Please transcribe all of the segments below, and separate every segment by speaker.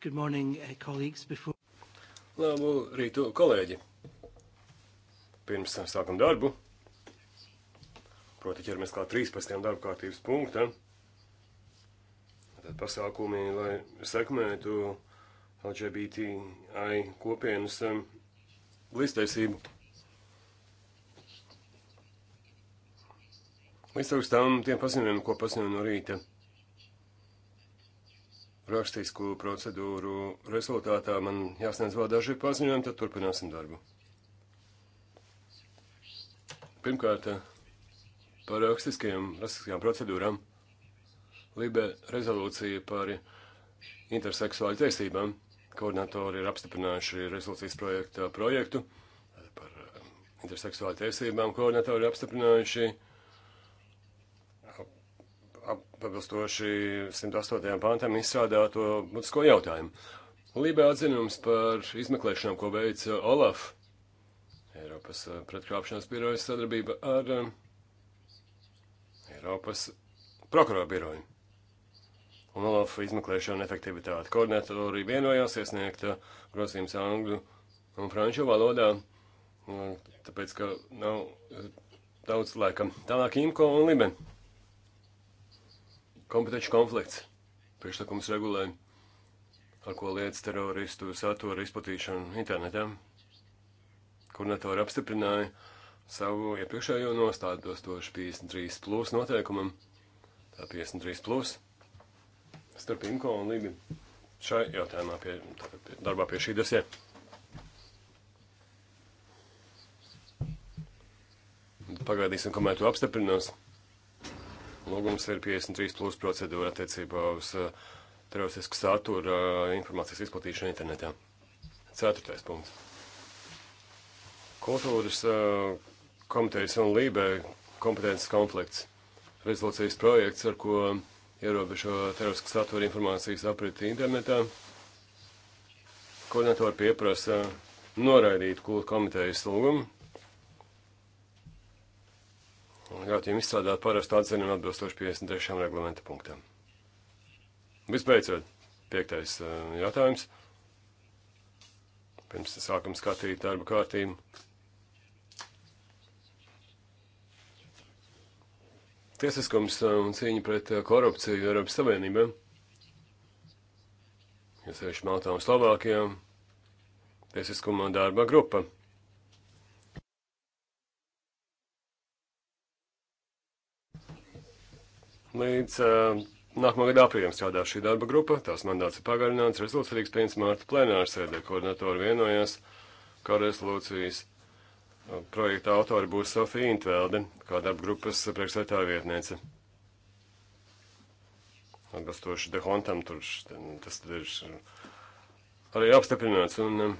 Speaker 1: Good morning, eh, colleagues. Before...
Speaker 2: Labu rītu, kolēģi. Pirms sākam darbu. Proti, ķeramies kā 13. darba kārtības punktam. Tad pasākumi, lai sekmētu LGBTI kopienas līdztaisību. Līdz tam tiem paziņojumiem, ko paziņoju no rīta rakstisku procedūru rezultātā man jāsniedz vēl daži paziņojumi, tad turpināsim darbu. Pirmkārt, par rakstiskajām, rakstiskajām procedūrām. Libe rezolūcija par interseksuāļu tiesībām. Koordinatori ir apstiprinājuši rezolūcijas projekta projektu par eh, interseksuāļu tiesībām. Koordinatori ir apstiprinājuši projektu pabilstoši 108. pantam izstrādāto būtisko jautājumu. Lībē atzinums par izmeklēšanām, ko veica Olaf, Eiropas eh, pretkrāpšanas birojas sadarbība ar eh, Eiropas prokuroru biroju. Un Olaf izmeklēšana efektivitāte. Koordinatori vienojās iesniegt eh, grozījums angļu un franču valodā, tāpēc, ka nav daudz laika. Tālāk Imko un Liben. Kompetenci konflikts. Priekšlikums regulē, ar ko liec teroristu satura izplatīšanu internetā. Koordinatori apstiprināja savu iepriekšējo nostādu dostošu 53 plus noteikumam. Tā 53 plus starp Inko un Libi šai jautājumā pie, tātad, pie darbā pie šī dosie. Pagaidīsim, kamēr tu apstiprinās. Lūgums ir 53 plus procedūra attiecībā uz uh, teroristisku satura uh, informācijas izplatīšanu internetā. Ceturtais punkts. Kultūras uh, komitejas un lībē kompetences konflikts. Rezolūcijas projekts, ar ko ierobežo teroristisku satura informācijas apriti internetā. Koordinatori pieprasa noraidīt kultūras komitejas lūgumu un ļaut viņiem izstrādāt parastu atzinumu atbilstoši 53. reglamenta punktam. Vispēcot, piektais eh, jautājums. Pirms sākam skatīt darba kārtību. Tiesiskums eh, un cīņa pret eh, korupciju Eiropas Savienībā. Ja sevišķi Maltā un Slovākijā, tiesiskuma darba grupa. Līdz uh, nākamā gada aprīlim strādā šī darba grupa, tās mandāts ir pagarināts, rezultāts arī 5. mārta plenāra sēdē, koordinatori vienojās, kā rezolūcijas uh, projekta autori būs Sofija Intvelde, kā darba grupas priekšsētāja vietniece. Atbilstoši Dehontam, tur tas ir arī apstiprināts, un um,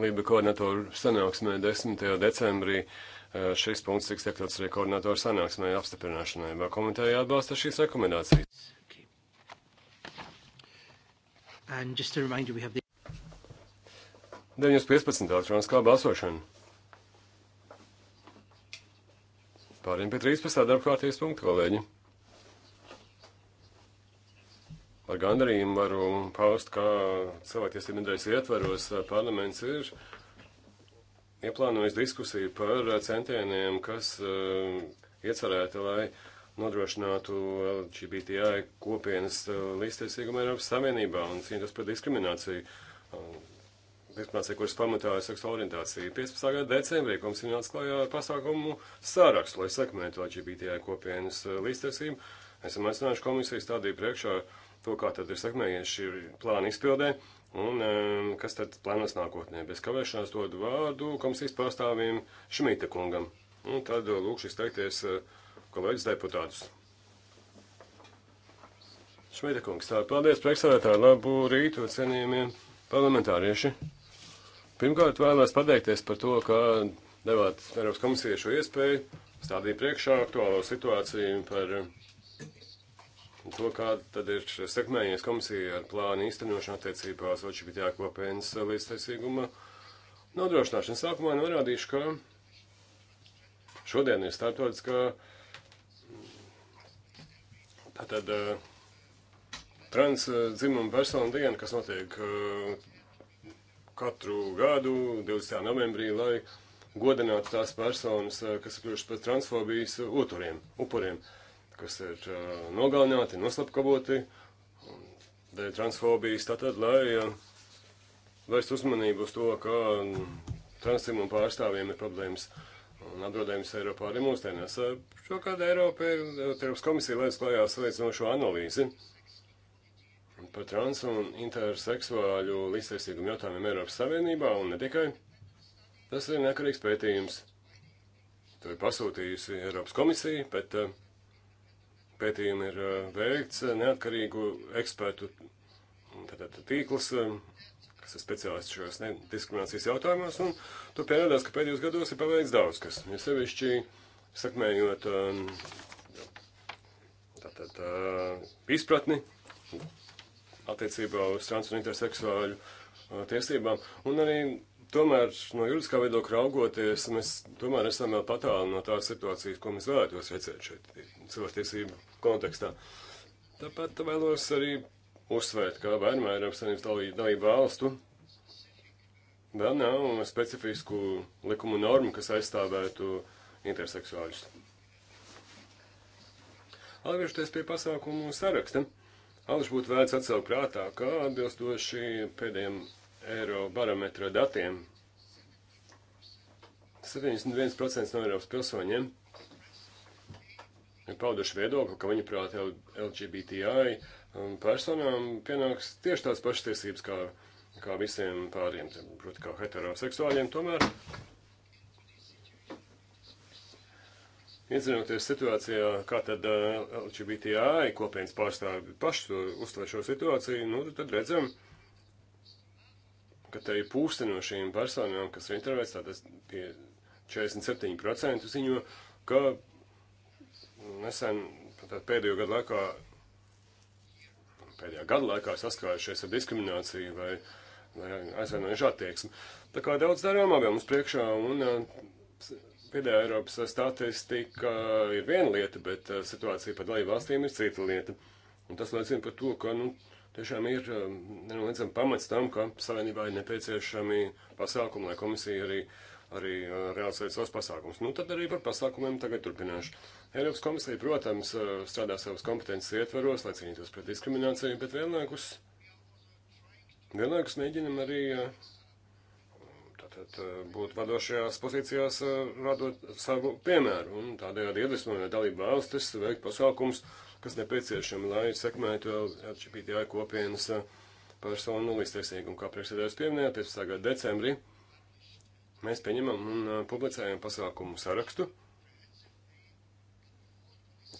Speaker 2: Lība koordinatoru sanāksmē 10. decembrī uh, Eh, šis punkts tiks iekļauts arī koordinātoru sanāksmē apstiprināšanai. Vai komiteja atbalsta šīs rekomendācijas? Okay. And just a reminder, we have the... 9.15. elektroniskā balsošana. Pārējiem pie 13. darba kārtības punktu, kolēģi. Ar gandarījumu varu paust, kā cilvēktiesību nedēļas ietvaros eh, parlaments ir ieplānojis diskusiju par eh, centieniem, kas uh, iecerēti, lai nodrošinātu LGBTI kopienas uh, līdztiesīgumu Eiropas Savienībā un cīnītos par diskrimināciju. Uh, diskriminācija, kuras pamatā ir seksuāla orientācija. 15. gada decembrī komisija nāca klajā ar pasākumu sārakstu, lai sekmētu LGBTI kopienas līdztiesību. Esam aicinājuši komisiju stādīt priekšā to, kā tad ir sekmējies šī plāna izpildē. Uh, Un kas tad plānos nākotnē? Bez kavēšanās dodu vārdu komisijas pārstāvim Šmita kungam. Un tad eh, lūkšu izteikties eh, kolēģis deputātus. Šmita kungs, tā, paldies priekšsēdētāji, labu rītu, cienījamie parlamentārieši. Pirmkārt vēlēs pateikties par to, ka devāt Eiropas komisijai šo iespēju stādīt priekšā aktuālo situāciju par un to, kā tad ir sekmējies komisija ar plānu īstenošanu attiecībā uz očipitjā kopienas līdztaisīguma nodrošināšanu. Sākumā norādīšu, ka šodien ir starptautiskā tātad eh, transdzimuma eh, personu diena, kas notiek eh, katru gadu 20. novembrī, lai godinātu tās personas, kas ir kļuvušas par transfobijas uturiem, upuriem. upuriem kas ir uh, nogalināti, noslapkavoti, dēļ transfobijas, tātad, lai uh, vērst uzmanību uz to, ka mm, transimu pārstāvjiem ir problēmas un apdraudējums Eiropā arī mūsdienās. Uh, Šokāda Eiropa ir, Eiropas komisija lēdz klājā salīdzinošo analīzi par trans un interseksuāļu līdztiesīgumu jautājumiem Eiropas Savienībā un ne tikai. Tas ir nekarīgs pētījums. To ir pasūtījusi Eiropas komisija, bet uh, pētījumi ir eh, veikts eh, neatkarīgu ekspertu tātad, tīkls, eh, kas ir speciālists šajos diskriminācijas jautājumos, un tur pierādās, ka pēdējos gados ir paveikts daudz kas. Ja sevišķi sakmējot ehm, tātad, izpratni attiecībā uz trans un interseksuāļu tiesībām, un arī tomēr no juridiskā viedokļa raugoties, mēs tomēr esam vēl patālu no tās situācijas, ko mēs vēlētos redzēt šeit cilvēktiesību kontekstā. Tāpat vēlos arī uzsvērt, ka vairumā Eiropas Savienības dalību valstu vēl nav specifisku likumu normu, kas aizstāvētu interseksuāļus. Atgriežoties pie pasākumu saraksta, Alž būtu vērts atcelt prātā, ka atbilstoši pēdējiem eiro barometra datiem 71% no Eiropas pilsoņiem pauduši viedokli, ka viņi prāt LGBTI um, personām pienāks tieši tās pašas tiesības kā, kā visiem pāriem, proti kā heteroseksuāļiem. Tomēr, iedzinoties situācijā, kā tad uh, LGBTI kopienas pārstāvi paši uztver šo situāciju, nu tad redzam, ka te ir pūsti no šīm personām, kas ir intervētas, tātad pie 47% ziņo, ka nesen pēdējo gadu laikā, pēdējā gadu laikā saskārušies ar diskrimināciju vai, vai aizvainojušu attieksmi. Tā kā daudz darāmā vēl mums priekšā un uh, pēdējā Eiropas statistika ir viena lieta, bet uh, situācija par dalību valstīm ir cita lieta. Un tas liecina par to, ka, nu, tiešām ir um, nenoliedzami pamats tam, ka savienībā ir nepieciešami pasākumi, lai komisija arī uh, arī realizēt savus pasākumus. Nu, tad arī par pasākumiem tagad turpināšu. Eiropas komisija, protams, strādā savas kompetences ietvaros, lai cīnītos pret diskrimināciju, bet vienlaikus, vienlaikus mēģinam arī tātad, būt vadošajās pozīcijās, radot savu piemēru un tādējādi iedvesmojot dalību valstis veikt pasākums, kas nepieciešami, lai sekmētu LGBTI kopienas personu līdztiesīgumu, kā priekšsēdājs pieminēja 15. gada decembrī. Mēs pieņemam un uh, publicējam pasākumu sarakstu,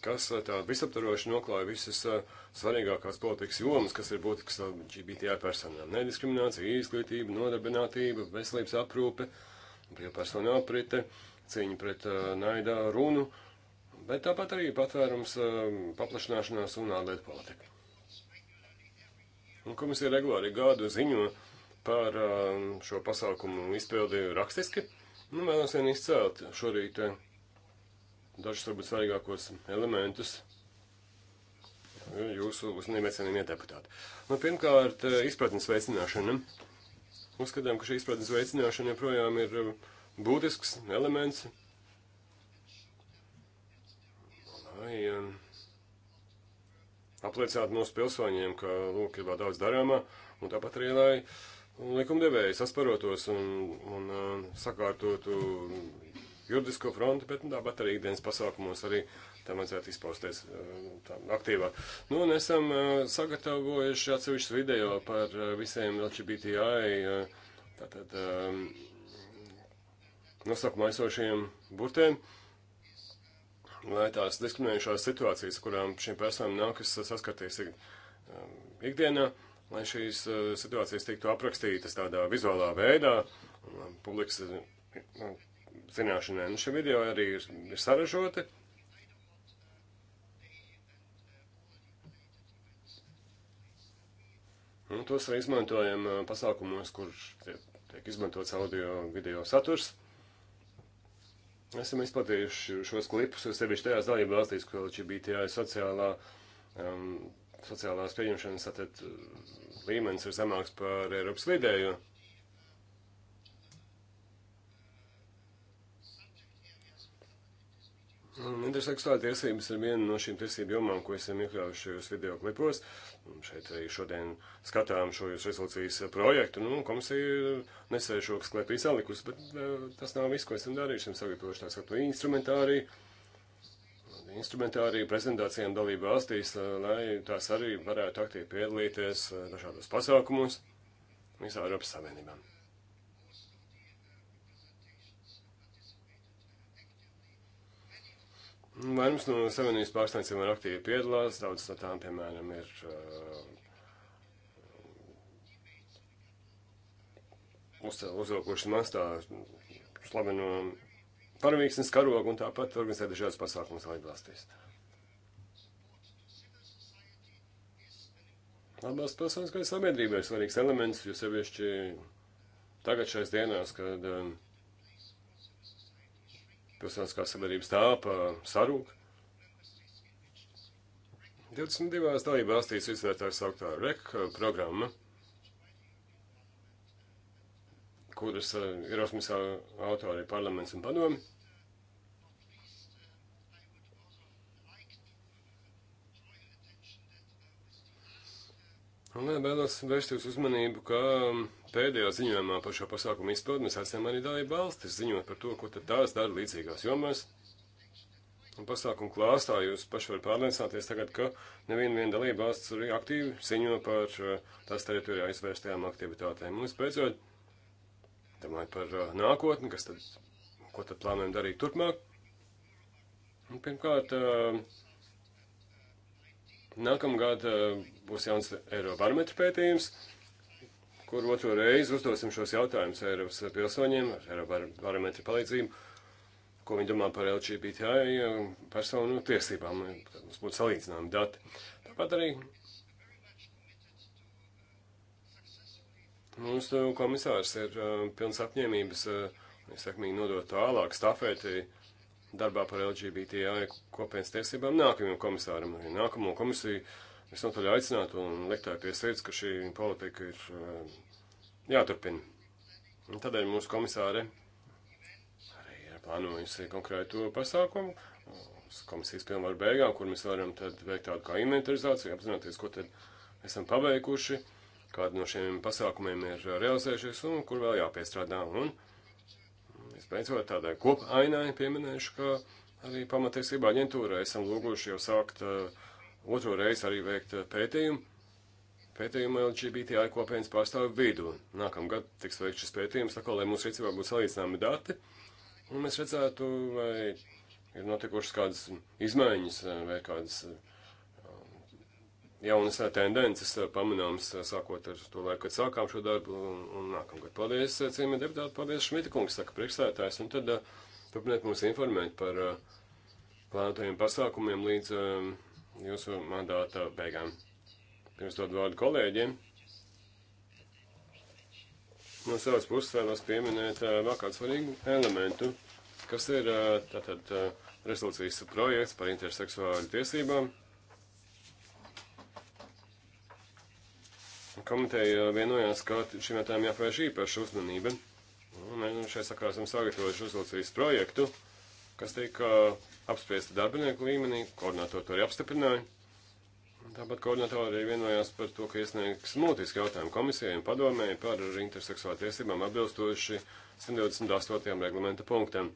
Speaker 2: kas uh, tā visaptaroši noklāja visas uh, svarīgākās politikas jomas, kas ir būtisks LGBTI personām. Nediskriminācija, izglītība, nodarbinātība, veselības aprūpe, brīvpersonu aprite, cīņa pret naidā runu, bet tāpat arī patvērums paplašanāšanās un ārlietu politika. Un komisija regulāri gādu ziņo par um, šo pasākumu izpildi rakstiski. Nu, vēlos vien izcelt šorīt eh, dažus varbūt svarīgākos elementus eh, jūsu uzmanībai cienījumie deputāti. Nu, pirmkārt, eh, izpratnes veicināšana. Uzskatām, ka šī izpratnes veicināšana joprojām ir būtisks elements. Lai um, apliecinātu mūsu pilsoņiem, ka, lūk, ir vēl daudz darāmā, un tāpat arī, lai likumdevēji sasparotos un, un uh, sakārtotu juridisko fronti, bet nu, tāpat arī ikdienas pasākumos arī tam vajadzētu izpausties uh, tā, aktīvāk. Nu, un esam uh, sagatavojuši atsevišķu video par uh, visiem LGBTI tātad um, nosakuma aizsošajiem burtēm, lai tās diskriminējušās situācijas, kurām šiem personām nākas saskarties um, ikdienā, lai šīs eh, situācijas tiktu aprakstītas tādā vizuālā veidā, um, publikas eh, zināšanai. Nu, šie video arī ir, ir sarežoti. Un nu, tos arī izmantojam eh, pasākumos, kur tiek, tiek izmantots audio video saturs. Esam izplatījuši šos klipus, sevišķi tajās dalība valstīs, kur LGBTI sociālā um, sociālās pieņemšanas tātad, uh, līmenis ir zemāks par Eiropas vidējo. Interseksuālā tiesības ir viena no šīm tiesību jomām, ko esam iekļāvuši šajos video klipos. Un šeit arī šodien skatām šo jūsu rezolūcijas projektu. Nu, komisija nesēž šo klēpī salikus, bet uh, tas nav viss, ko esam darījuši. Esam sagatavojuši tā sakot instrumentāriju. Uh, instrumentāriju prezentācijām dalību valstīs, lai tās arī varētu aktīvi piedalīties eh, dažādos pasākumos visā Eiropas Savienībā. Vairums no Savienības pārstāvjiem ir aktīvi piedalās, daudz no tām, piemēram, ir uh, eh, uzcēluši mastā slaveno paravīksnes karogu un tāpat organizēt dažādas pasākumus valstīs. Atbalsts pilsoniskai sabiedrībai ir svarīgs elements, jo sevišķi tagad šais dienās, kad um, pilsoniskā sabiedrība stāpa, sarūk. 22. dalība valstīs izvērtās sauktā REC programma. kuras eh, ierosmes autori parlaments un padomi. Un eh, vēlos vērst jūsu uzmanību, ka mm, pēdējā ziņojumā par šo pasākumu izpildu mēs esam arī dalība valstis ziņot par to, ko tad tās dara līdzīgās jomās. Un pasākumu klāstā jūs paši var pārliecināties tagad, ka neviena vien dalība valsts arī aktīvi ziņo par eh, tās teritorijā izvērstajām aktivitātēm. Un, spēcot, domājot par uh, nākotni, kas tad, ko tad plānojam darīt turpmāk. Un pirmkārt, uh, nākamgad uh, būs jauns Eirobarometra pētījums, kur otro reizi uzdosim šos jautājumus Eiropas pilsoņiem ar Eirobarometra palīdzību, ko viņi domā par LGBTI personu tiesībām. Mums būtu salīdzināmi dati. Tāpat arī Mūsu komisārs ir uh, pilns apņēmības, uh, sakmīgi nodot tālāk stafēti darbā par LGBTI kopienas tiesībām nākamajam komisāram, arī nākamo komisiju. Es notaļ aicinātu un liktāju pie sirds, ka šī politika ir uh, jāturpina. Un tādēļ mūsu komisāre arī ir plānojusi konkrētu pasākumu komisijas pilnvaru beigām, kur mēs varam tad veikt tādu kā inventarizāciju, apzināties, ko tad esam paveikuši. Uh, kādi no šiem pasākumiem ir realizējušies un kur vēl jāpiestrādā. Un, es beidzot tādai kopainai pieminēšu, ka arī pamatiesība aģentūra esam lūguši jau sākt uh, otro reizi arī veikt uh, pētījumu. Pētījumu LGBTI kopienas pārstāvu vidu. Nākamgad tiks veikts šis pētījums, tā kā lai mūsu rīcībā būtu salīdzināmi dati, un mēs redzētu, vai ir notikušas kādas izmaiņas uh, vai kādas uh, jaunas tendences pamanāmas sākot ar to laiku, kad sākām šo darbu un, un nākamgad. Paldies, ciemi deputāti, paldies Šmita kungs, saka priekšstādātājs, un tad turpiniet mūs informēt par plānotajiem pasākumiem līdz jūsu mandāta beigām. Pirms dod vārdu kolēģiem. No savas puses vēlos pieminēt vēl kādu svarīgu elementu, kas ir tātad rezolūcijas projekts par interseksuāļu tiesībām. komiteja vienojās, ka šim jautājumam jāpērš īpaša uzmanība. Mēs nu, šai sakarā esam sagatavojuši rezolūcijas projektu, kas tika apspriesta darbinieku līmenī, koordinātori to arī apstiprināja. Tāpat koordinātori arī vienojās par to, ka iesniegs mūtiski jautājumu komisijai un padomēji par interseksuālu tiesībām atbilstoši 128. reglamenta punktam.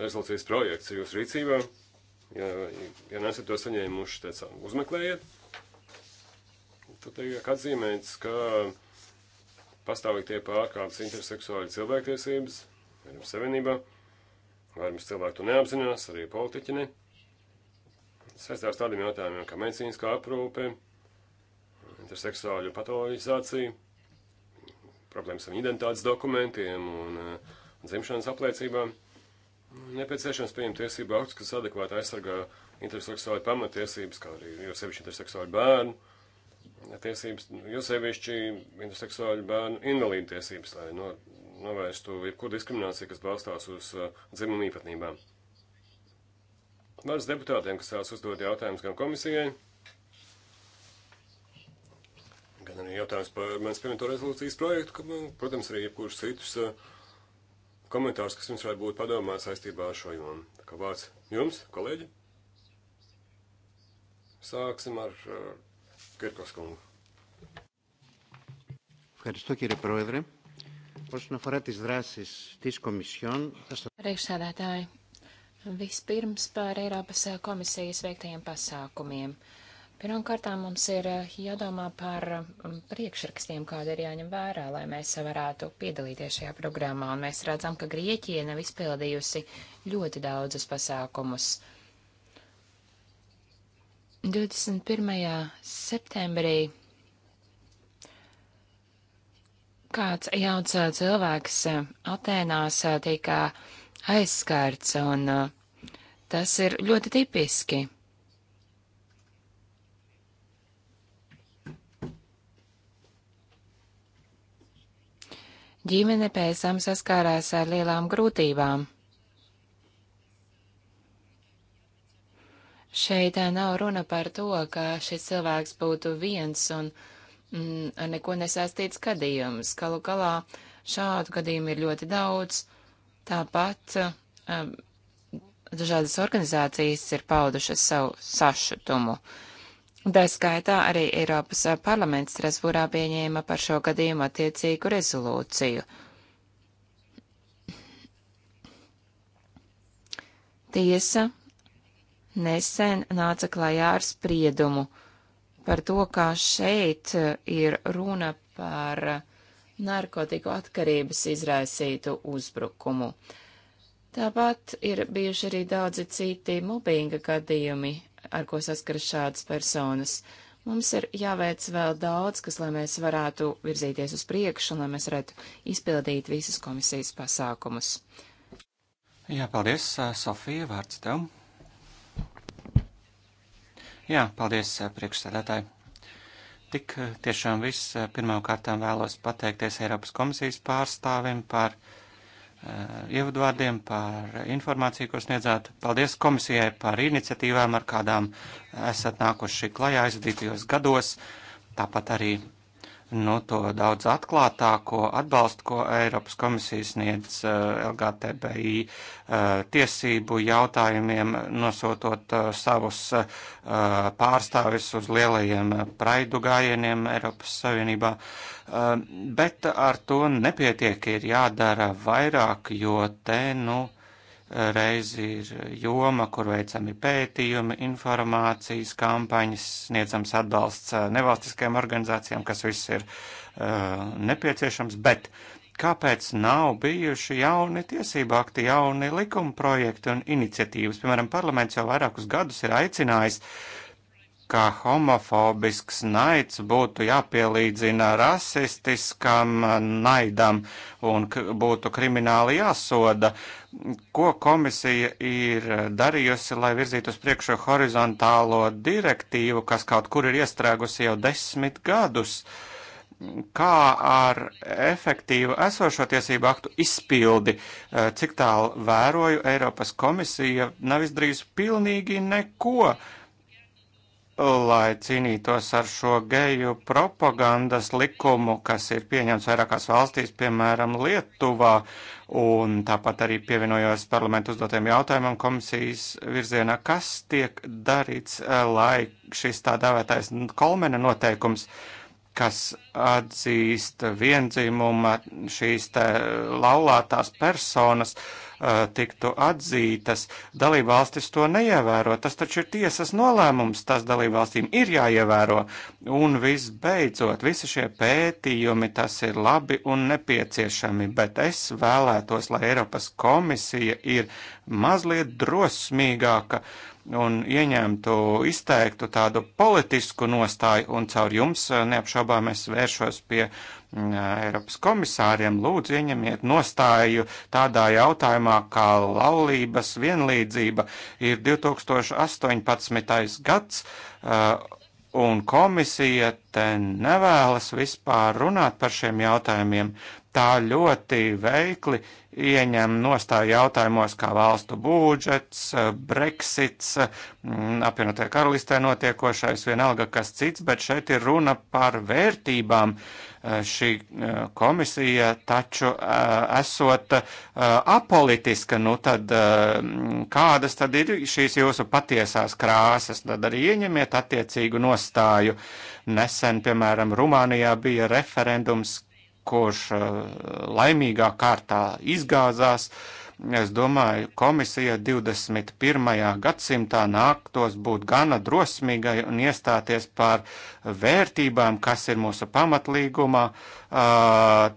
Speaker 2: Rezolūcijas projekts ir jūsu rīcībā. Ja, ja nesat to saņēmuši, tad uzmeklējiet. Tad tiek atzīmēts, ka pastāvīgi tiek pārkāptas interseksuāļu cilvēktiesības, Eiropas Savienībā. Vairums cilvēku to neapzinās, arī politiķi ne. Saistās tādiem jautājumiem kā medicīniskā aprūpe, interseksuāļu patoloģizācija, problēmas ar identitātes dokumentiem un uh, dzimšanas apliecībām. Nepieciešams pieņemt tiesību aktus, kas adekvāti aizsargā interseksuāļu pamatiesības, kā arī jau sevišķi interseksuāļu bērnu tiesības, jo sevišķi interseksuāļu bērnu invalīdu tiesības, lai no, novērstu jebkuru diskrimināciju, kas balstās uz uh, dzimumu īpatnībām. Varas deputātiem, kas tās uzdod jautājumus gan komisijai, gan arī jautājums par manas pieminēto rezolūcijas projektu, ka, nu, protams, arī jebkurus citus uh, komentārus, kas jums varētu būt padomā saistībā ar šo jomu. Tā kā vārds jums, kolēģi. Sāksim ar uh, Κέρκος Κόγκ.
Speaker 1: Ευχαριστώ κύριε Πρόεδρε. Όσον αφορά τις δράσεις της Κομισιόν... Θα...
Speaker 3: Priekšsēdētāji, vispirms par Eiropas eh, komisijas veiktajiem pasākumiem. Pirmkārt, mums ir eh, jādomā par mm, priekšrakstiem, kāda ir jāņem vērā, lai mēs varētu piedalīties šajā programmā. Un mēs redzam, ka Grieķija nav izpildījusi ļoti daudzus pasākumus. Uh, 21. septembrī kāds jauns cilvēks Atēnās tika aizskārts, un tas ir ļoti tipiski. Ģimene pēc tam saskārās ar lielām grūtībām. Šeit eh, nav runa par to, ka šis cilvēks būtu viens un mm, ar neko nesaistīts gadījums. Galu galā šādu gadījumu ir ļoti daudz. Tāpat um, dažādas organizācijas ir paudušas savu sašutumu. Tā skaitā arī Eiropas parlaments Strasbūrā pieņēma par šo gadījumu attiecīgu rezolūciju. Tiesa nesen nāca klajā ar spriedumu par to, kā šeit e, ir runa par narkotiku atkarības izraisītu uzbrukumu. Tāpat ir bijuši arī daudzi citi mobbinga gadījumi, ar ko saskaras šādas personas. Mums ir jāveic vēl daudz, kas, lai mēs varētu virzīties uz priekšu un lai mēs varētu izpildīt visus komisijas pasākumus.
Speaker 4: Jā, paldies, Sofija, vārds tev. Jā, paldies priekšsēdētāji. Tik tiešām viss pirmām kārtām vēlos pateikties Eiropas komisijas pārstāvim par ievadvārdiem, par informāciju, ko sniedzāt. Paldies komisijai par iniciatīvām, ar kādām esat nākuši klajā aizvadītajos gados. Tāpat arī nu, to daudz atklātāko atbalstu, ko Eiropas komisija sniedz eh, LGTBI eh, tiesību jautājumiem, nosūtot eh, savus pārstāvis uz lielajiem praidu gājieniem Eiropas Savienībā. Bet ar to nepietiek, ir jādara vairāk, jo te, nu, reizi ir joma, kur veicami pētījumi, informācijas kampaņas, sniedzams atbalsts eh, nevalstiskajām organizācijām, kas viss ir uh, nepieciešams, bet kāpēc nav bijuši jauni tiesību akti, jauni likuma projekti un iniciatīvas? Piemēram, parlaments jau vairākus gadus ir aicinājis uh, ka homofobisks naids būtu jāpielīdzina rasistiskam naidam un būtu krimināli jāsoda. Ko komisija ir darījusi, lai virzītu uz priekšu horizontālo direktīvu, kas kaut kur ir iestrēgusi jau desmit gadus? Kā ar efektīvu esošo tiesību aktu izpildi, eh, cik tālu vēroju, Eiropas komisija nav izdarījusi pilnīgi neko lai cīnītos ar šo geju propagandas likumu, kas ir pieņemts vairākās valstīs, piemēram, Lietuvā, un tāpat arī pievienojos parlamentu uzdotiem jautājumam komisijas virzienā, kas tiek darīts, eh, lai šis tā dēvētais kolmena noteikums, kas atzīst viendzimuma šīs te laulātās personas, uh, tiktu atzītas, dalībvalstis to neievēro. Tas taču ir tiesas nolēmums, tas dalībvalstīm ir jāievēro. Un visbeidzot, visi šie pētījumi, tas ir labi un nepieciešami, bet es vēlētos, lai Eiropas komisija ir mazliet drosmīgāka un ieņemtu izteiktu tādu politisku nostāju, un caur jums neapšaubām es vēršos pie uh, Eiropas komisāriem lūdzu ieņemiet nostāju tādā jautājumā, kā laulības vienlīdzība ir 2018. gads, un komisija te nevēlas vispār runāt par šiem jautājumiem. Tā ļoti veikli ieņem nostāju jautājumos, kā valstu budžets, Brexits, apvienotajā karalistē notiekošais, vienalga kas cits, bet šeit ir runa par vērtībām. Uh, Eh, šī eh, komisija taču eh, esot apolitiska, nu tad kādas tad ir šīs jūsu patiesās krāsas, tad arī ieņemiet attiecīgu nostāju. Nesen, piemēram, Rumānijā bija referendums, kurš laimīgā kārtā izgāzās. Uh, Es domāju, komisija 21. gadsimtā nāktos būt gana drosmīgai un iestāties par vērtībām, kas ir mūsu pamatlīgumā,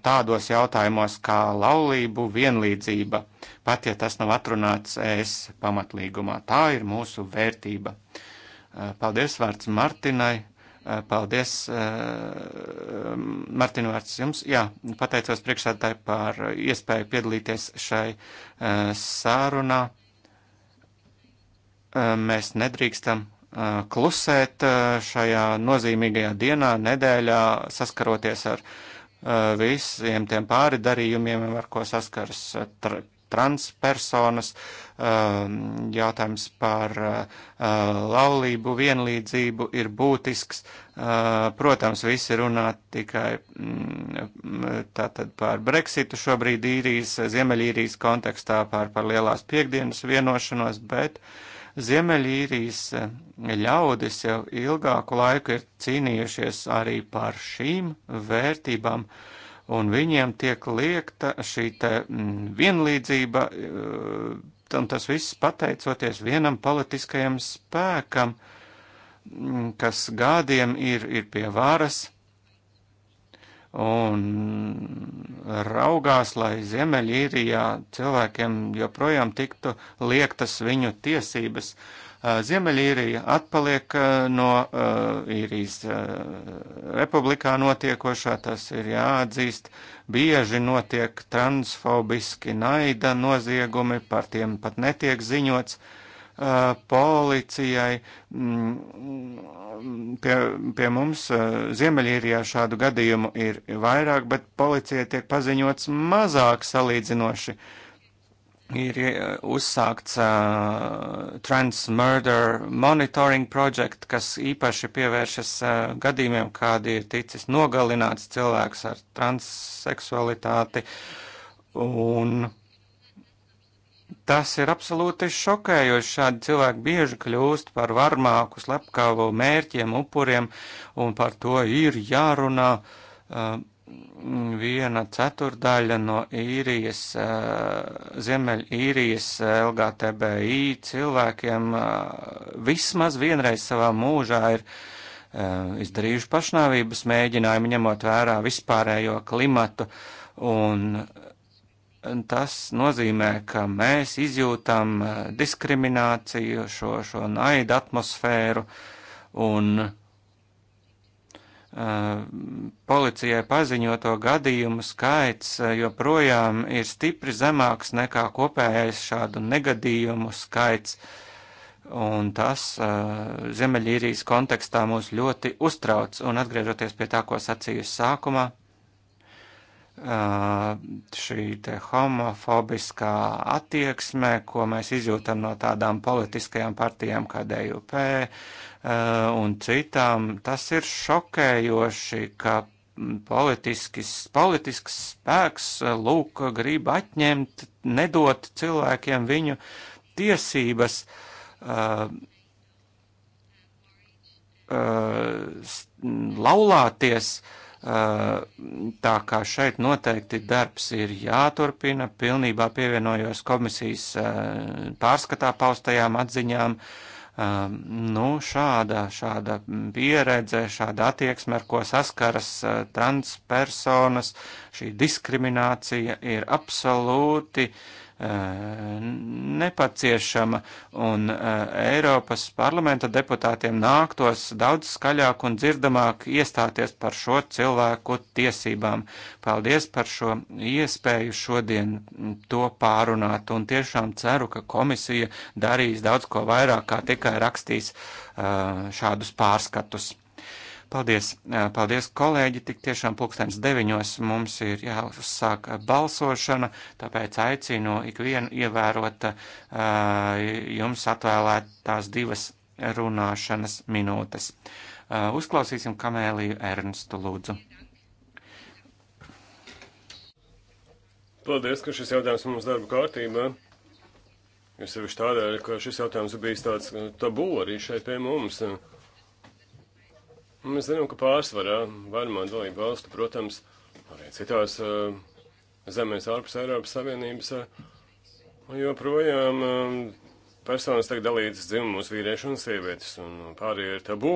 Speaker 4: tādos jautājumos kā laulību vienlīdzība, pat ja tas nav atrunāts es pamatlīgumā. Tā ir mūsu vērtība. Paldies vārds Martinai Eh, paldies, eh, Martin Vārts jums. Jā, pateicos priekšsādātāji par iespēju piedalīties šai eh, sārunā. Mēs nedrīkstam klusēt šajā nozīmīgajā dienā, nedēļā, saskaroties ar visiem tiem pāridarījumiem, ar ko saskaras transpersonas, um, jautājums par uh, laulību, vienlīdzību ir būtisks. Uh, protams, visi runā tikai mm, tātad par Brexitu šobrīd īrijas, Ziemeļīrijas kontekstā par, par lielās piekdienas vienošanos, bet Ziemeļīrijas ļaudis jau ilgāku laiku ir cīnījušies arī par šīm vērtībām. Uh, un viņiem tiek liekta šī te mm, vienlīdzība, eh, un tas viss pateicoties vienam politiskajam spēkam, mm, kas gādiem ir, ir pie varas un raugās, lai Ziemeļīrijā cilvēkiem joprojām tiktu liektas viņu tiesības. Uh, Uh, Ziemeļīrija atpaliek uh, no uh, īrijas republikā notiekošā, tas ir jāatzīst. Bieži notiek transfobiski naida noziegumi, par tiem pat netiek ziņots policijai. Mm, pie, pie mums Ziemeļīrijā šādu gadījumu ir vairāk, bet policijai tiek paziņots mazāk salīdzinoši. Uh, ir eh, uzsākts uh, eh, Transmurder Monitoring Project, kas īpaši pievēršas uh, gadījumiem, kādi ir ticis nogalināts cilvēks ar transseksualitāti. Un tas ir absolūti šokējoši. Šādi cilvēki bieži kļūst par varmāku, slepkavu mērķiem, upuriem, un par to ir jārunā. Uh, viena ceturdaļa no īrijas, eh, ziemeļīrijas eh, LGTBI cilvēkiem eh, vismaz vienreiz savā mūžā ir izdarījuši pašnāvības mēģinājumu, ņemot vērā vispārējo klimatu. Un tas nozīmē, ka mēs izjūtam diskrimināciju, šo, šo naidu atmosfēru un uh, Eh, policijai paziņoto gadījumu skaits eh, joprojām ir stipri zemāks nekā kopējais šādu negadījumu skaits, un tas eh, Ziemeļīrijas kontekstā mūs ļoti uztrauc, un atgriežoties pie tā, ko sacīju sākumā, Uh, šī te homofobiskā attieksme, ko mēs izjūtam no tādām politiskajām partijām kā DUP uh, un citām, tas ir šokējoši, ka politisks, politisks spēks uh, lūk grib atņemt, nedot cilvēkiem viņu tiesības. Uh, uh, laulāties uh, Eh, tā kā šeit noteikti darbs ir jāturpina, pilnībā pievienojos komisijas eh, pārskatā paustajām atziņām. Eh, nu, šāda, šāda pieredze, šāda attieksme, ar ko saskaras transpersonas, šī diskriminācija ir absolūti uh, Eh, nepaciešama, un eh, Eiropas parlamenta deputātiem nāktos daudz skaļāk un dzirdamāk iestāties par šo cilvēku tiesībām. Paldies par šo iespēju šodien to pārunāt, un tiešām ceru, ka komisija darīs daudz ko vairāk, kā tikai rakstīs eh, šādus pārskatus. Paldies, paldies kolēģi, tik tiešām pulkstens deviņos mums ir jāuzsāk balsošana, tāpēc aicinu ikvienu ievērot jums atvēlētās divas runāšanas minūtes. Uzklausīsim Kamēliju Ernstu Lūdzu.
Speaker 2: Paldies, ka šis jautājums mums darba kārtībā. Es sevišķi tādēļ, ka šis jautājums ir bijis tāds tabū arī šeit pie mums. Uh, Un mēs zinām, ka pārsvarā vairumā dalību valstu, protams, arī citās uh, zemēs ārpus Eiropas Savienības, uh, joprojām uh, personas tiek dalītas dzimumus vīrieši un sievietes, un pārējie ir tabū,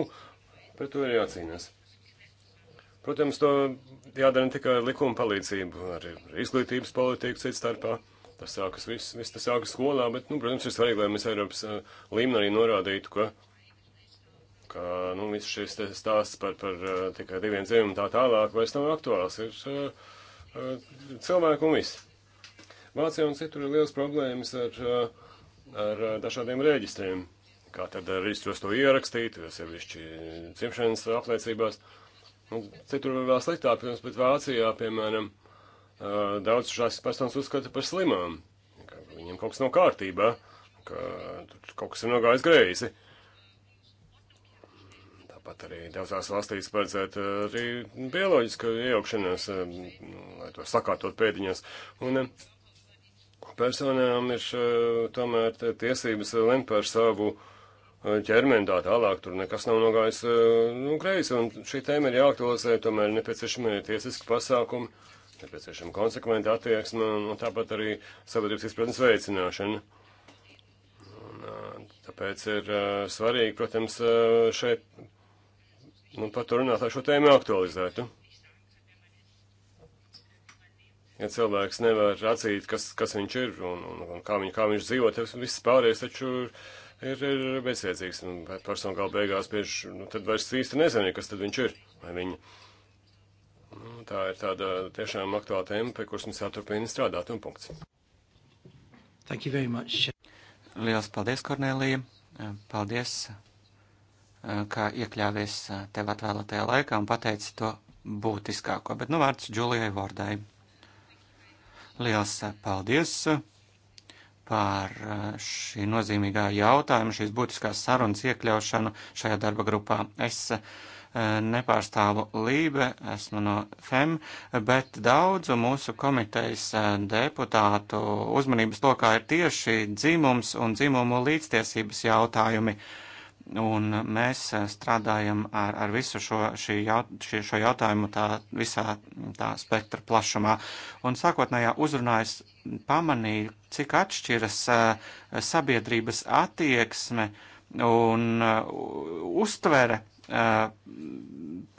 Speaker 2: pret to ir jācīnās. Protams, to jādara ne tikai ar likuma palīdzību, arī ar izglītības politiku cits starpā. Tas sākas viss, viss tas sākas skolā, bet, nu, protams, ir svarīgi, lai mēs Eiropas līmenī norādītu, ka ka nu, viss šis stāsts par, par eh, tikai diviem dzīviem un tā tālāk vairs nav aktuāls. Ir uh, cilvēku un viss. Vācijā un citur ir liels problēmas ar, ar dažādiem reģistriem. Kā tad reģistros to ierakstīt, jo sevišķi dzimšanas apliecībās. Un nu, citur vēl sliktāk, protams, bet Vācijā, piemēram, daudz šās personas uzskata par slimām. Ka viņiem kaut kas nav kārtībā, ka kaut kas ir nogājis greizi. Uh, Tāpat arī daudzās valstīs paredzētu eh, arī bioloģisku iejaukšanos, nu, eh, lai to sakārtot pēdiņās. Un eh, personām ir tomēr tiesības lemt par savu ķermeni tā tālāk, tur nekas nav nogājis nu, kreisi, un šī tēma ir jāaktualizē, tomēr nepieciešami ir tiesiski pasākumi, nepieciešama konsekventa attieksme, un tāpat arī sabiedrības izpratnes veicināšana. Un, tāpēc ir svarīgi, protams, šeit Un nu, par to runāt, lai šo tēmu aktualizētu. Ja cilvēks nevar atzīt, kas, kas viņš ir un, un, un kā, viņ, kā viņš dzīvo, tad viss pārējais taču ir, ir, ir bezjēdzīgs. Un nu, persona galu beigās bieži, nu, tad vairs īsti nezinu, kas tad viņš ir vai viņa. Nu, tā ir tāda tiešām aktuāla tēma, pie kuras mums jāturpina strādāt un punkts.
Speaker 4: Thank you very much. Lielas paldies, Kornelija. Paldies ka iekļāvies tev atvēlētajā laikā un pateici to būtiskāko. Bet nu vārds Džulijai Vordai. Liels paldies par šī nozīmīgā jautājuma, šīs būtiskās sarunas iekļaušanu šajā darba grupā. Es nepārstāvu Lībe, esmu no FEM, bet daudzu mūsu komitejas deputātu uzmanības lokā ir tieši dzimums un dzimumu līdztiesības jautājumi. Uh, Un mēs eh, strādājam ar, ar visu šo, jaut, šī, šo jautājumu tā, visā tā spektra plašumā. Un sākotnējā uzrunā es pamanīju, cik atšķiras uh, sabiedrības attieksme un uh, uztvere uh,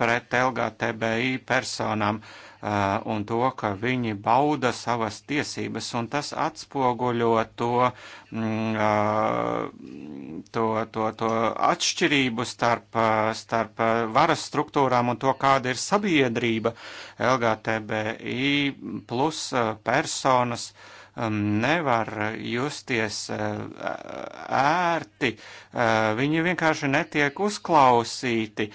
Speaker 4: pret LGTBI personām. Uh, Uh, un to, ka viņi bauda savas tiesības, un tas atspoguļo to, mm, uh, to, to, to atšķirību starp, uh, starp varas struktūrām un to, kāda ir sabiedrība LGTBI plus personas. Uh, Um, nevar justies uh, ērti, uh, viņi vienkārši netiek uzklausīti,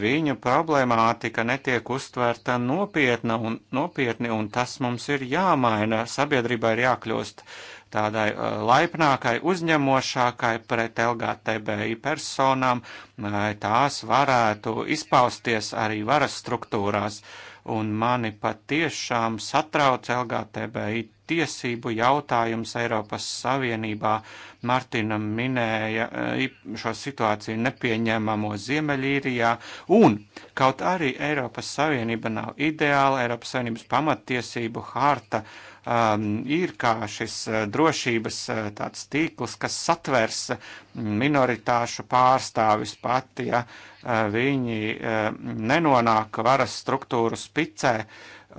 Speaker 4: viņu problemātika netiek uztverta nopietna un, nopietni, un tas mums ir jāmaina. Sabiedrībai ir jākļūst tādai uh, laipnākai, uzņemošākai pret LGTBI personām, lai tās varētu izpausties arī varas struktūrās. Un mani patiešām satrauc LGTBI tiesību jautājums Eiropas Savienībā. Martina minēja eh, šo situāciju nepieņemamo Ziemeļīrijā, un kaut arī Eiropas Savienība nav ideāla, Eiropas Savienības pamattiesību harta um, ir kā šis eh, drošības eh, tāds tīkls, kas satvers mm, minoritāšu pārstāvis pat, ja viņi nenonāk varas struktūru spicē,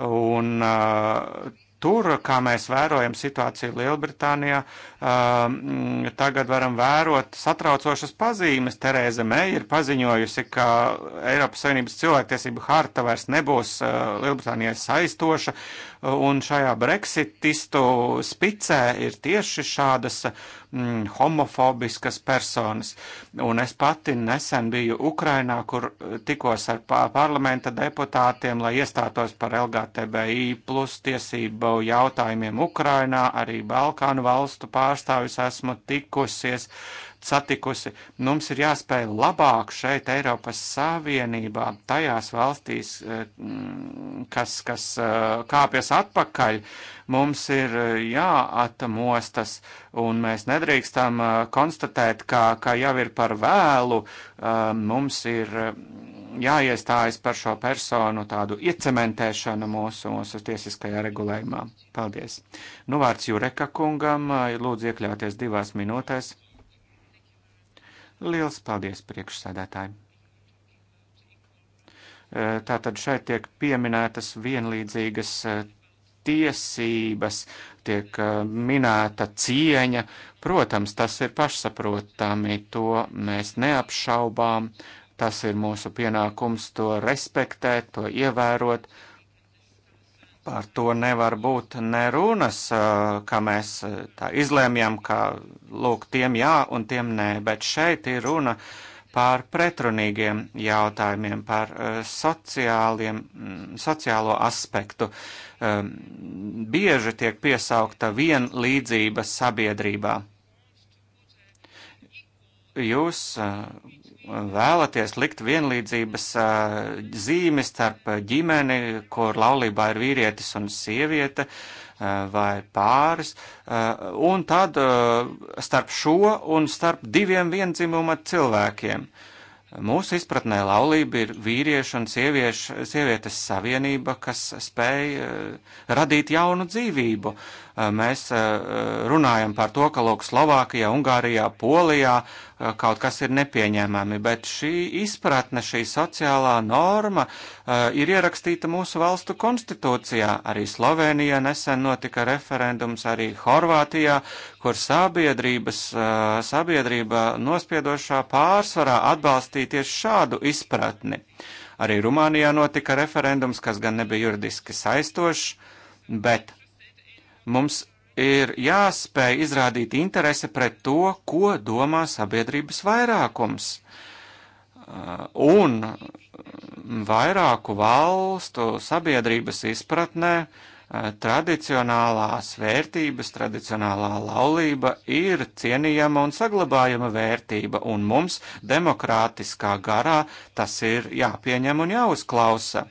Speaker 4: un uh, Tur, kā mēs vērojam situāciju Lielbritānijā, Um, tagad varam vērot satraucošas pazīmes. Terēza Meija ir paziņojusi, ka Eiropas Savienības cilvēktiesība harta vairs nebūs uh, Lielbritānijai saistoša, uh, un šajā breksitistu spicē ir tieši šādas mm, homofobiskas personas. Un es pati nesen biju Ukrainā, kur uh, tikos ar parlamenta deputātiem, lai iestātos par LGTBI plus tiesību jautājumiem Ukrainā, arī Balkānu valstu pārstāvjiem pārstāvis esmu tikusies, satikusi. Mums ir jāspēj labāk šeit Eiropas Savienībā, tajās valstīs, eh, mm, kas, kas eh, kāpjas atpakaļ, mums ir eh, jāatmostas, un mēs nedrīkstam konstatēt, ka, ka jau ir par vēlu, mums ir jāiestājas par šo personu tādu iecementēšanu mūsu, mūsu tiesiskajā regulējumā. Paldies. Nu, vārds Jureka kungam, lūdzu iekļauties divās minūtēs. Liels paldies priekšsēdētājiem. Tātad šeit tiek pieminētas vienlīdzīgas e, tiesības, tiek e, minēta cieņa. Protams, tas ir pašsaprotami, to mēs neapšaubām. Uh, Tas ir mūsu pienākums to respektēt, to ievērot. Par to nevar būt nerunas, ka mēs tā izlēmjam, ka lūk, tiem jā un tiem nē, bet šeit ir runa par pretrunīgiem jautājumiem, par sociāliem, mm, sociālo aspektu. Bieži tiek piesaukta vienlīdzība sabiedrībā. Jūs vēlaties likt vienlīdzības zīmi starp ģimeni, kur laulībā ir vīrietis un sieviete vai pāris, un tad starp šo un starp diviem viendzimuma cilvēkiem. Mūsu izpratnē laulība ir vīriešu un sieviešu, sievietes savienība, kas spēj radīt jaunu dzīvību. Uh, Eh, mēs eh, eh, runājam par to, ka lūk Slovākijā, Ungārijā, Polijā kaut kas ir nepieņēmami, bet šī izpratne, šī sociālā norma ir ierakstīta mūsu valstu konstitūcijā. Arī Slovenijā nesen notika referendums, arī Horvātijā, kur sabiedrības, sabiedrība nospiedošā pārsvarā atbalstīja tieši šādu izpratni. Arī Rumānijā notika referendums, kas gan nebija juridiski saistošs, bet Mums ir jāspēj izrādīt interese pret to, ko domā sabiedrības vairākums. Uh, un vairāku valstu sabiedrības izpratnē uh, tradicionālās vērtības, tradicionālā laulība ir cienījama un saglabājama vērtība, un mums demokrātiskā garā tas ir jāpieņem un jāuzklausa.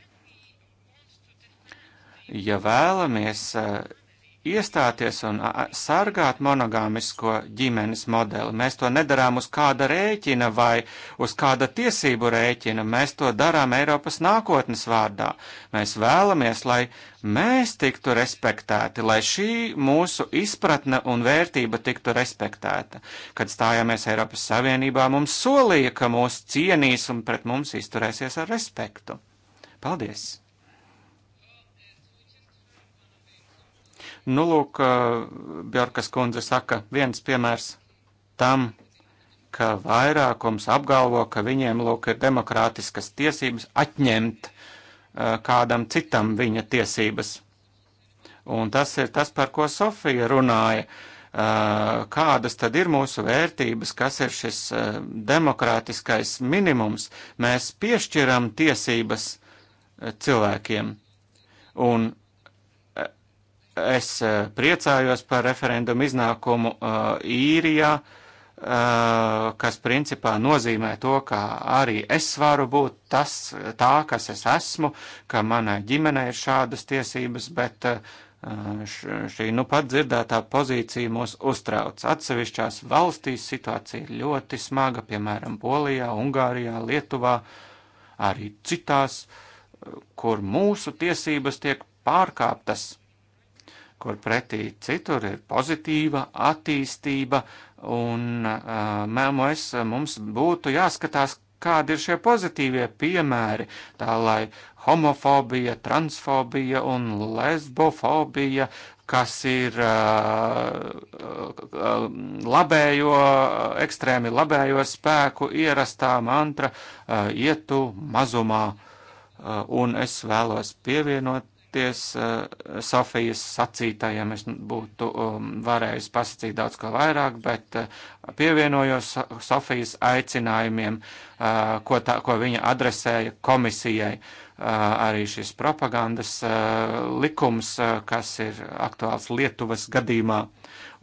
Speaker 4: Ja vēlamies uh, iestāties un sargāt monogāmisko ģimenes modeli. Mēs to nedarām uz kāda rēķina vai uz kāda tiesību rēķina, mēs to darām Eiropas nākotnes vārdā. Mēs vēlamies, lai mēs tiktu respektēti, lai šī mūsu izpratne un vērtība tiktu respektēta. Kad stājāmies Eiropas Savienībā, mums solīja, ka mūs cienīs un pret mums izturēsies ar respektu. Paldies! Nu, lūk, Bjorkas kundze saka, viens piemērs tam, ka vairākums apgalvo, ka viņiem, lūk, ir demokrātiskas tiesības atņemt kādam citam viņa tiesības. Un tas ir tas, par ko Sofija runāja. Kādas tad ir mūsu vērtības, kas ir šis demokrātiskais minimums? Mēs piešķiram tiesības cilvēkiem. Un Es eh, priecājos par referendumu iznākumu eh, īrijā, eh, kas principā nozīmē to, ka arī es varu būt tas, tā, kas es esmu, ka manai ģimenei ir šādas tiesības, bet šī nu pat dzirdētā pozīcija mūs uztrauc. Atsevišķās valstīs situācija ir ļoti smaga, piemēram, Polijā, Ungārijā, Lietuvā, arī citās, kur mūsu tiesības tiek pārkāptas kur pretī citur ir pozitīva attīstība, un mēs, mums būtu jāskatās, kādi ir šie pozitīvie piemēri, tā lai homofobija, transfobija un lesbofobija, kas ir uh, labējo, ekstrēmi labējo spēku ierastā mantra, uh, ietu mazumā. Uh, un es vēlos pievienot pievienoties eh, Sofijas sacītajam. Es būtu um, varējis pasakīt daudz ko vairāk, bet eh, pievienojos Sofijas aicinājumiem, eh, ko, tā, ko viņa adresēja komisijai. Arī šis propagandas likums, kas ir aktuāls Lietuvas gadījumā.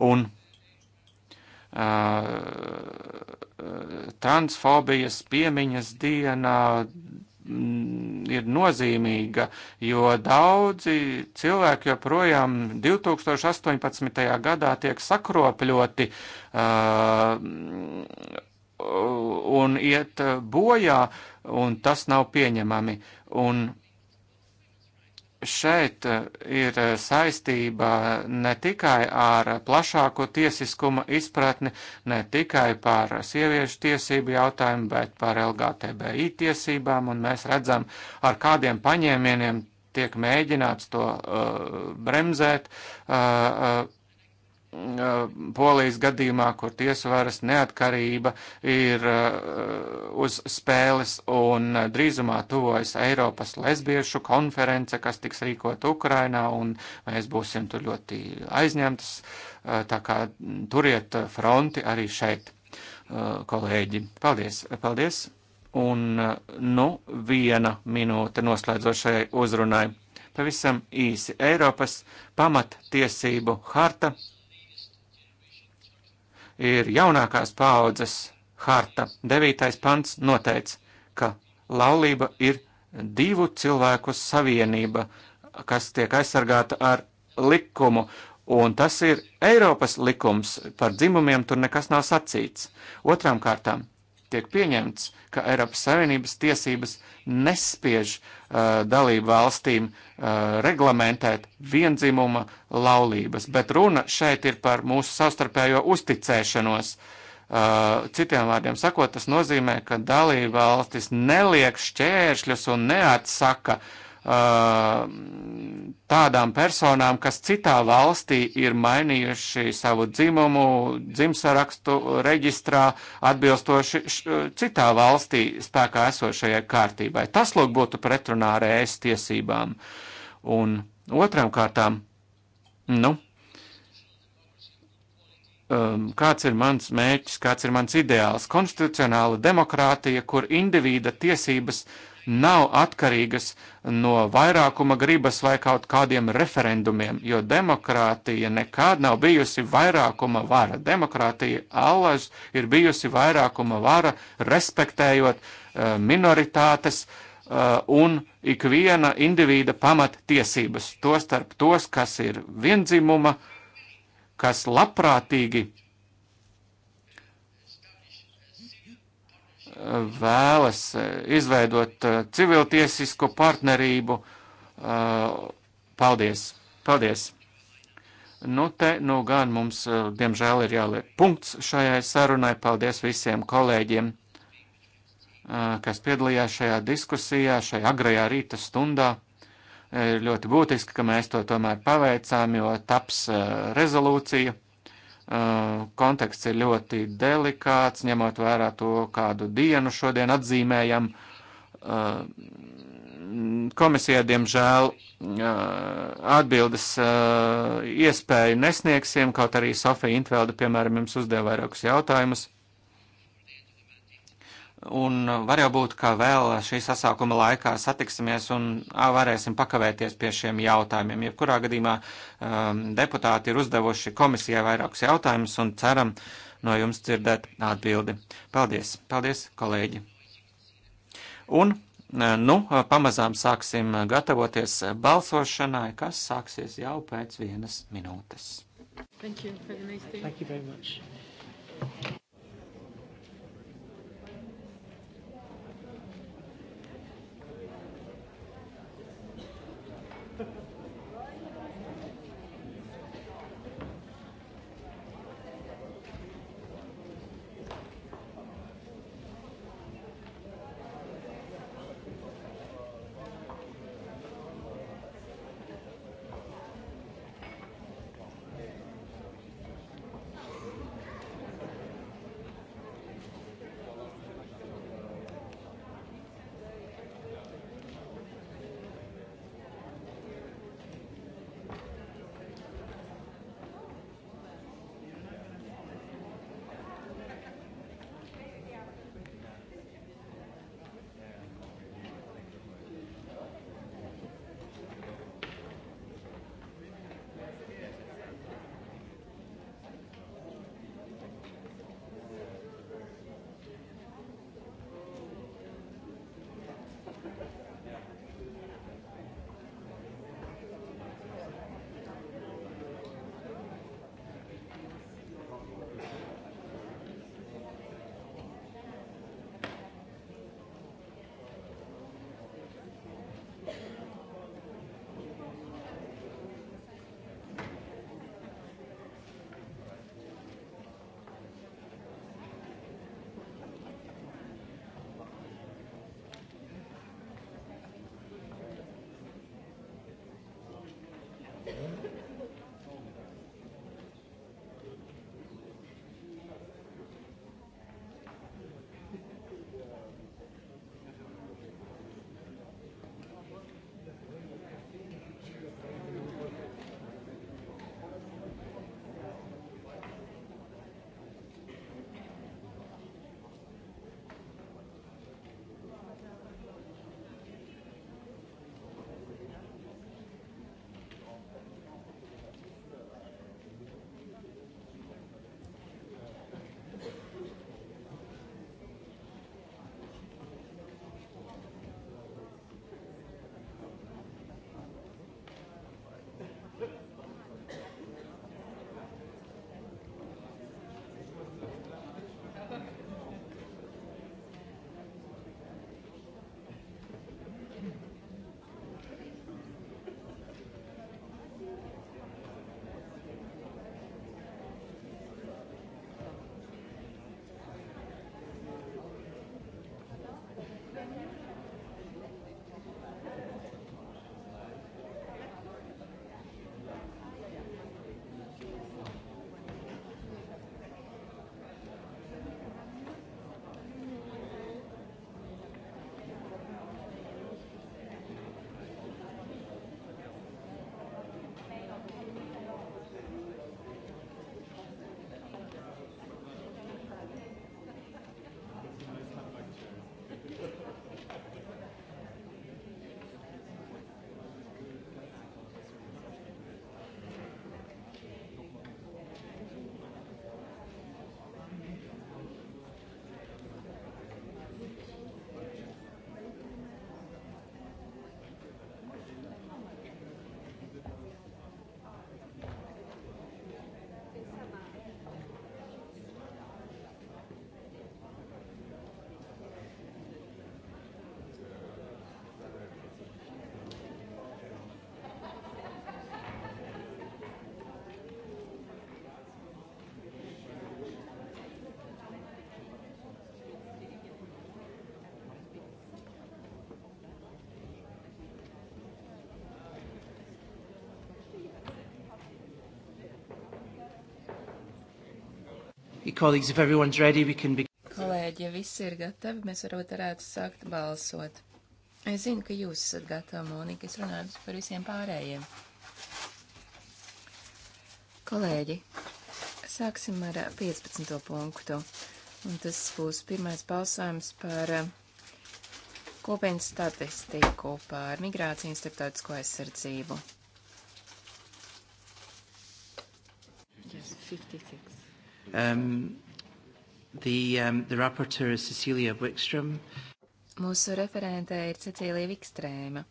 Speaker 4: Un transfobijas piemiņas diena, Mm, ir nozīmīga, jo daudzi cilvēki joprojām 2018. gadā tiek sakropļoti uh, un iet bojā, un tas nav pieņemami. Un šeit eh, ir eh, saistība ne tikai ar plašāko tiesiskuma izpratni, ne tikai par sieviešu tiesību jautājumu, bet par LGTBI tiesībām, un mēs redzam, ar kādiem paņēmieniem tiek mēģināts to uh, bremzēt. Uh, uh, Polijas gadījumā, kur tiesvaras neatkarība ir uz spēles un drīzumā tuvojas Eiropas lesbiešu konference, kas tiks rīkot Ukrainā, un mēs būsim tur ļoti aizņemtas, tā kā turiet fronti arī šeit, kolēģi. Paldies! Paldies! Un, nu, viena minūte noslēdzošai uzrunai. Pavisam īsi Eiropas pamattiesību harta ir jaunākās paaudzes harta. Devītais pants noteica, ka laulība ir divu cilvēku savienība, kas tiek aizsargāta ar likumu, un tas ir Eiropas likums, par dzimumiem tur nekas nav sacīts. Otrām kārtām tiek pieņemts, ka Eiropas Savienības tiesības nespiež uh, dalību valstīm uh, reglamentēt vienzimuma laulības, bet runa šeit ir par mūsu savstarpējo uzticēšanos. Uh, citiem vārdiem sakot, tas nozīmē, ka dalība valstis neliek šķēršļus un neatsaka uh, tādām personām, kas citā valstī ir mainījuši savu dzimumu, dzimsarakstu reģistrā atbilstoši citā valstī spēkā esošajai kārtībai. Tas, lūk, būtu pretrunā ar ES tiesībām. Un otram kārtām, nu, um, kāds ir mans mērķis, kāds ir mans ideāls. Konstitucionāla demokrātija, kur individa tiesības nav atkarīgas no vairākuma gribas vai kaut kādiem referendumiem, jo demokrātija nekad nav bijusi vairākuma vara. Demokrātija allaž ir bijusi vairākuma vara, respektējot uh, minoritātes uh, un ikviena individa pamatiesības, tostarp tos, kas ir viendzimuma, kas labprātīgi vēlas eh, izveidot eh, civiltiesisko partnerību. Eh, paldies! Paldies! Nu, te, nu, gan mums, diemžēl, ir jāliek punkts šajai sarunai. Paldies visiem kolēģiem, kas piedalījās šajā diskusijā, šajā agrajā rīta stundā. Ir ļoti būtiski, ka mēs to tomēr paveicām, jo taps rezolūcija. Eh, konteksts ir ļoti delikāts, ņemot vērā to, kādu dienu šodien atzīmējam. Eh, Komisijā, diemžēl, eh, atbildes iespēju nesniegsim, kaut arī Sofija Intvelda, piemēram, jums uzdeva vairākus jautājumus. Un uh, var jau būt, ka vēl šī sasaukuma laikā satiksimies un varēsim pakavēties pie šiem jautājumiem. Jebkurā gadījumā um, deputāti ir uzdevuši komisijai vairākus jautājumus un ceram no jums dzirdēt atbildi. Paldies, paldies, kolēģi. Un, nu, pamazām sāksim gatavoties balsošanai, kas sāksies jau pēc vienas minūtes.
Speaker 5: Thank you, very nice day. Thank you very
Speaker 6: much.
Speaker 1: Kolēģi,
Speaker 3: ja visi ir gatavi, mēs varbūt varētu sākt balsot. Es zinu, ka jūs esat gatavi, Monika, es runāju par visiem pārējiem. Kolēģi, sāksim ar 15. punktu, un tas būs pirmais balsojums par eh, kopienas statistiku par migrācijas starptautisko aizsardzību.
Speaker 1: Um, the, um, the rapporteur is Cecilia Wickstrom.
Speaker 3: Mūsu referente ir Cecīlija Vikstrēma.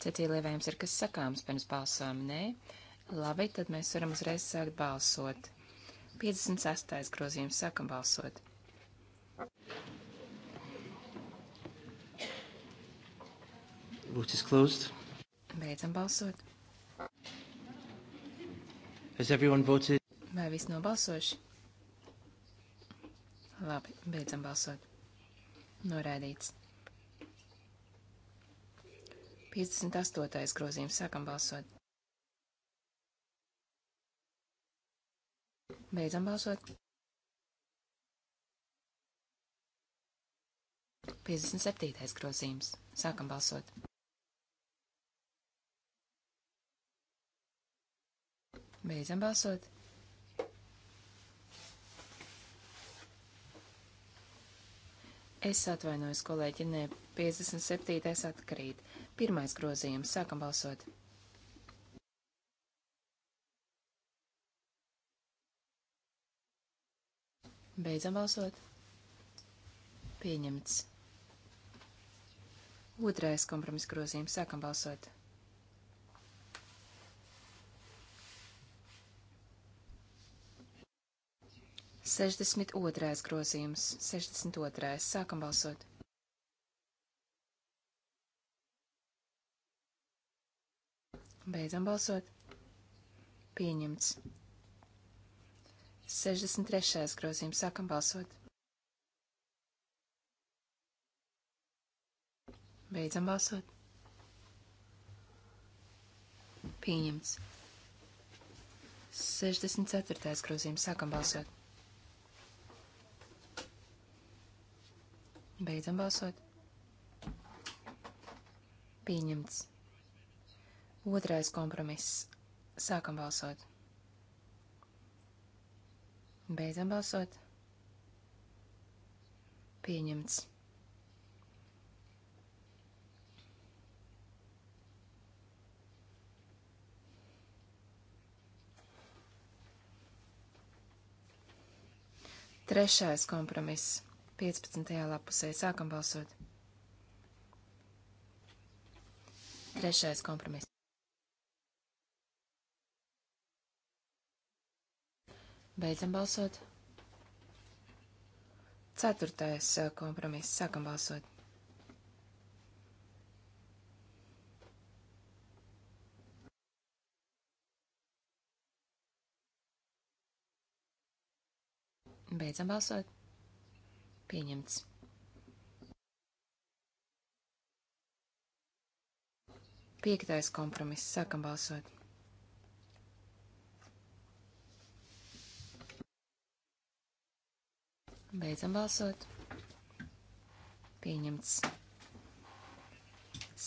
Speaker 3: Cecīlija, vai jums ir kas sakāms pirms balsojuma? Nē. Labi, tad mēs varam uzreiz sākt balsot. 56. grozījums sākam balsot.
Speaker 1: Vote is closed.
Speaker 3: Beidzam balsot. Has everyone voted? Vai viss nobalsoši? Labi, beidzam balsot. Norēdīts. 58. grozījums. Sākam balsot. Beidzam balsot. 57. grozījums. Sākam balsot. Beidzam balsot. Es atvainojos, kolēģi, nē, 57. atkrīt. Pirmais grozījums. Sākam balsot. Beidzam balsot. Pieņemts. Otrais kompromis grozījums. Sākam balsot. 62. grozījums, 62. sākam balsot. Beidzam balsot. Pieņemts. 63. grozījums, sākam balsot. Beidzam balsot. Pieņemts. 64. grozījums, sākam balsot. Beidzam balsot. Pieņemts. Otrais kompromiss. Sākam balsot. Beidzam balsot. Pieņemts. Trešais kompromiss. 15. lapusē. Sākam balsot. Trešais kompromiss. Beidzam balsot. Ceturtais eh, kompromiss. Sākam balsot. Beidzam balsot. Pieņemts. Piektais kompromiss. Sākam balsot. Beidzam balsot. Pieņemts.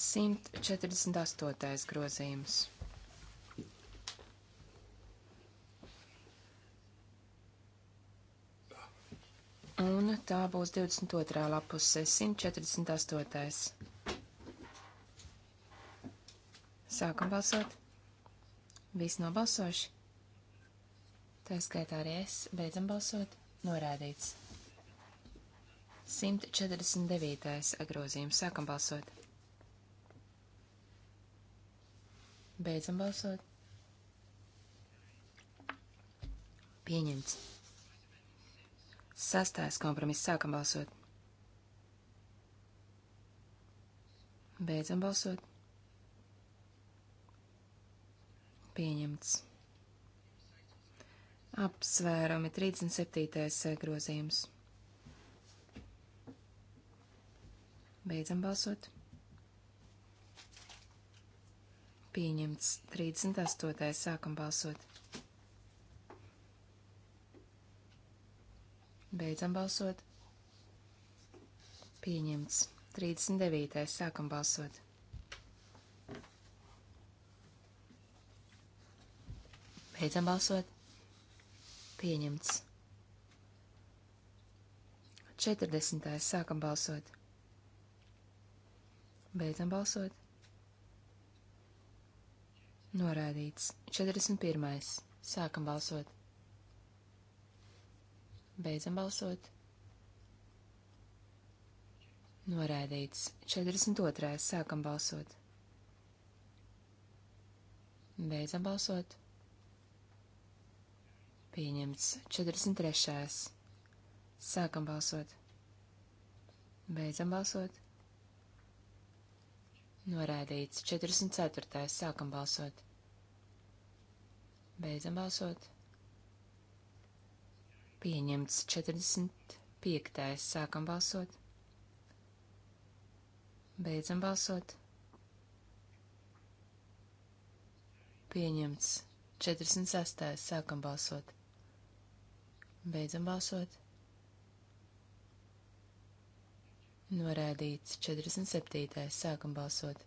Speaker 3: 148. grozījums. Un tā būs 22. lapuse, 148. Sākam balsot. Visi nobalsojuši. Tā skaitā arī es. Beidzam balsot. Norādīts. 149. grozījums. Sākam balsot. Beidzam balsot. Pieņemts. Sastais kompromiss. Sākam balsot. Beidzam balsot. Pieņemts. Apsvērumi 37. Eh, grozījums. Beidzam balsot. Pieņemts 38. sākam balsot. Beidzam balsot. Pieņemts. 39. Sākam balsot. Beidzam balsot. Pieņemts. 40. Sākam balsot. Beidzam balsot. Norādīts. 41. Sākam balsot. Beidzam balsot. Noraidīts. 42. Sākam balsot. Beidzam balsot. Pieņemts. 43. Sākam balsot. Beidzam balsot. Noraidīts. 44. Sākam balsot. Beidzam balsot. Pieņemts 45. Sākam balsot. Beidzam balsot. Pieņemts 46. Sākam balsot. Beidzam balsot. Norādīts 47. Sākam balsot.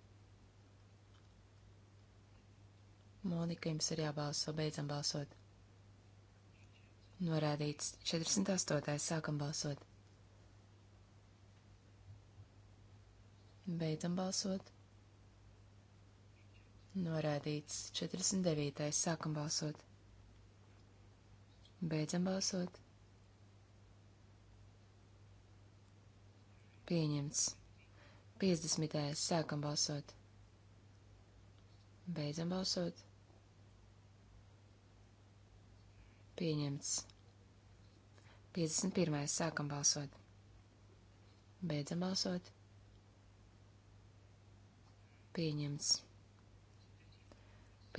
Speaker 3: Monika, jums ir jābalso, beidzam balsot. Norādīts 48. sākam balsot. Beidzam balsot. Norādīts 49. sākam balsot. Beidzam balsot. Pieņemts. 50. sākam balsot. Beidzam balsot. Pieņemts. 51. Sākam balsot. Beidzam balsot. Pieņemts.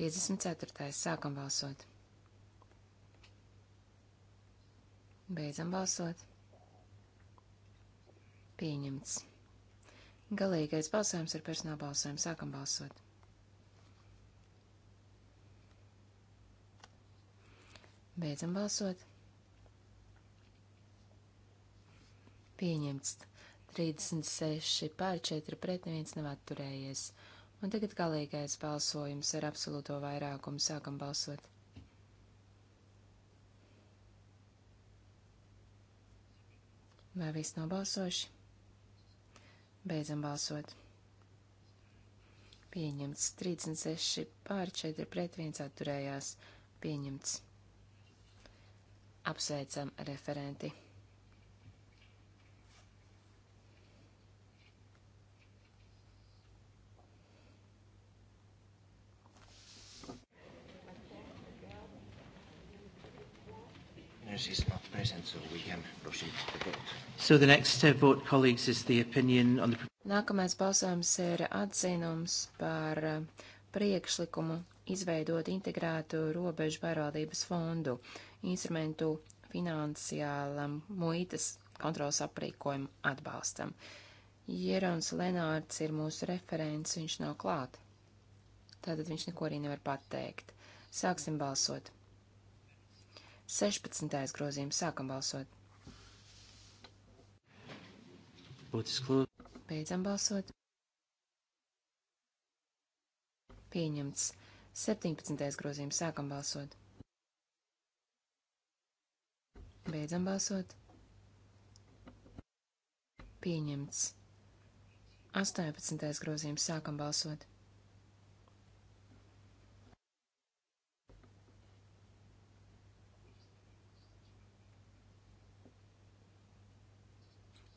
Speaker 3: 54. Sākam balsot. Beidzam balsot. Pieņemts. Galīgais balsojums ir personāla balsojums. Sākam balsot. Beidzam balsot. Pieņemts. 36 pār 4 pret neviens nav atturējies. Un tagad galīgais balsojums ar absolūto vairākumu sākam balsot. Vai viss nav balsojuši? Beidzam balsot. Pieņemts 36 pār 4 pret 1 atturējās. Pieņemts. Apsveicam referenti.
Speaker 1: is not present, so we can proceed to the vote. So the next uh, vote, colleagues, is the opinion on the...
Speaker 3: Nākamais balsojums ir atzinums par uh, priekšlikumu izveidot integrētu robežu pārvaldības fondu instrumentu finansiālam muitas kontrols aprīkojumu atbalstam. Jerons Lenārds ir mūsu referents, viņš nav klāt. Tātad viņš neko arī nevar pateikt. Sāksim balsot. 16. grozījums. Sākam balsot. Beidzam balsot. Pieņemts. 17. grozījums. Sākam balsot. Beidzam balsot. Pieņemts. 18. grozījums. Sākam balsot.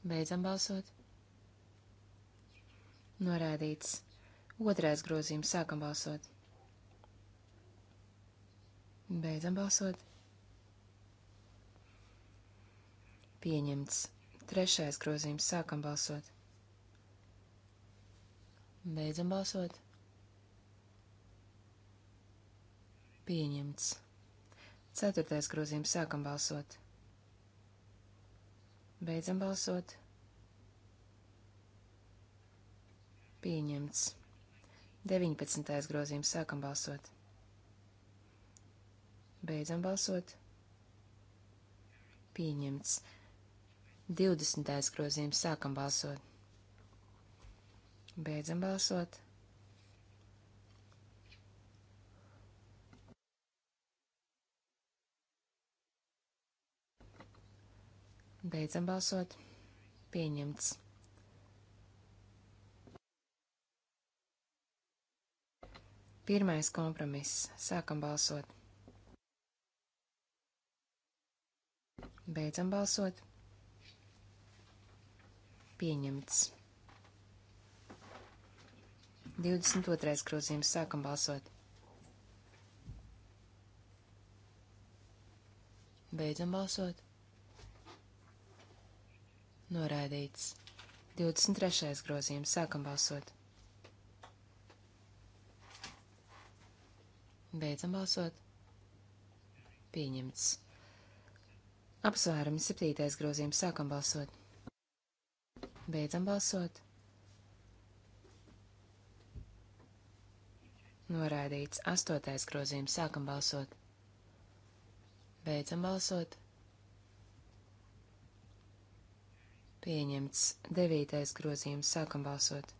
Speaker 3: Beidzam balsot. Norādīts. Otrais grozījums. Sākam balsot. Beidzam balsot. Pieņemts. Trešais grozījums. Sākam balsot. Beidzam balsot. Pieņemts. Ceturtais grozījums. Sākam balsot. Beidzam balsot. Pieņemts. 19. grozījums sākam balsot. Beidzam balsot. Pieņemts. 20. grozījums sākam balsot. Beidzam balsot. Beidzam balsot. Pieņemts. Pirmais kompromiss. Sākam balsot. Beidzam balsot. Pieņemts. 22. grozījums. Sākam balsot. Beidzam balsot. Noraidīts. 23. grozījums. Sākam balsot. Beidzam balsot. Pieņemts. Apsvērumi 7. grozījums. Sākam balsot. Beidzam balsot. Noraidīts. 8. grozījums. Sākam balsot. Beidzam balsot. Pieņemts. Devītais grozījums. Sākam balsot.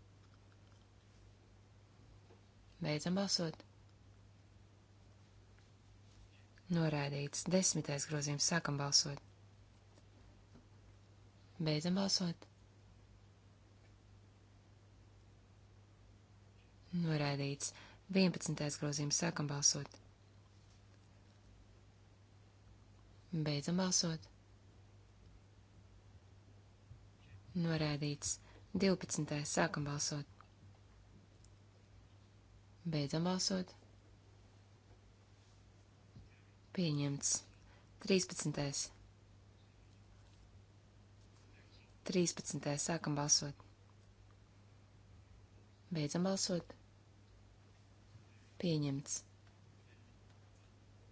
Speaker 3: Beidzam balsot. Noraidīts. Desmitais grozījums. Sākam balsot. Beidzam balsot. Noraidīts. Vienpadsmitais grozījums. Sākam balsot. Beidzam balsot. Norēdīts. 12. Sākam balsot. Beidzam balsot. Pieņemts. 13. 13. Sākam balsot. Beidzam balsot. Pieņemts.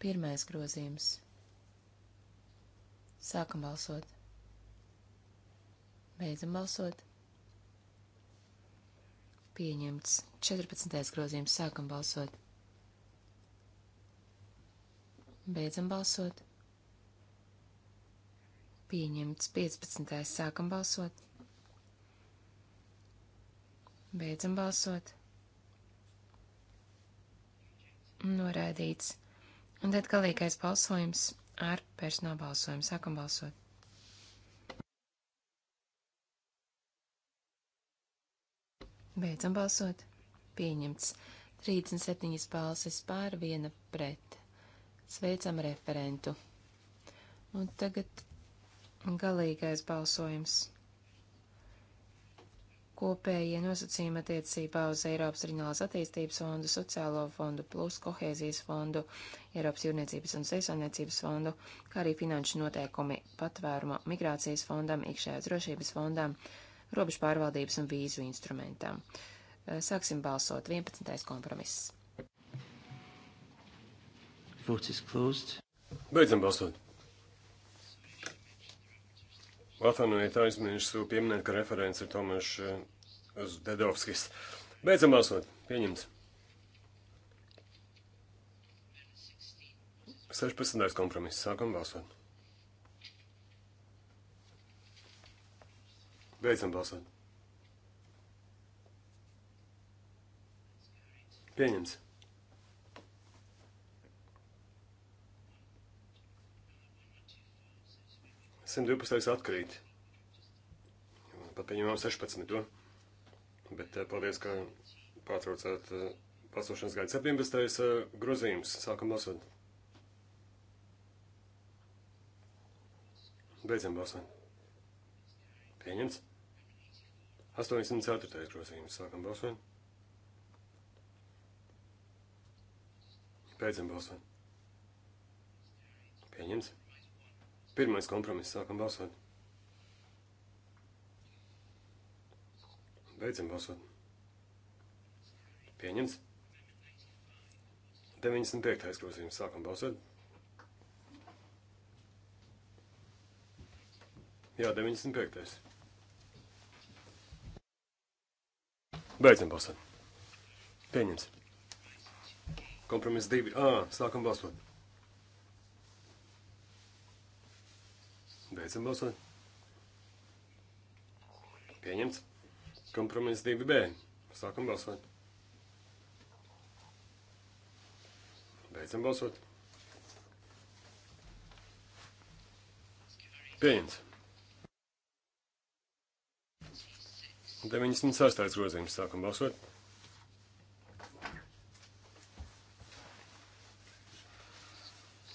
Speaker 3: Pirmais grozījums. Sākam balsot. Beidzam balsot. Pieņemts. 14. grozījums. Sākam balsot. Beidzam balsot. Pieņemts. 15. Sākam balsot. Beidzam balsot. Noraidīts. Un tad galīgais balsojums ar personāla balsojumu. Sākam balsot. Beidzam balsot. Pieņemts. 37 balsis pār, viena pret. Sveicam referentu. Un tagad galīgais balsojums. Kopējie nosacījumi attiecībā uz Eiropas Reģionālās attīstības fondu, sociālo fondu plus kohēzijas fondu, Eiropas jūrniecības un seisaimniecības fondu, kā arī finanšu noteikumi patvēruma migrācijas fondam, iekšējās drošības fondam, robežu pārvaldības un vīzu instrumentam. Eh, sāksim balsot. 11. kompromiss.
Speaker 1: Vote is closed.
Speaker 2: Beidzam balsot. Atvainojiet, aizmirsu pieminēt, ka referents ir Tomašs eh, Zdedovskis. Beidzam balsot. Pieņemts. 16. kompromiss. Sākam balsot. Beidzam balsot. Pieņems. Simt divpadsmitais atkrīt. Pat pieņemam 16. To. Bet eh, paldies, ka pārtraucāt pasaušanas eh, gaidu 17. Eh, grozījums. Sākam balsot. Beidzam balsot. Pieņemts. 804. grozījums. Sākam balsot. Beidzam balsot. Pieņems. Pirmais kompromiss. Sākam balsot. Beidzam balsot. Pieņems. 95. grozījums. Sākam balsot. Jā, 95. Beidzam balsot. Pieņems. Kompromiss 2A. Sākam balsot. Beidzam balsot. Pieņemts. Kompromiss 2B. Sākam balsot. Beidzam balsot. Pieņemts. 96. grozījums sākam balsot.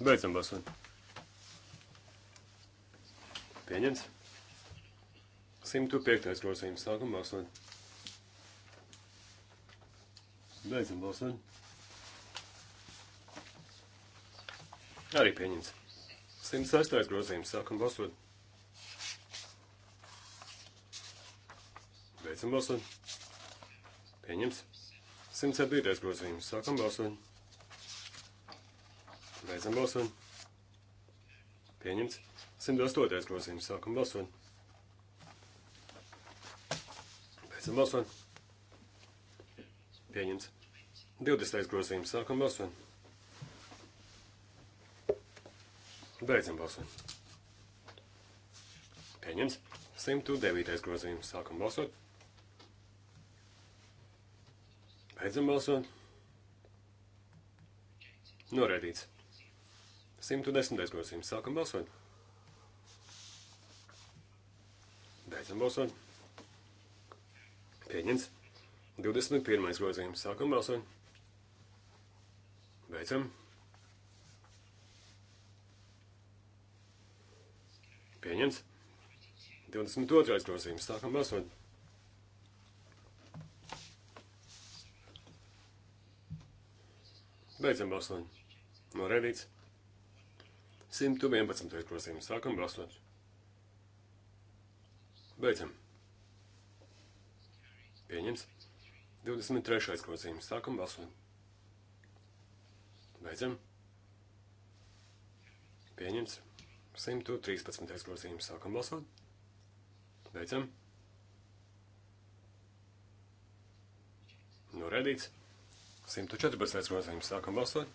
Speaker 2: Beidzam balsot. Pieņems. 105. grozījums sākam balsot. Beidzam balsot. Arī pieņems. 106. grozījums sākam balsot. Beidzam balsot. Pieņems. 107. grozījums. Sākam balsot. Beidzam balsot. Pieņemts. 108. grozījums. Sākam balsot. Beidzam balsot. Pieņemts. 20. grozījums. Sākam balsot. Beidzam balsot. Pieņemts. 109. grozījums. Sākam balsot. Beidzam balsot. Noraidīts. 110. grozījums. Sākam balsot. Beidzam balsot. Pieņems. 21. grozījums. Sākam balsot. Beidzam. Pieņems. 22. grozījums. Sākam balsot. Beidzam balsojumu. Noraidīts. 111. grozījums. Sākam balsot. Beidzam. Pieņems. 23. grozījums. Sākam balsot. Beidzam. Pieņems. 113. grozījums. Sākam balsot. Beidzam. Noraidīts. 114. grozījums. Sākam balsot.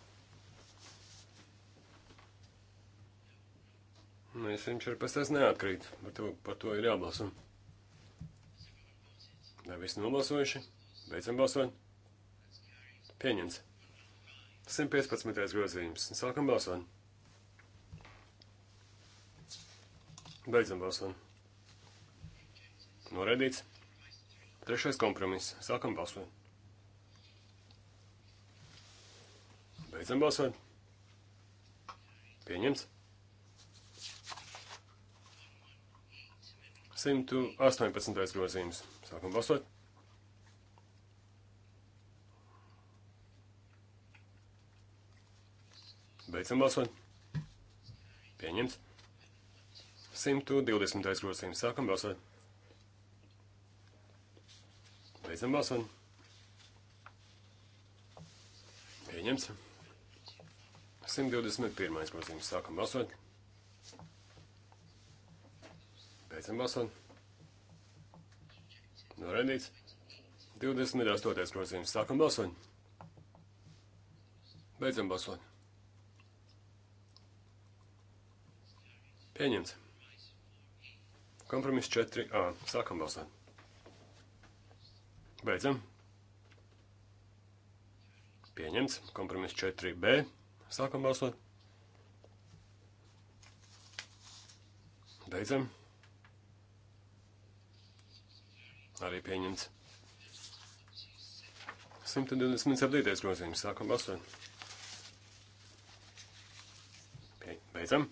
Speaker 2: Nē, nu, 114. neatkrīt. Par to, par to ir jābalso. Vai visi nobalsojuši? Beidzam balsot. Pieņems. 115. grozījums. Sākam balsot. Beidzam balsot. Noraidīts. Trešais kompromiss. Sākam balsot. Beidzam balsot. Pieņemts. 118. grozījums. Sākam balsot. Beidzam balsot. Pieņemts. 120. grozījums. Sākam balsot. Beidzam balsot. Pieņemts. 121. grozījums. Sākam balsot. Beidzam balsot. Noraidīts. 28. grozījums. Sākam balsot. Beidzam balsot. Pieņemts. Kompromiss 4a. Sākam balsot. Beidzam. Pieņemts. Kompromiss 4b. Sākam balsot. Beidzam. Arī pieņemts. 127. grozījums. Sākam balsot. Beidzam.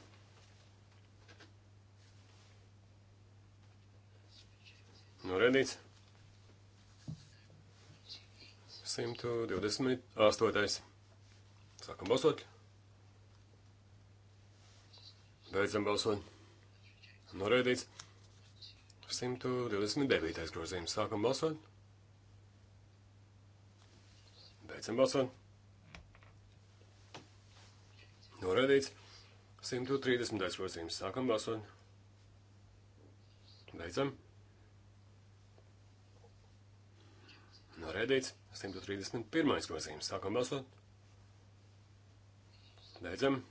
Speaker 2: Noredīts. 128. Sākam balsot. Beidzam balsot. Noraidīts. 129. grozījums. Sākam balsot. Beidzam balsot. Noraidīts. 130. grozījums. Sākam balsot. Beidzam. Noraidīts. 131. grozījums. Sākam balsot. Beidzam.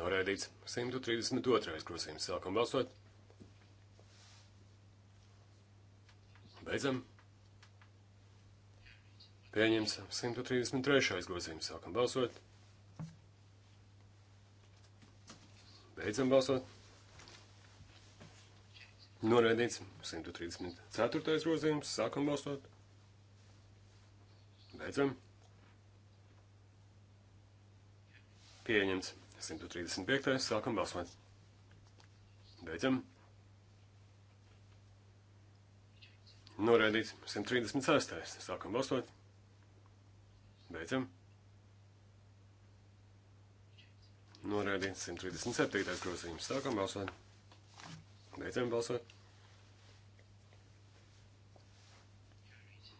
Speaker 2: Noraidīts 132. grozījums. Sākam balsot. Beidzam. Pieņems 133. grozījums. Sākam balsot. Beidzam balsot. Noraidīts 134. grozījums. Sākam balsot. Beidzam. Pieņemts 135. sākam balsot. Beidzam. Noraidīts 136. Sākam balsot. Beidzam. Noraidīts 137. grozījums. Sākam balsot. Beidzam balsot.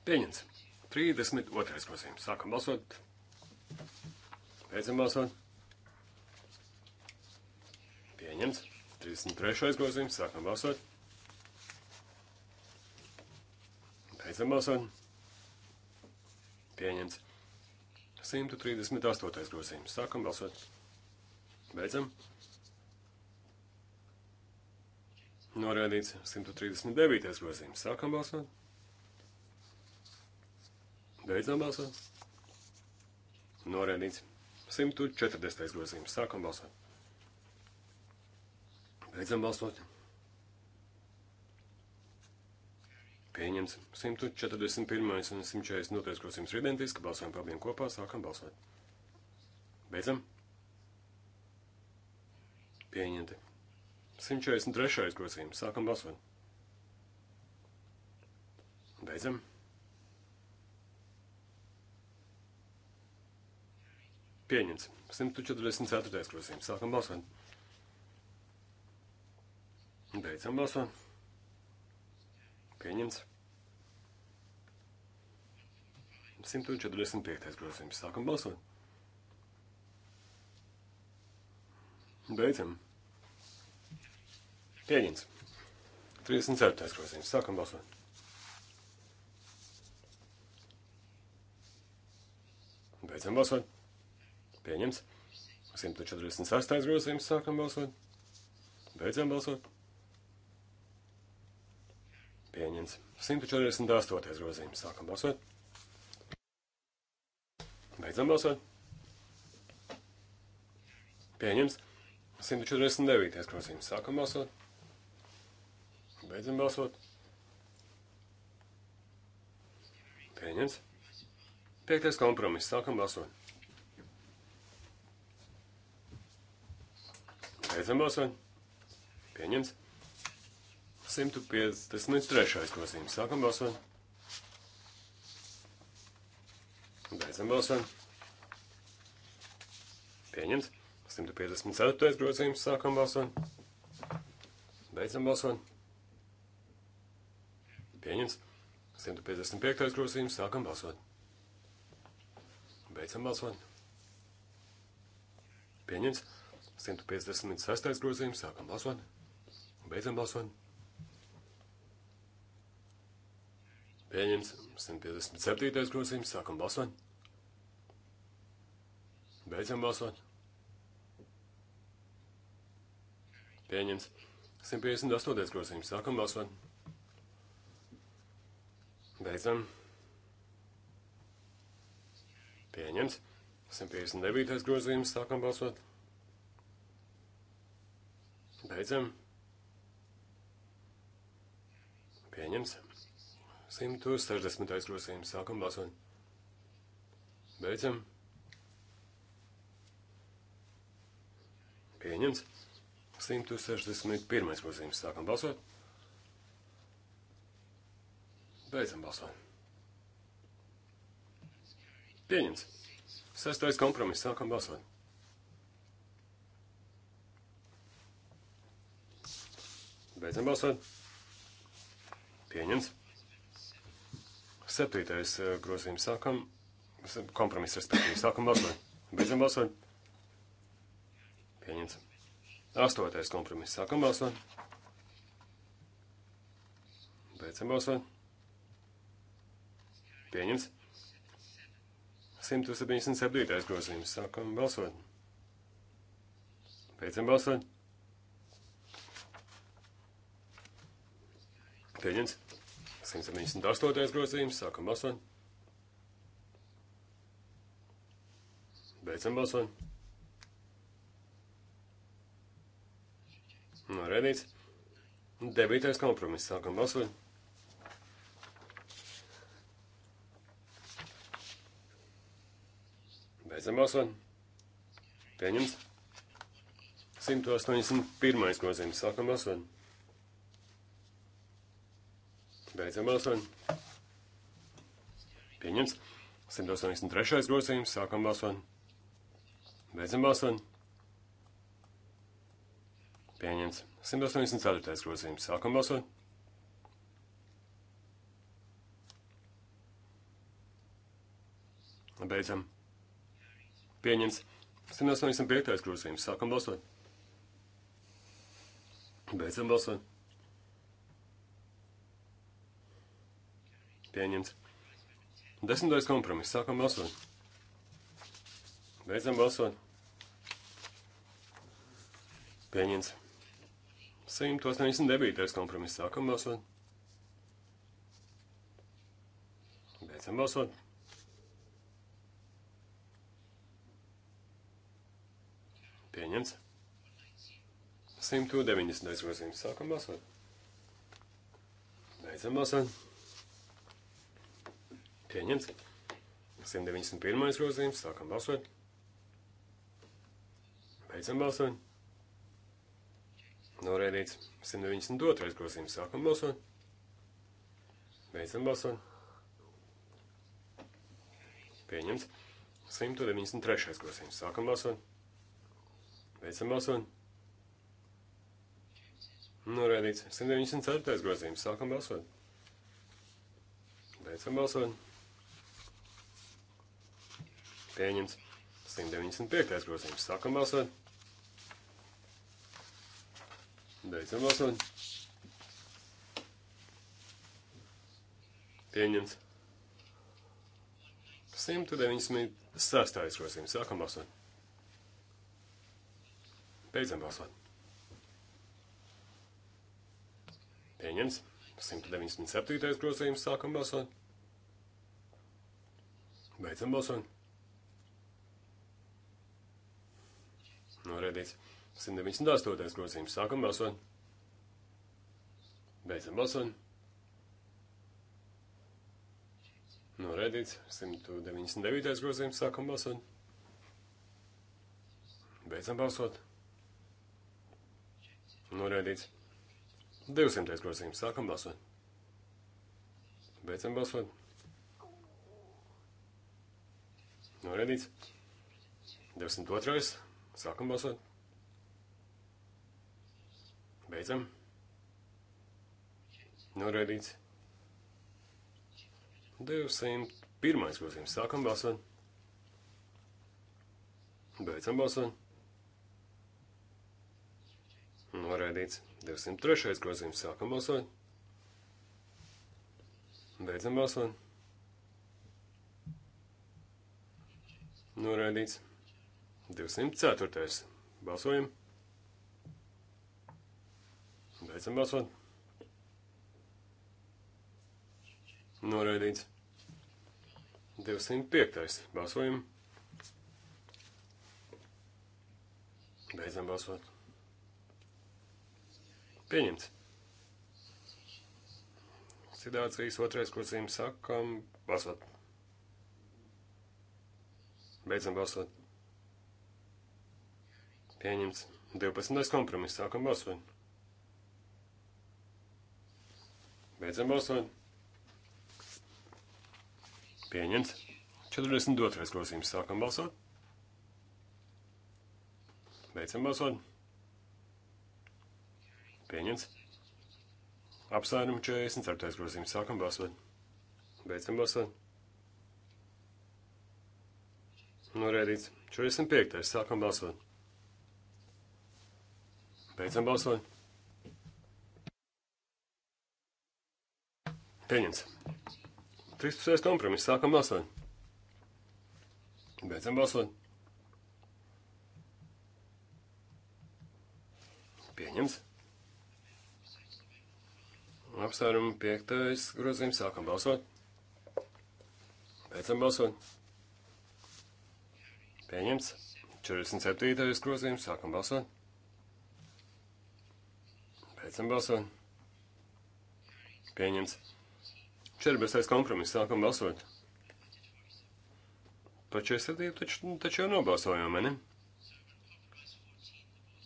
Speaker 2: Pieņemts. 32. grozījums. Sākam balsot. Beidzam balsot. Pieņemts. 33. grozījums. Sākam balsot. Beidzam balsot. Pieņemts. 138. grozījums. Sākam balsot. Beidzam. Norādīts 139. grozījums. Sākam balsot. Beidzam balsot. Norādīts 140. grozījums. Sākam balsot. Beidzam balsot. Pieņems 141 un 142 grozījums ir identiski. Balsojam par abiem kopā. Sākam balsot. Beidzam. Pieņemti. 143 grozījums. Sākam balsot. Beidzam. Pieņemts. 144 grozījums. Sākam balsot. Beidzam balsot. Pieņemts. 145. grozījums. Sākam balsot. Beidzam. Pieņemts. 37. grozījums. Sākam balsot. Beidzam balsot. Pieņemts. 146. grozījums. Sākam balsot. Beidzam balsot. Pieņems. 148. grozījums. Sākam balsot. Beidzam balsot. Pieņems. 149. grozījums. Sākam balsot. Beidzam balsot. Pieņems. Piektais kompromiss. Sākam balsot. Beidzam balsot. Pieņems. 153. grozījums. Sākam balsot. Beidzam balsot. Pieņemts. 154. grozījums. Sākam balsot. Beidzam balsot. Pieņemts. 155. grozījums. Sākam balsot. Beidzam balsot. Pieņemts. 156. grozījums. Sākam balsot. Beidzam balsot. Pieņemts 157. grozījums. Sākam balsot. Beidzam balsot. Pieņemts 158. grozījums. Sākam balsot. Beidzam. Pieņemts 159. grozījums. Sākam balsot. Beidzam. Pieņemts. 160. grozījums. Sākam balsot. Beidzam. Pieņemts. 161. grozījums. Sākam balsot. Beidzam balsot. Pieņemts. Sestais kompromiss. Sākam balsot. Beidzam balsot. Pieņemts. Septītais eh, grozījums sākam. Kompromiss, respektīvi, sākam balsot. Beidzam balsot. Pieņemts. Astotais kompromiss. Sākam balsot. Beidzam balsot. Pieņemts. 177. grozījums. Sākam balsot. Beidzam balsot. Pieņemts. 178. grozījums. Sākam balsot. Beidzam balsot. Nu, redzīts. Devītais kompromiss. Sākam balsot. Beidzam balsot. Pieņems. 181. grozījums. Sākam balsot. Beidzam balsojumu. Pieņems. 183. grozījums. Sākam balsojumu. Beidzam balsojumu. Pieņems. 184. grozījums. Sākam balsot. Beidzam. Pieņems. 185. grozījums. Sākam balsot. Beidzam balsot. Pieņemts. Desmitais kompromiss. Sākam balsot. Beidzam balsot. Pieņemts. 189. kompromiss. Sākam balsot. Beidzam balsot. Pieņemts. 190. grozījums. Sākam balsot. Beidzam balsot. Pieņemts. 191. grozījums. Sākam balsot. Beidzam balsot. Norēdīts. 192. grozījums. Sākam balsot. Beidzam balsot. Pieņemts. 193. grozījums. Sākam balsot. Beidzam balsot. Norēdīts. 194. grozījums. Sākam balsot. Beidzam balsot pieņemts. 195. grozījums. Sākam balsot. Beidzam balsot. Pieņemts. 196. grozījums. Sākam balsot. Beidzam balsot. Pieņemts. 197. grozījums. Sākam balsot. Beidzam balsot. Noraidīts. 198. grozījums. Sākam balsot. Beidzam balsot. Noraidīts. 199. grozījums. Sākam balsot. Beidzam balsot. Noraidīts. 200. grozījums. Sākam balsot. Beidzam balsot. Noraidīts. 202. Sākam balsot. Beidzam. Noraidīts. 201. grozījums. Sākam balsot. Beidzam balsot. Noraidīts. 203. grozījums. Sākam balsot. Beidzam balsot. Noraidīts. 204. Balsojam. Beidzam balsot. Noraidīts. 205. Balsojam. Beidzam balsot. Pieņemts. Sidācijas otrais krocījums sakam. Balsot. Beidzam balsot. Pieņemts. 12. kompromiss. Sākam balsot. Beidzam balsot. Pieņemts. 42. grozījums. Sākam balsot. Beidzam balsot. Pieņemts. Apsvērumu 44. grozījums. Sākam balsot. Beidzam balsot. Norēdīts. 45. Sākam balsot. Beidzam balsot. Pieņemts. 13. kompromiss. Sākam balsot. Beidzam balsot. Pieņemts. Apsvērumu 5. grozījums. Sākam balsot. Beidzam balsot. Pieņemts. 47. grozījums. Sākam balsot. Beidzam balsot. Pieņemts. 14. kompromiss. Sākam balsot. Par 47 taču, taču jau nobalsojām, ne?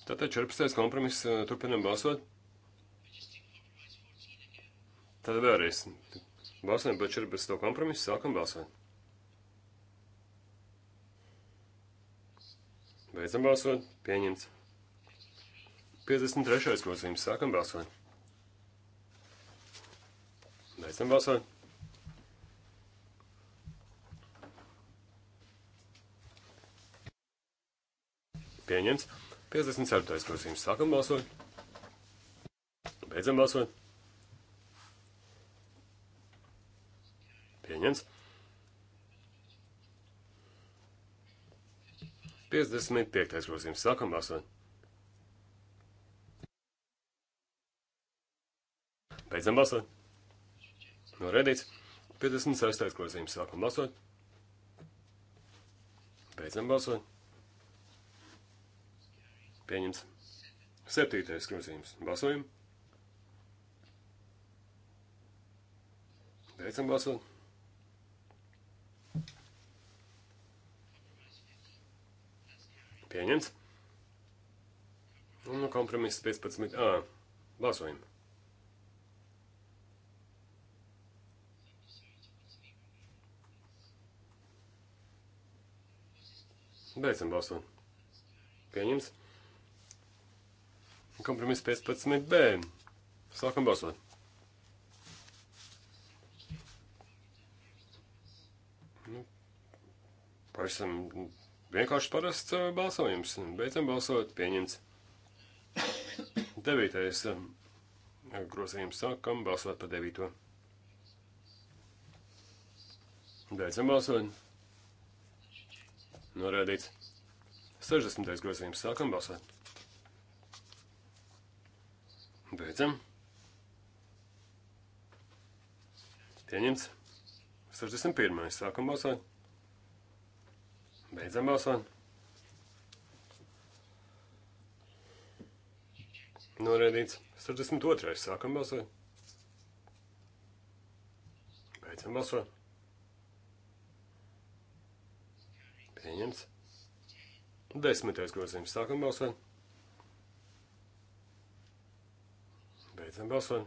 Speaker 2: Tātad 14. kompromiss. Turpinam balsot. Tad vēlreiz. Balsojam par 14. kompromisu. Sākam balsot. Beidzam balsot. Pieņemts. 53. grozījums. Sākam balsot. Beidzam balsot. Pieņemts. 54. grozījums. Sākam balsot. Beidzam balsot. Pieņemts. 55. grozījums. Sākam balsot. Beidzam balsot. Noraidīts. 56. grozījums. Sākam balsot. Beidzam balsot. Pieņemts. 7. grozījums. Balsojam. Beidzam balsot. Pieņemts. Un nu kompromiss 15. Ā, balsojam. Beidzam balsot. Pieņems. Kompromiss 15b. Sākam balsot. Nu, pavisam vienkārši parasts uh, balsojums. Beidzam balsot. Pieņemts. Devītais um, grozījums sākam balsot par devīto. Beidzam balsot. Norādīts. 60. grozījums. Sākam balsot. Beidzam. Pieņemts. 61. Sākam balsot. Beidzam balsot. Norēdīts. 62. Sākam balsot. Beidzam balsot. pieņemts. Desmitais grozījums. Sākam balsot. Beidzam balsot.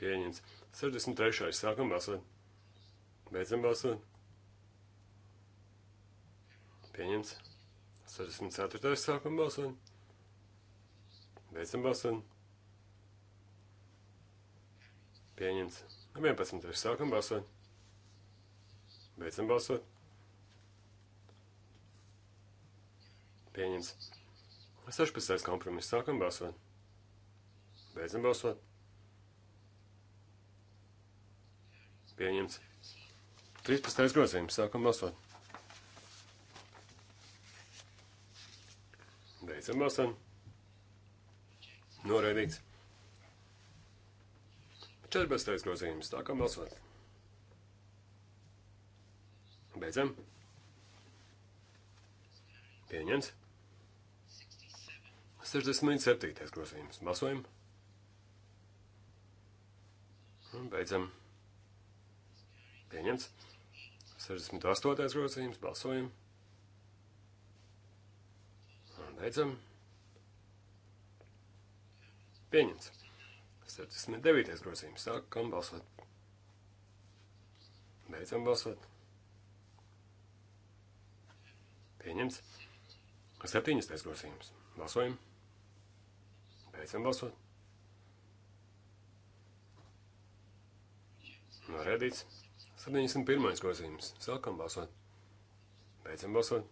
Speaker 2: Pieņemts. 63. Sākam balsot. Beidzam balsot. Pieņemts. 64. Sākam balsot. Beidzam balsot. Pieņemts. 11. Sākam balsot. Beidzam balsot. Pieņems. 16. kompromiss. Sākam balsot. Beidzam balsot. Pieņems. 13. grozījums. Sākam balsot. Beidzam balsot. Noraidīts. 14. grozījums. Sākam balsot. Beidzam. Pieņems. 67. grozījums. Balsojam. Un beidzam. Pieņemts. 68. grozījums. Balsojam. Un beidzam. Pieņemts. 69. grozījums. Sākam balsot. Beidzam balsot. Pieņemts. Septiņas taisgrosījums. Balsojam. Beidzam balsot. Norēdīts. 71. grozījums. Sākam balsot. Beidzam balsot.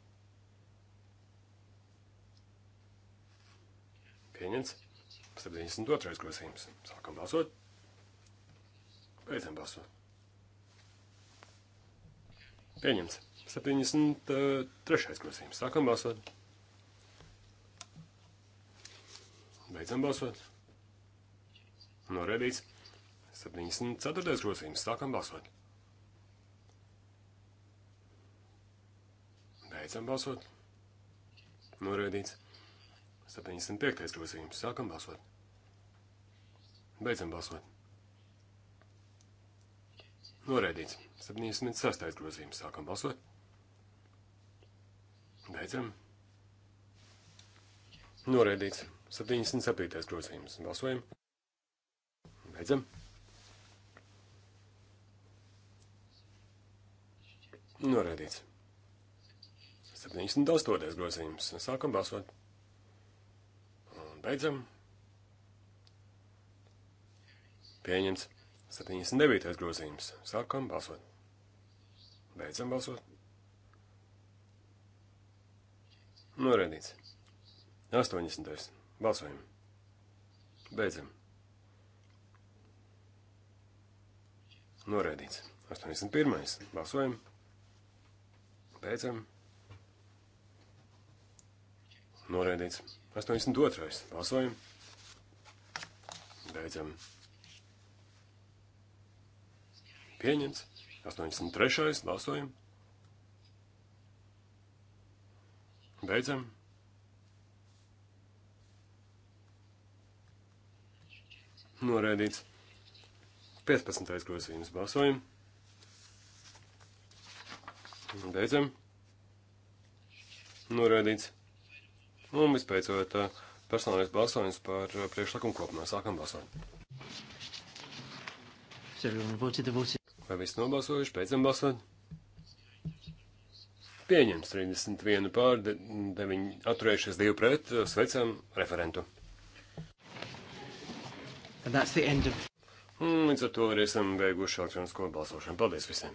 Speaker 2: Pieņemts. 72. grozījums. Sākam balsot. Beidzam balsot. Pieņemts. 73. grozījums. Sākam balsot. Beidzam balsot. Noraidīts. 74. grozījums. Sākam balsot. Beidzam balsot. Noraidīts. 75. grozījums. Sākam balsot. Beidzam balsot. Noraidīts. 76. grozījums. Sākam balsot. Beidzam. Noraidīts. 77. grozījums. Balsojam. Beidzam. Norēdīts. 78. grozījums. Sākam balsot. Un beidzam. Pieņemts. 79. grozījums. Sākam balsot. Beidzam balsot. Norēdīts. 80. Balsojam. Beidzam. Noraidīts. 81. Balsojam. Beidzam. Noraidīts. 82. Balsojam. Beidzam. Pieņemts. 83. Balsojam. Beidzam. Noraidīts. 15. grozījums. Balsojam. Beidzam. Noraidīts. Un vispēcot uh, personālais balsojums par uh, priekšlikumu kopumā. Sākam balsot. Vai viss nobalsojuši? Beidzam balsot. Pieņems 31 pār 9 atturējušies 2 pret. Sveicam referentu.
Speaker 1: And that's the end of...
Speaker 2: Un līdz ar to arī esam beiguši elektronisko balsošanu. Paldies visiem!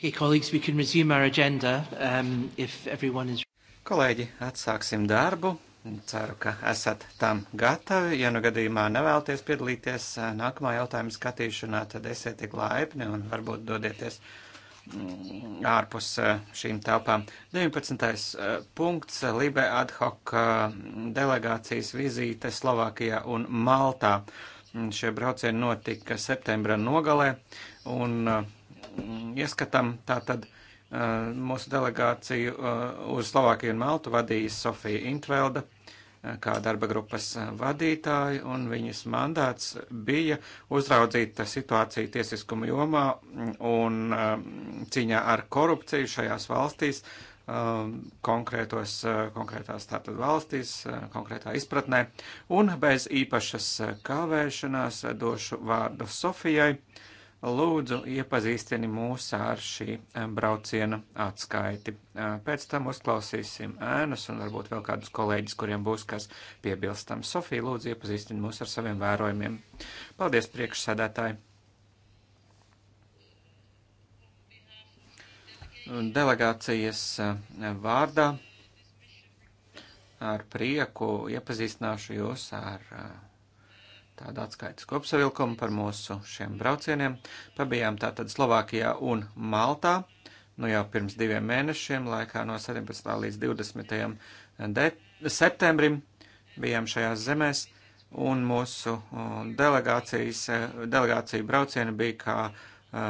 Speaker 4: Okay, colleagues, we can resume our agenda um, if everyone is. Kolēģi, atsāksim darbu. Ceru, ka esat tam gatavi. Ja nu gadījumā nevēlties piedalīties eh, nākamā jautājuma skatīšanā, tad esiet tik laipni un varbūt dodieties mm, ārpus eh, šīm telpām. 19. Eh, punkts - Libe ad hoc delegācijas vizīte Slovākijā un Maltā. Mm, šie braucieni notika septembra nogalē un ieskatam. Tātad uh, mūsu delegāciju uh, uz Slovākiju un Maltu vadīja Sofija Intvelda uh, kā darba grupas vadītāja, un viņas mandāts bija uzraudzīt situāciju tiesiskumu jomā mm, un um, cīņā ar korupciju šajās valstīs, um, konkrētos, konkrētās tātad valstīs, konkrētā izpratnē, un bez īpašas kavēšanās došu vārdu Sofijai Lūdzu, iepazīstini mūs ar šī eh, brauciena atskaiti. Eh, pēc tam uzklausīsim ēnas un varbūt vēl kādus kolēģis, kuriem būs kas piebilstams. Sofija, lūdzu, iepazīstini mūs ar saviem vērojumiem. Paldies, priekšsēdētāji! Delegācijas eh, vārdā ar prieku iepazīstināšu jūs ar tādu atskaites kopsavilkumu par mūsu šiem braucieniem. Pabijām tātad Slovākijā un Maltā, nu jau pirms diviem mēnešiem, laikā no 17. līdz 20. De septembrim bijām šajās zemēs, un mūsu delegācijas, e, delegācija brauciena bija kā uh,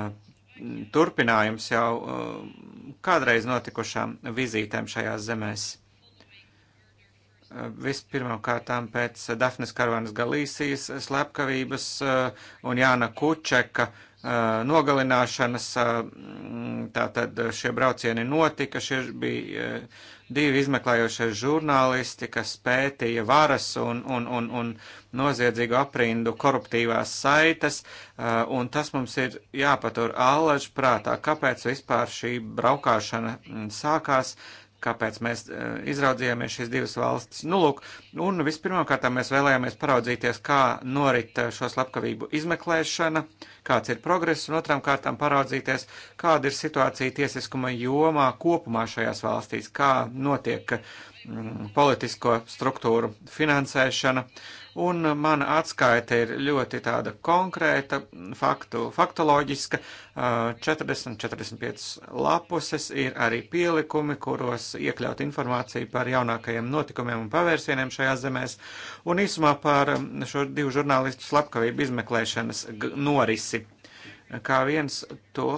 Speaker 4: turpinājums jau uh, kādreiz notikušām vizītēm šajās zemēs. Vispirmām kārtām pēc Dafnes Karvanas Galīsijas slepkavības eh, un Jāna Kučeka eh, nogalināšanas, eh, tātad šie braucieni notika, šie bija divi izmeklējošie žurnālisti, kas pētīja varas un, un, un, un noziedzīgu aprindu koruptīvās saites, un tas mums ir jāpatur allaž prātā, kāpēc vispār šī braukāšana sākās kāpēc mēs e, izraudzījāmies šīs divas valstis. Nu, lūk, un vispirmkārt mēs vēlējāmies paraudzīties, kā norit e, šo slepkavību izmeklēšana, kāds ir progress, un otram kārtām paraudzīties, kāda ir situācija tiesiskuma jomā kopumā šajās valstīs, kā notiek mm, politisko struktūru finansēšana. Uh, un mana atskaita ir ļoti tāda konkrēta, faktu, faktoloģiska. 40-45 uh, lapuses ir arī pielikumi, kuros iekļaut informāciju par jaunākajiem notikumiem un pavērsieniem šajās zemēs, un īsumā par um, šo divu žurnālistu slepkavību izmeklēšanas norisi. Kā viens to,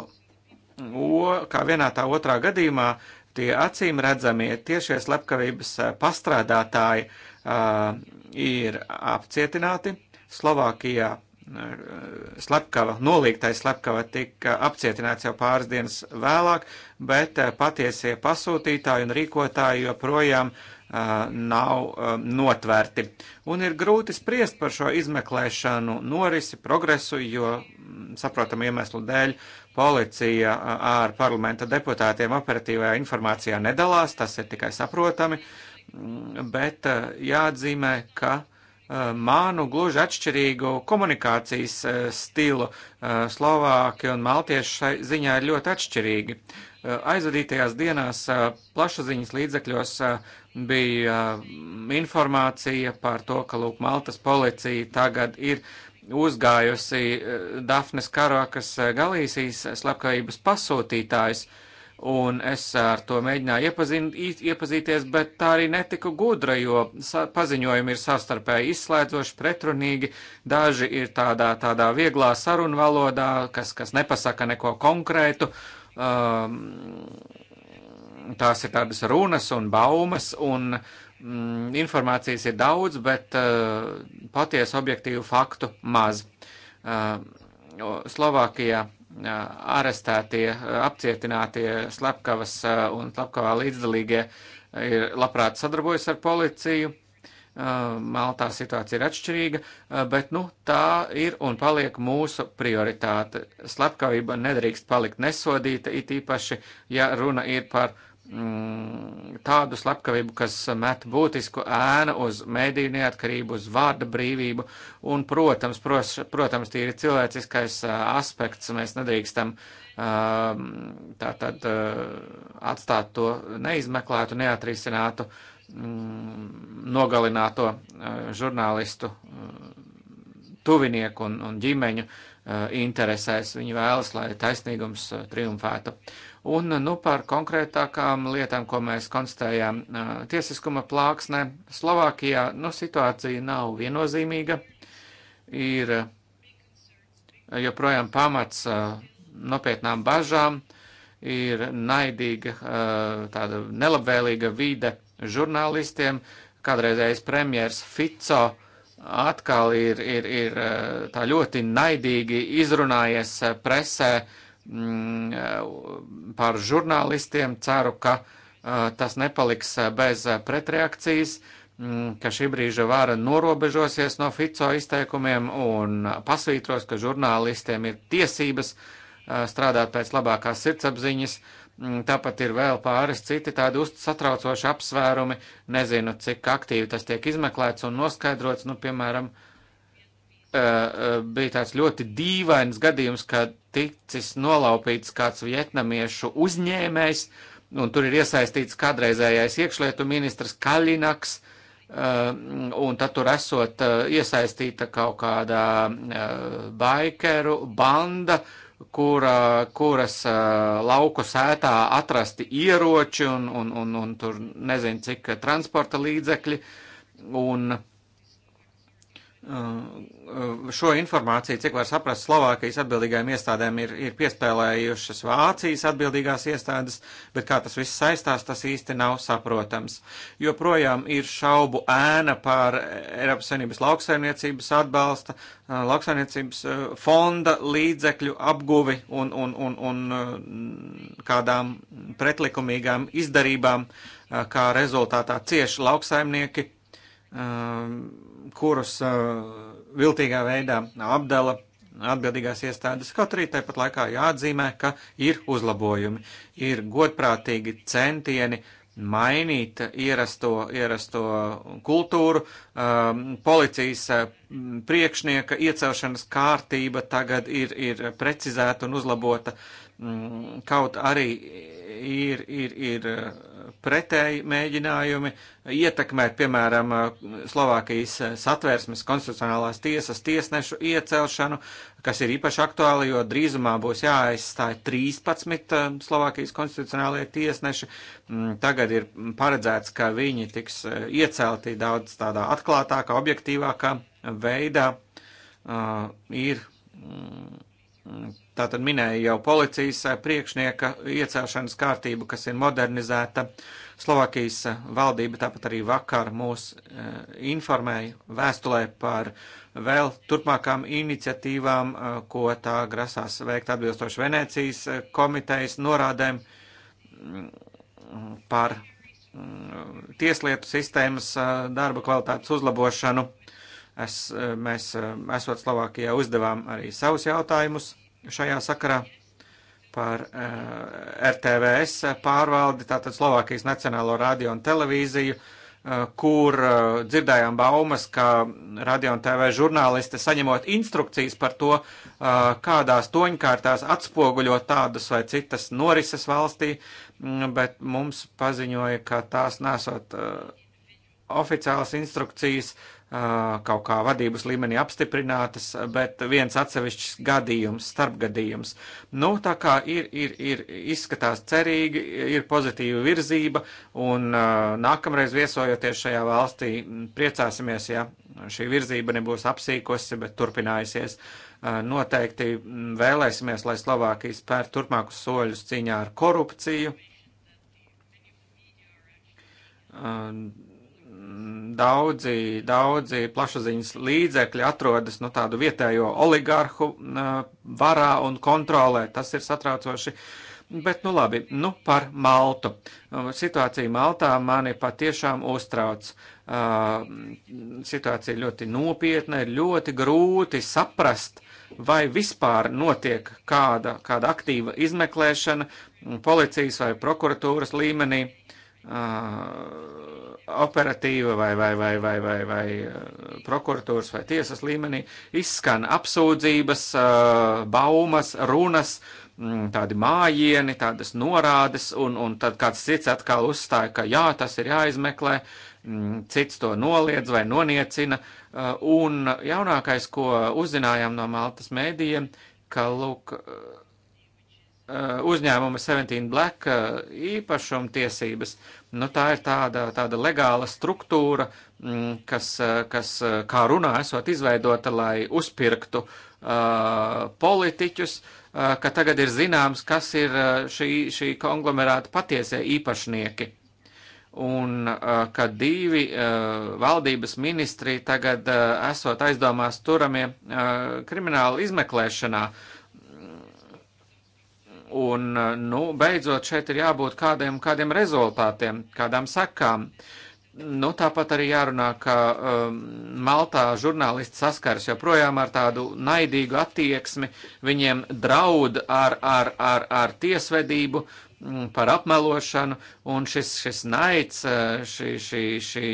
Speaker 4: o, kā vienā tā otrā gadījumā, tie acīm redzamie tiešie slepkavības uh, pastrādātāji, uh, ir apcietināti. Slovākijā eh, slepkava, nolīgtais slepkava tika apcietināts jau pāris dienas vēlāk, bet eh, patiesie pasūtītāji un rīkotāji joprojām uh, nav uh, notvērti. Un ir grūti spriest par šo izmeklēšanu norisi, progresu, jo, mm, saprotam, iemeslu dēļ policija ar parlamenta deputātiem operatīvajā informācijā nedalās, tas ir tikai saprotami. Uh, bet eh, jāatzīmē, ka eh, mānu gluži atšķirīgu komunikācijas eh, stilu Slovāki un Maltieši šai ziņā ir ļoti atšķirīgi. Aizvadītajās dienās plašsaziņas līdzekļos bija mm, informācija par to, ka Lūk Maltas policija tagad ir uzgājusi Dafnes Karokas Galīsijas slepkavības pasūtītājs. Uh, un es ar to mēģināju iepazin, iepazīties, bet tā arī netika gudra, jo paziņojumi ir savstarpēji izslēdzoši, pretrunīgi, daži ir tādā, tādā vieglā sarunu valodā, kas, kas nepasaka neko konkrētu. Um, tās ir tādas runas un baumas, un mm, informācijas ir daudz, bet uh, patiesu objektīvu faktu maz. Uh, Slovākijā arestētie, apcietinātie slepkavas un slepkavā līdzdalīgie ir labprāt sadarbojas ar policiju. Maltā situācija ir atšķirīga, bet nu, tā ir un paliek mūsu prioritāte. Slepkavība nedrīkst palikt nesodīta, it īpaši, ja runa ir par uh, Mm, tādu slepkavību, kas met būtisku ēnu uz mediju neatkarību, uz vārda brīvību, un, protams, pros, protams, tīri cilvēciskais uh, aspekts, mēs nedrīkstam um, tā tad uh, atstāt to neizmeklētu, neatrisinātu, mm, nogalināto uh, žurnālistu tuvinieku un, un ģimeņu interesēs. Viņi vēlas, lai taisnīgums triumfētu. Uh, Un nu, par konkrētākām lietām, ko mēs konstatējām tiesiskuma plāksnē, Slovākijā nu, situācija nav viennozīmīga. Ir joprojām pamats nopietnām bažām, ir naidīga, tāda nelabvēlīga vide žurnālistiem. Kādreizējais premjers Fico atkal ir, ir, ir tā ļoti naidīgi izrunājies presē Mm, eh, par žurnālistiem. Ceru, ka eh, tas nepaliks eh, bez pretreakcijas, mm, ka šī brīža vara norobežosies no Fico izteikumiem un pasvītros, ka žurnālistiem ir tiesības strādāt pēc labākās sirdsapziņas. Mm, tāpat ir vēl pāris citi tādi satraucoši apsvērumi. Nezinu, cik aktīvi tas tiek izmeklēts un noskaidrots, nu, piemēram, uh, Eh, eh, bija tāds ļoti dīvains gadījums, kad ticis nolaupīts kāds vietnamiešu uzņēmējs, un tur ir iesaistīts kādreizējais iekšlietu ministrs Kaļinaks, eh, un tad tur esot iesaistīta kaut kāda baikeru banda, kura, kuras lauku sētā atrasti ieroči un, un, un, un tur nezinu cik transporta līdzekļi, un Uh, uh, šo informāciju, cik var saprast, Slovākijas atbildīgajām iestādēm ir, ir piespēlējušas Vācijas atbildīgās iestādes, bet kā tas viss saistās, tas īsti nav saprotams. Joprojām ir šaubu ēna par Eiropas Savienības lauksaimniecības atbalsta, uh, lauksaimniecības fonda līdzekļu apguvi un, un, un, un kādām pretlikumīgām izdarībām, kā rezultātā cieši lauksaimnieki Um, kurus uh, viltīgā veidā apdala atbildīgās iestādes, kaut arī tāpat laikā jāatzīmē, ka ir uzlabojumi, ir godprātīgi centieni mainīt ierasto, ierasto kultūru, um, policijas uh, priekšnieka iecelšanas kārtība tagad ir, ir precizēta un uzlabota, mm, kaut arī ir, ir, ir uh, pretēji mēģinājumi ietekmēt, piemēram, Slovākijas satversmes konstitucionālās tiesas tiesnešu iecelšanu, kas ir īpaši aktuāli, jo drīzumā būs jāaizstāj 13 um, Slovākijas konstitucionālajie tiesneši. Mm, tagad ir paredzēts, ka viņi tiks uh, iecelti daudz tādā atklātākā, objektīvākā veidā. Uh, ir mm, Tātad minēju jau policijas eh, priekšnieka iecelšanas kārtību, kas ir modernizēta. Slovākijas eh, valdība tāpat arī vakar mūs eh, informēja vēstulē par vēl turpmākām iniciatīvām, ko tā grasās veikt atbilstoši Venēcijas komitejas norādēm mm, par mm, tieslietu sistēmas darba kvalitātes uzlabošanu. Es, mēs, esot Slovākijā, uzdevām arī savus jautājumus šajā sakarā par eh, RTVS pārvaldi, tātad Slovākijas Nacionālo radio un televīziju, eh, kur eh, dzirdējām baumas, ka radio un TV žurnālisti saņemot instrukcijas par to, kādās toņkārtās atspoguļot tādas vai citas norises valstī, mm, bet mums paziņoja, ka tās nesot oficiālas instrukcijas, kaut kā vadības līmenī apstiprinātas, bet viens atsevišķs gadījums, starpgadījums. Nu, tā kā ir, ir, ir izskatās cerīgi, ir pozitīva virzība, un nākamreiz viesojoties šajā valstī, priecāsimies, ja šī virzība nebūs apsīkosi, bet turpinājusies. Noteikti vēlēsimies, lai Slovākija spēr turpmākus soļus cīņā ar korupciju daudzi, daudzi plašsaziņas līdzekļi atrodas nu, tādu vietējo oligarhu varā un kontrolē. Tas ir satraucoši. Bet, nu labi, nu par Maltu. Situācija Maltā mani patiešām uztrauc. Uh, situācija ļoti nopietna, ir ļoti grūti saprast, vai vispār notiek kāda, kāda aktīva izmeklēšana policijas vai prokuratūras līmenī. Uh, operatīva vai, vai, vai, vai, vai, vai eh, prokuratūras vai tiesas līmenī izskan apsūdzības, eh, baumas, runas, mm, tādi mājieni, tādas norādes, un, un tad kāds cits atkal uzstāja, ka jā, tas ir jāizmeklē, mm, cits to noliedz vai noniecina, eh, un jaunākais, ko uzzinājām no Maltas mēdījiem, ka, lūk, Eh, uzņēmuma 17 Black eh, īpašumtiesības. Nu, tā ir tāda, tāda legāla struktūra, mm, kas, eh, kas, kā runā, esot izveidota, lai uzpirktu uh, politiķus, uh, ka tagad ir zināms, kas ir šī, šī konglomerāta patiesie īpašnieki. Un uh, ka divi uh, valdības ministri tagad uh, esot aizdomās turamie uh, krimināla izmeklēšanā, uh, Un, eh, nu, beidzot, šeit ir jābūt kādiem, kādiem rezultātiem, kādām sakām. Nu, tāpat arī jārunā, ka um, Maltā žurnālisti saskaras joprojām ar tādu naidīgu attieksmi, viņiem draud ar, ar, ar, ar tiesvedību mm, par apmelošanu, un šis, šis naids, eh, šī, šī, šī,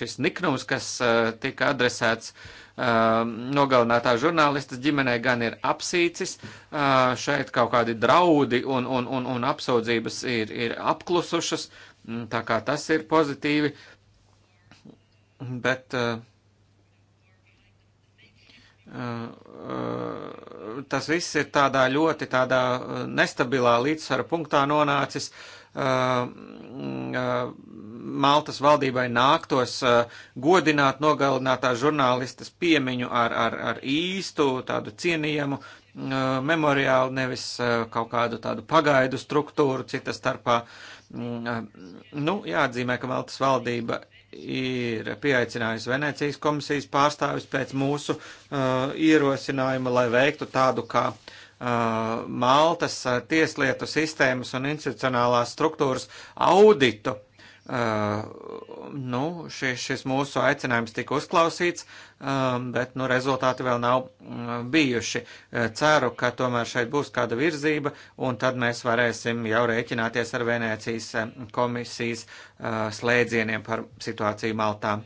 Speaker 4: šis niknums, kas eh, tika adresēts uh, Ehm, nogalinātā žurnālistas ģimenei gan ir apsīcis, ehm, šeit kaut kādi draudi un, un, un, un apsūdzības ir, ir apklusušas, mm, tā kā tas ir pozitīvi, bet ehm, tas viss ir tādā ļoti tādā nestabilā līdzsvara punktā nonācis. Uh, Maltas valdībai nāktos godināt nogalinātā žurnālistas piemiņu ar, ar, ar īstu, tādu cienījamu memoriālu, nevis kaut kādu tādu pagaidu struktūru cita starpā. Mm, nu, jāatzīmē, ka Maltas valdība ir pieaicinājusi Venecijas komisijas pārstāvis pēc mūsu uh, ierosinājuma, lai veiktu tādu kā uh, Maltas tieslietu sistēmas un institucionālās struktūras auditu. Uh, nu, šis, šis mūsu aicinājums tika uzklausīts, um, bet nu, rezultāti vēl nav um, bijuši. Ceru, ka tomēr šeit būs kāda virzība, un tad mēs varēsim jau rēķināties ar Venēcijas komisijas uh, slēdzieniem par situāciju Maltā.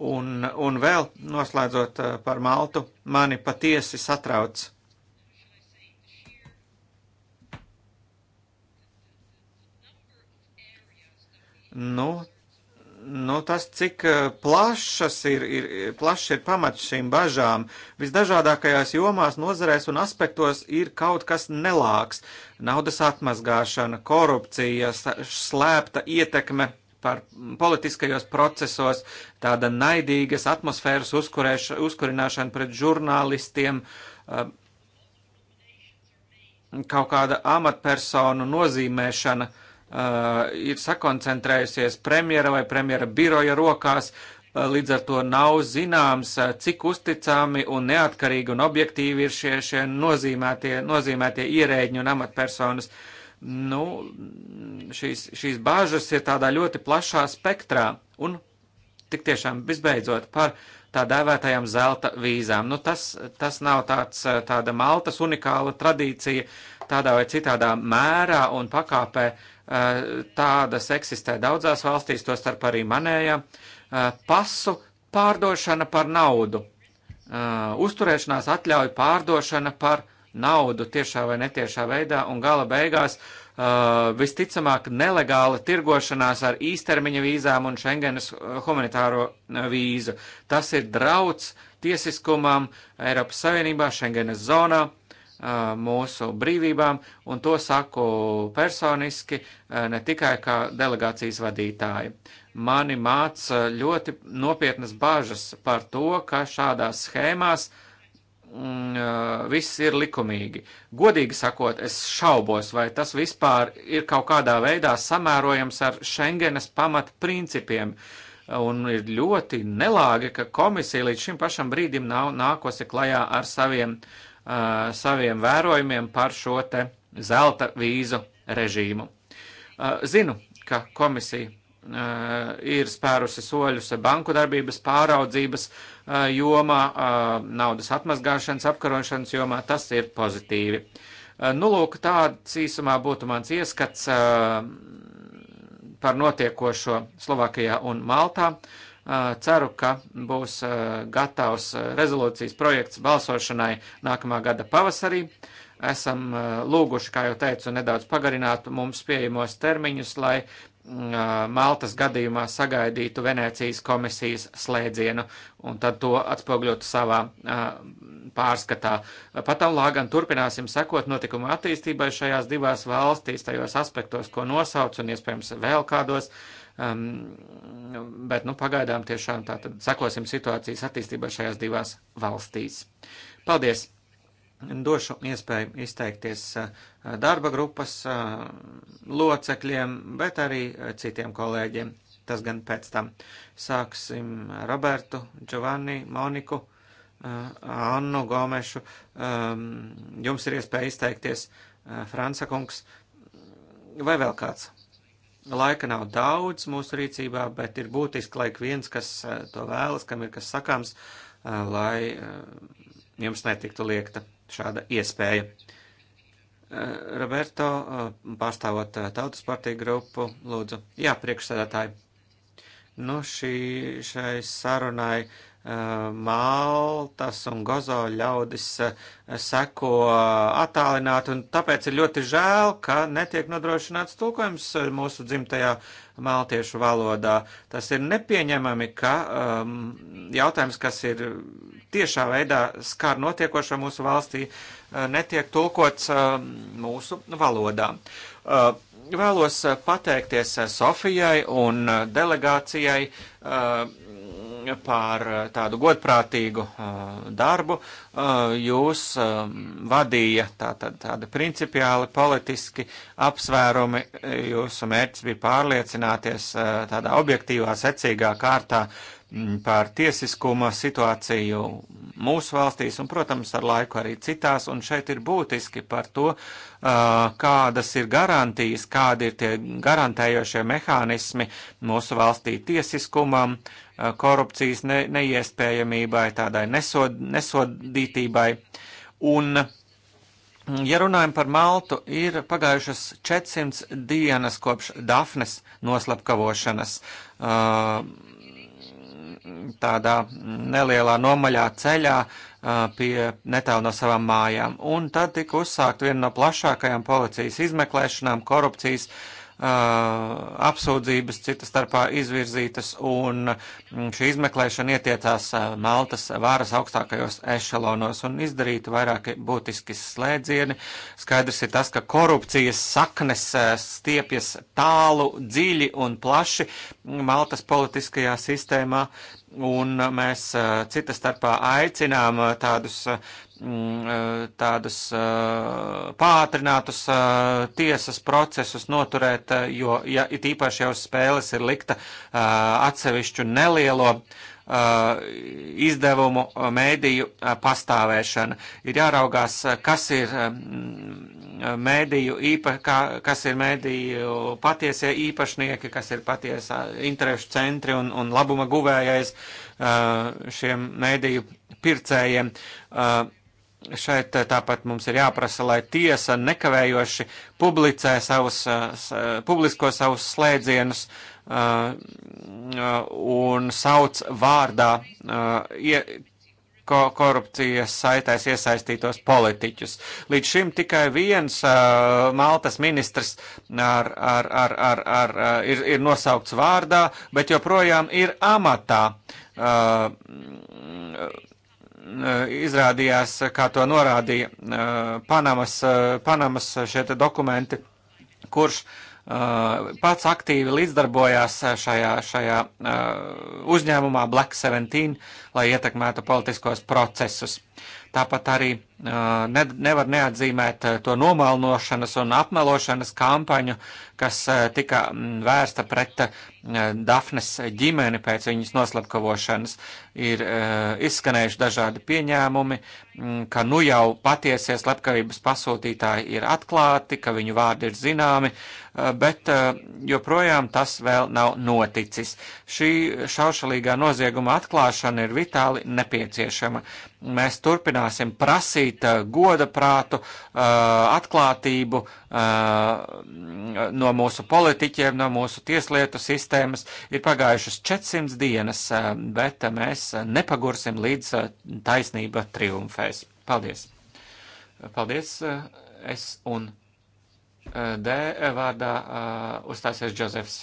Speaker 4: Un, un vēl noslēdzot eh, par Maltu, mani patiesi satrauc. Nu, nu tas, cik eh, plašas ir, ir, plašs ir pamats šīm bažām. Visdažādākajās jomās, nozarēs un aspektos ir kaut kas nelāks. Naudas atmazgāšana, korupcija, slēpta ietekme par politiskajos procesos, tāda naidīgas atmosfēras uzkurināšana pret žurnālistiem, eh, kaut kāda amatpersonu nozīmēšana eh, ir sakoncentrējusies premjera vai premjera biroja rokās. Eh, līdz ar to nav zināms, cik uzticami un neatkarīgi un objektīvi ir šie, šie nozīmētie, nozīmētie ierēģi un amatpersonas uh, nu, šīs, šīs bāžas ir tādā ļoti plašā spektrā un tik tiešām visbeidzot par tā dēvētajām zelta vīzām. Nu, tas, tas nav tāds, tāda maltas unikāla tradīcija tādā vai citādā mērā un pakāpē eh, tādas eksistē daudzās valstīs, to starp arī manējā. Eh, pasu pārdošana par naudu, eh, uzturēšanās atļauju pārdošana par naudu naudu tiešā vai netiešā veidā, un gala beigās uh, visticamāk nelegāla tirgošanās ar īstermiņa vīzām un Schengenas uh, humanitāro uh, vīzu. Tas ir drauds tiesiskumam Eiropas Savienībā, Schengenas zonā uh, mūsu brīvībām, un to saku personiski, ne tikai kā delegācijas vadītāji. Mani māca ļoti nopietnas bažas par to, ka šādās schēmās uh, Mm, viss ir likumīgi. Godīgi sakot, es šaubos, vai tas vispār ir kaut kādā veidā samērojams ar Schengenes pamatprincipiem. Un ir ļoti nelāgi, ka komisija līdz šim pašam brīdim nav nākosi klajā ar saviem, uh, saviem vērojumiem par šo te zelta vīzu režīmu. Uh, zinu, ka komisija uh, ir spērusi soļus banku darbības pāraudzības uh, jomā, naudas atmazgāšanas, apkarošanas jomā. Tas ir pozitīvi. Nu, lūk, tāds īsumā būtu mans ieskats par notiekošo Slovākijā un Maltā. Ceru, ka būs gatavs rezolūcijas projekts balsošanai nākamā gada pavasarī. Esam lūguši, kā jau teicu, nedaudz pagarināt mums pieejamos termiņus, lai Maltas gadījumā sagaidītu Venēcijas komisijas slēdzienu un tad to atspogļotu savā pārskatā. Patālā gan turpināsim sekot notikuma attīstībai šajās divās valstīs, tajos aspektos, ko nosauc un iespējams vēl kādos. Um, bet nu, pagaidām tiešām tā tad sekosim situācijas attīstībai šajās divās valstīs. Paldies! Došu iespēju izteikties uh, Eh, darba grupas eh, locekļiem, bet arī eh, citiem kolēģiem. Tas gan pēc tam. Sāksim Robertu, Giovanni, Moniku, Annu Gomešu. Ehm, jums ir iespēja izteikties, Franca kungs, vai vēl kāds? Laika nav daudz mūsu rīcībā, bet ir būtiski, lai viens, kas to vēlas, kam ir kas sakāms, lai jums netiktu liekta šāda iespēja. Roberto, eh, pārstāvot eh, Tautas partiju grupu, lūdzu. Jā, priekšsēdētāji. Nu, šī, šai sarunai eh, Maltas un Gozo ļaudis seko attālināt, un tāpēc ir ļoti žēl, ka netiek nodrošināts tulkojums mūsu dzimtajā maltiešu valodā. Tas ir nepieņemami, ka um, jautājums, kas ir tiešā veidā skar notiekošo mūsu valstī, uh, netiek tulkots uh, mūsu valodā. Uh, Vēlos uh, pateikties uh, Sofijai un uh, delegācijai uh, par eh, tādu godprātīgu eh, darbu. Eh, jūs vadīja tā, tā, tādi principiāli politiski apsvērumi. Jūsu mērķis bija pārliecināties tādā objektīvā, secīgā kārtā mm, par tiesiskuma situāciju mūsu valstīs un, protams, ar laiku arī citās. Un šeit ir būtiski par to, kādas ir garantijas, kādi ir tie garantējošie mehānismi mūsu valstī tiesiskumam, uh, korupcijas ne, neiespējamībai, tādai nesod, nesodītībai. Un, mm, ja runājam par Maltu, ir pagājušas 400 dienas kopš Dafnes noslapkavošanas tādā nelielā nomaļā ceļā pie netālu no savām mājām. Un tad tika uzsākt viena no plašākajām policijas izmeklēšanām korupcijas uh, apsūdzības cita starpā izvirzītas, un mm, šī izmeklēšana ietiecās Maltas vāras augstākajos ešalonos un izdarīti vairāki būtiski slēdzieni. Skaidrs ir tas, ka korupcijas saknes stiepjas tālu, dziļi un plaši Maltas politiskajā sistēmā. Uh, Un mēs cita starpā aicinām tādus, mm, tādus pātrinātus tiesas procesus noturēt, jo ja, it īpaši jau spēles ir likta atsevišķu nelielo Uh, izdevumu uh, mēdīju uh, pastāvēšana. Ir jāraugās, kas ir um, mēdīju, īpa, kas ir mēdīju patiesie īpašnieki, kas ir patiesā interešu centri un, un labuma guvējais šiem mēdīju pircējiem. Šeit tāpat mums ir jāprasa, lai tiesa nekavējoši publicē savus, publisko savus slēdzienus, uh, Uh, uh, un sauc vārdā uh, korupcijas saitēs iesaistītos politiķus. Līdz šim tikai viens uh, Maltas ministrs ar, ar, ar, ar, ar, ir, ir nosaukts vārdā, bet joprojām ir amatā. Uh, mm, izrādījās, kā to norādīja uh, Panamas, uh, Panamas šie dokumenti, kurš uh, Uh, pats aktīvi līdzdarbojās šajā, šajā uh, uzņēmumā Black 17, lai ietekmētu politiskos procesus. Tāpat arī ne, nevar neatzīmēt to nomalnošanas un apmelošanas kampaņu, kas tika vērsta pret Dafnes ģimeni pēc viņas noslapkavošanas. Ir izskanējuši dažādi pieņēmumi, ka nu jau patiesie slepkavības pasūtītāji ir atklāti, ka viņu vārdi ir zināmi, bet joprojām tas vēl nav noticis. Šī šaušalīgā nozieguma atklāšana ir vitāli nepieciešama. Mēs turpināsim prasīt prasīt eh, goda prātu, eh, atklātību eh, no mūsu politiķiem, no mūsu tieslietu sistēmas. Ir pagājušas 400 dienas, bet mēs nepagursim līdz taisnība triumfēs. Paldies! Paldies! Es un D vārdā uzstāsies Džozefs.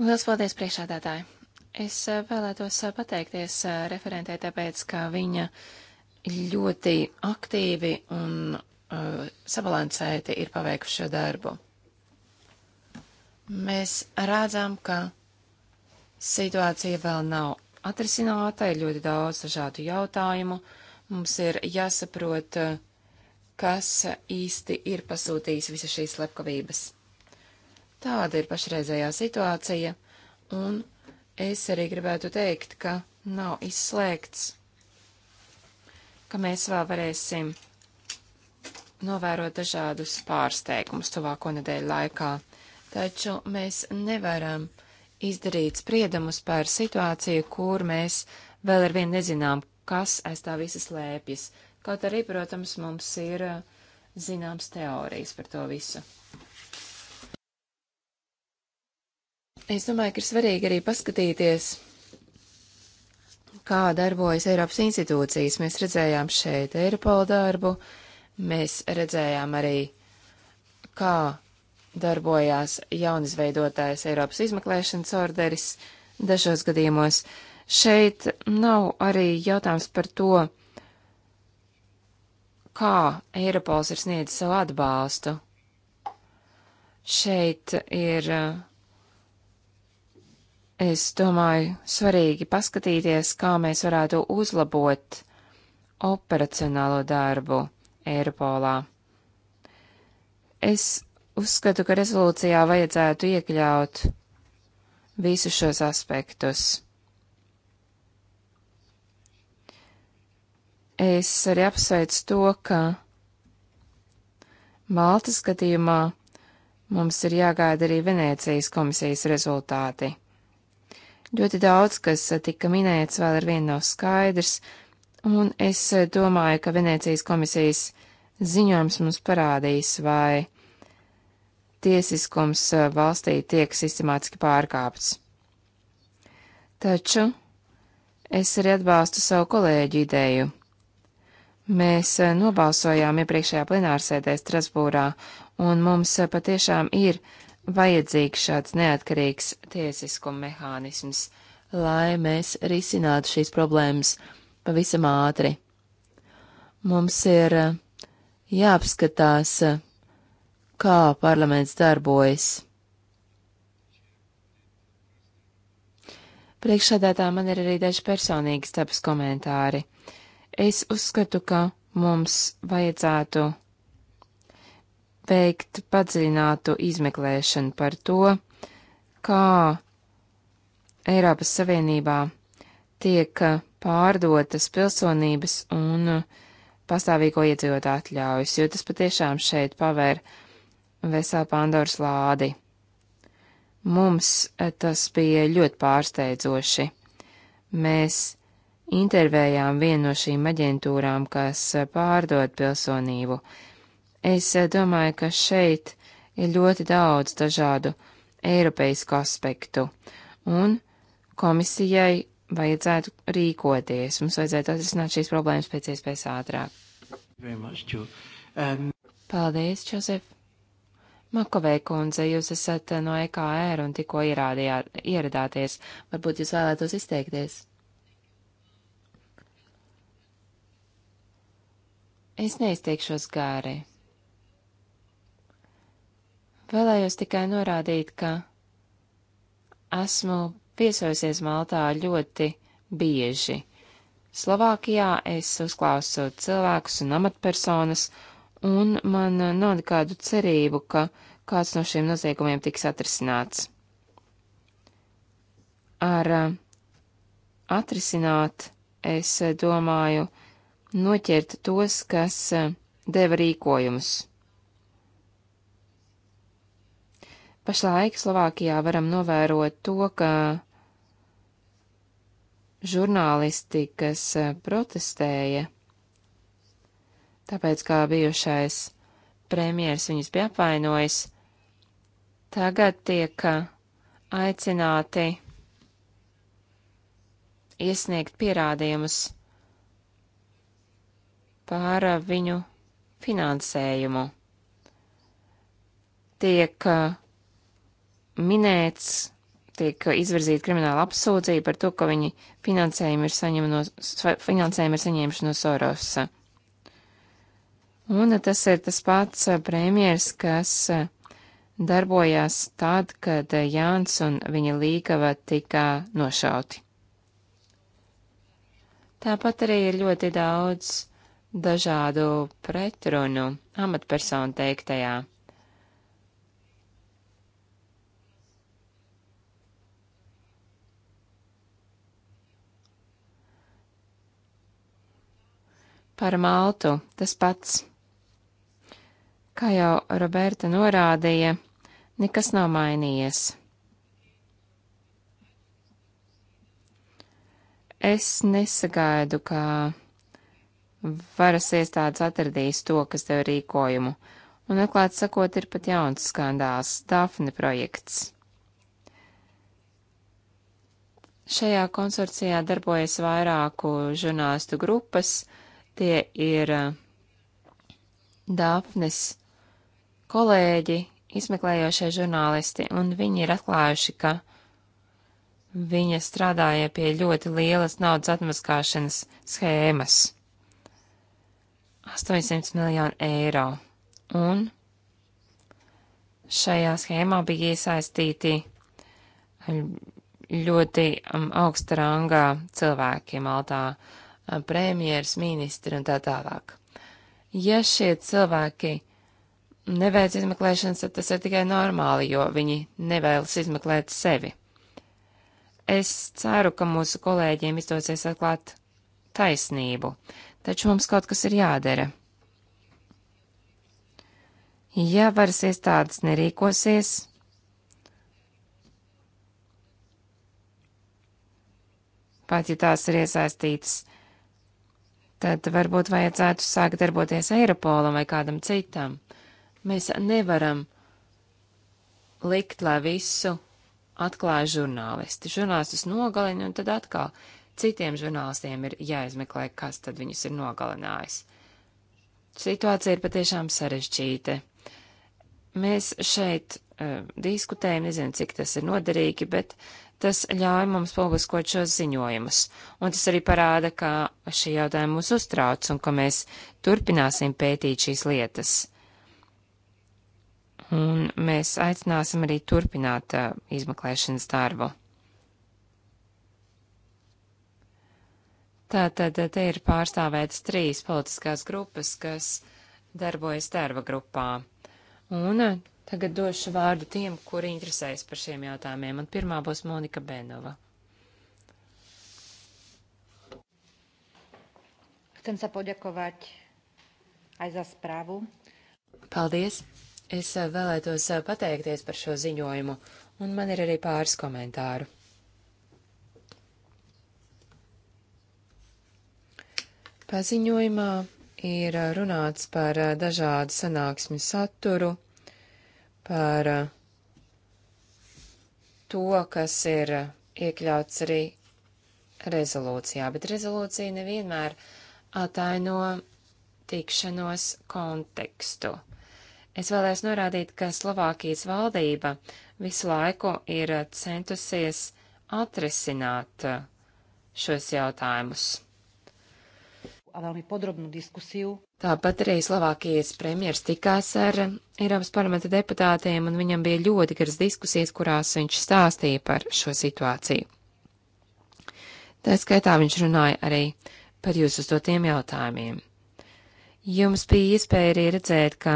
Speaker 3: Lielas paldies priekšādātāji! Es vēlētos pateikties referentē, tāpēc, ka viņa ļoti aktīvi un uh, sabalansēti ir paveikuši šo darbu. Mēs redzam, ka situācija vēl nav atrisināta, ir ļoti daudz dažādu jautājumu. Mums ir jāsaprot, uh, kas īsti ir pasūtījis visas šīs slepkavības. Tāda ir pašreizējā situācija, un es arī gribētu teikt, ka nav izslēgts ka mēs vēl varēsim novērot dažādus pārsteigumus tuvāko nedēļu laikā, taču mēs nevaram izdarīt spriedumus par situāciju, kur mēs vēl ar vienu nezinām, kas aiz tā visas lēpjas. Kaut arī, protams, mums ir uh, zināms teorijas par to visu. Es domāju, ka ir svarīgi arī paskatīties, kā darbojas Eiropas institūcijas. Mēs redzējām šeit Eiropola darbu, mēs redzējām arī, kā darbojās jaunizveidotājs Eiropas izmeklēšanas orderis dažos gadījumos. Šeit nav arī jautājums par to, kā Eiropols ir sniedzis savu atbalstu. Šeit ir uh, Es domāju, svarīgi paskatīties, kā mēs varētu uzlabot operacionālo darbu Eiropolā. Es uzskatu, ka rezolūcijā vajadzētu iekļaut visus šos aspektus. Es arī apsveicu to, ka Maltas skatījumā mums ir jāgaida arī Venēcijas komisijas rezultāti. Ļoti daudz, kas eh, tika minēts, vēl ar vienu nav skaidrs, un es eh, domāju, ka Venēcijas komisijas ziņojums mums parādīs, vai tiesiskums eh, valstī tiek sistemātiski pārkāpts. Taču es arī atbalstu savu kolēģi ideju. Mēs nobalsojām iepriekšējā plenārsēdē Strasbūrā, un mums patiešām ir vajadzīgs šāds neatkarīgs tiesiskuma mehānisms, lai mēs risinātu šīs problēmas pavisam ātri. Mums ir eh, jāapskatās, eh, kā parlaments darbojas. Priekšsādātā man ir arī daži personīgi stapas komentāri. Es uzskatu, ka mums vajadzētu veikt padziļinātu izmeklēšanu par to, kā Eiropas Savienībā tiek pārdotas pilsonības un pastāvīgo iedzīvotāju atļaujas, jo tas patiešām šeit pavēr veselu Pandoras lādi. Mums eh, tas bija ļoti pārsteidzoši. Mēs intervējām vienu no šīm aģentūrām, kas eh, pārdod pilsonību. Uh, Es eh, domāju, ka šeit ir ļoti daudz dažādu eiropeisku aspektu, un komisijai vajadzētu rīkoties. Mums vajadzētu atrisināt šīs problēmas pēc iespējas ātrāk. Much, um... Paldies, Čosef! Makovei kundze, jūs esat eh, no EKR un tikko ieradāties. Varbūt jūs vēlētos izteikties? Es neizteikšos gāri. Vēlējos tikai norādīt, ka esmu viesojusies Maltā ļoti bieži. Slovākijā es uzklausu cilvēkus un amatpersonas, un man nav nekādu cerību, ka kāds no šiem noziegumiem tiks atrisināts. Ar atrisināt, es domāju, noķert tos, kas deva rīkojumus. Pašlaik Slovākijā varam novērot to, ka žurnālisti, kas e, protestēja, tāpēc kā bijušais premjers viņus bija apvainojis, tagad tiek e, aicināti iesniegt pierādījumus pār e, viņu finansējumu. Tiek uh, minēts, tiek izvirzīta krimināla apsūdzība par to, ka viņi finansējumu ir, no, finansējumu ir saņēmuši no Sorosa. Un tas ir tas pats eh, premjers, kas eh, darbojās tad, kad eh, Jānis un viņa līgava tika nošauti. Tāpat arī ir ļoti daudz dažādu pretrunu amatpersonu teiktajā. Par Maltu tas pats. Kā jau Roberta norādīja, nekas nav mainījies. Es nesagaidu, ka varas iestādes atradīs to, kas tev rīkojumu, un atklāt sakot, ir pat jauns skandāls - Dafne projekts. Šajā konsorcijā darbojas vairāku žurnālistu grupas, Tie ir Dāfnes kolēģi, izmeklējošie žurnālisti, un viņi ir atklājuši, ka viņa strādāja pie ļoti lielas naudas atmaskāšanas schēmas - 800 miljonu eiro. Un šajā schēmā bija iesaistīti ļoti augsta rangā cilvēki Maltā premjeras ministri un tā tālāk. Ja šie cilvēki neveic izmeklēšanas, tad tas ir tikai normāli, jo viņi nevēlas izmeklēt sevi. Es ceru, ka mūsu kolēģiem izdosies atklāt taisnību, taču mums kaut kas ir jādara. Ja varas iestādes nerīkosies, pat ja tās ir iesaistītas tad varbūt vajadzētu sākt darboties Eiropolam vai kādam citam. Mēs nevaram likt, lai visu atklāja žurnālisti. Žurnālistus nogalina, un tad atkal citiem žurnālistiem ir jāizmeklē, kas tad viņus ir nogalinājis. Situācija ir patiešām sarežģīta. Mēs šeit E, diskutējam, nezinu, cik tas ir noderīgi, bet tas ļauj mums publiskot šos ziņojumus. Un tas arī parāda, ka šie jautājumi mūs uztrauc un ka mēs turpināsim pētīt šīs lietas. Un mēs aicināsim arī turpināt uh, izmeklēšanas darbu. Tātad e, te ir pārstāvētas trīs politiskās grupas, kas darbojas darba grupā. Un Tagad došu vārdu tiem, kuri interesējas par šiem jautājumiem, un pirmā būs Monika Benova.
Speaker 5: Chcem sa poďakovať aj za správu.
Speaker 3: Paldies! Es eh, vēlētos eh, pateikties par šo ziņojumu, un man ir arī pāris komentāru. Paziņojumā ir eh, runāts par dažādu sanāksmju saturu par uh, to, kas ir uh, iekļauts arī rezolūcijā, bet rezolūcija nevienmēr ataino tikšanos kontekstu. Es vēlēs norādīt, ka Slovākijas valdība visu laiku ir centusies atrisināt uh, šos jautājumus
Speaker 7: veľmi podrobnú diskusiu. Tāpat
Speaker 3: arī Slovākijas premjers tikās ar Eiropas parlamenta deputātiem, un viņam bija ļoti garas diskusijas, kurās viņš stāstīja par šo situāciju. Tā skaitā viņš runāja arī par jūsu uzdotiem jautājumiem. Jums bija iespēja arī redzēt, ka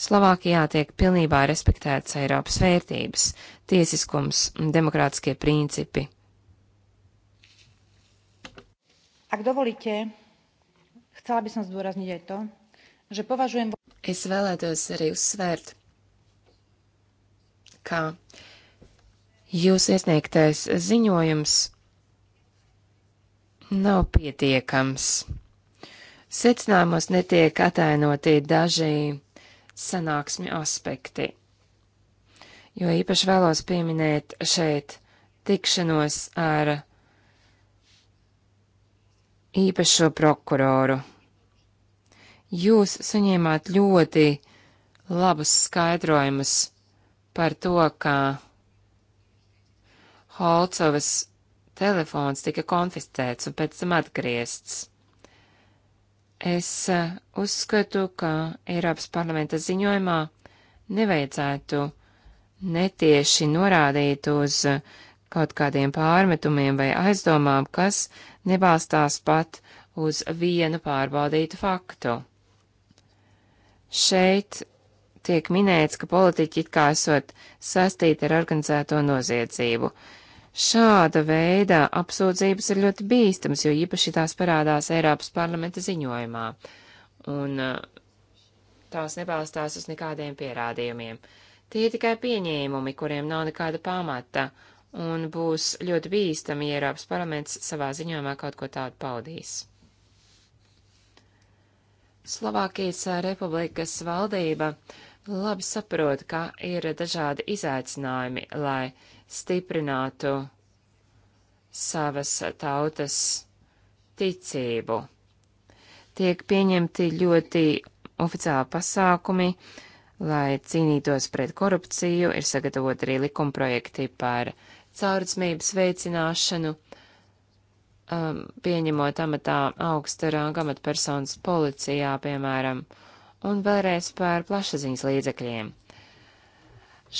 Speaker 3: Slovākijā tiek pilnībā respektētas Eiropas vērtības, tiesiskums un demokrātiskie principi.
Speaker 7: Ak dovolíte, Chcela by som zdôrazniť aj to,
Speaker 3: že považujem... Es vēlētos arī uzsvērt, ka jūs iesniegtais ziņojums nav pietiekams. Secinājumos netiek atainoti daži sanāksmi aspekti, jo īpaši vēlos pieminēt šeit tikšanos ar īpašo prokuroru. Jūs saņēmāt ļoti labus skaidrojumus par to, ka Holcovas telefons tika konfiscēts un pēc tam atgriezts. Es e, uzskatu, ka Eiropas parlamenta ziņojumā nevajadzētu netieši norādīt uz uh, kaut kādiem pārmetumiem vai aizdomām, kas nebalstās pat uz vienu pārbaudītu faktu. Šeit tiek minēts, ka politiķi it kā esot sastīti ar organizēto noziedzību. Šāda veida apsūdzības ir ļoti bīstamas, jo īpaši tās parādās Eiropas parlamenta ziņojumā, un uh, tās nebalstās uz nekādiem pierādījumiem. Tie ir tikai pieņēmumi, kuriem nav nekāda pamata, un būs ļoti bīstami, ja Eiropas parlaments savā ziņojumā kaut ko tādu paudīs. Slovākijas republikas valdība labi saprot, ka ir dažādi izaicinājumi, lai stiprinātu savas tautas ticību. Tiek pieņemti ļoti oficiāli pasākumi, lai cīnītos pret korupciju, ir sagatavot arī likumprojekti par uh, caurdzmības veicināšanu, um, pieņemot amatā augsta ranga amatpersonas policijā, piemēram, un vēlreiz par plašsaziņas līdzekļiem.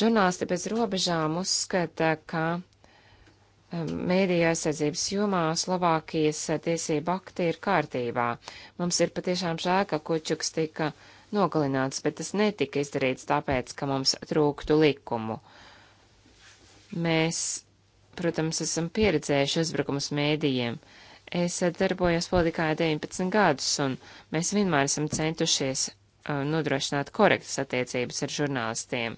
Speaker 3: Žurnālisti bez robežām uzskata, ka um, Mēdīja aizsardzības jomā Slovākijas tiesība akti ir kārtībā. Mums ir patiešām žēl, ka Kučuks tika nogalināts, bet tas netika izdarīts tāpēc, ka mums trūktu likumu. Uh, Mēs, protams, esam pieredzējuši uzbrukumus mēdījiem. Es darbojos politikā 19 gadus, un mēs vienmēr esam centušies uh, nodrošināt korektas attiecības ar žurnālistiem.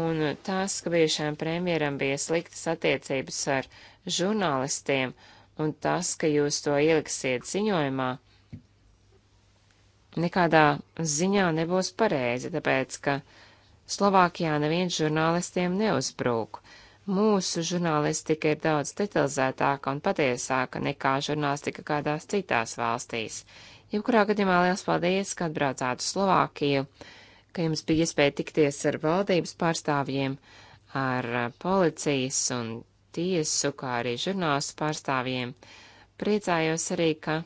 Speaker 3: Un tas, ka bijušajam premjeram bija sliktas attiecības ar žurnālistiem, un tas, ka jūs to ieliksiet ziņojumā, nekādā ziņā nebūs pareizi, tāpēc, ka uh, Slovākijā neviens žurnālistiem neuzbrūk. Mūsu žurnālistika ir daudz detalizētāka un patiesāka nekā žurnālistika kādās citās valstīs. Jebkurā gadījumā liels paldies, ka atbraucāt uz Slovākiju, ka jums bija iespēja tikties ar valdības pārstāvjiem, ar policijas un tiesu, kā arī žurnālistu pārstāvjiem. Priecājos arī, ka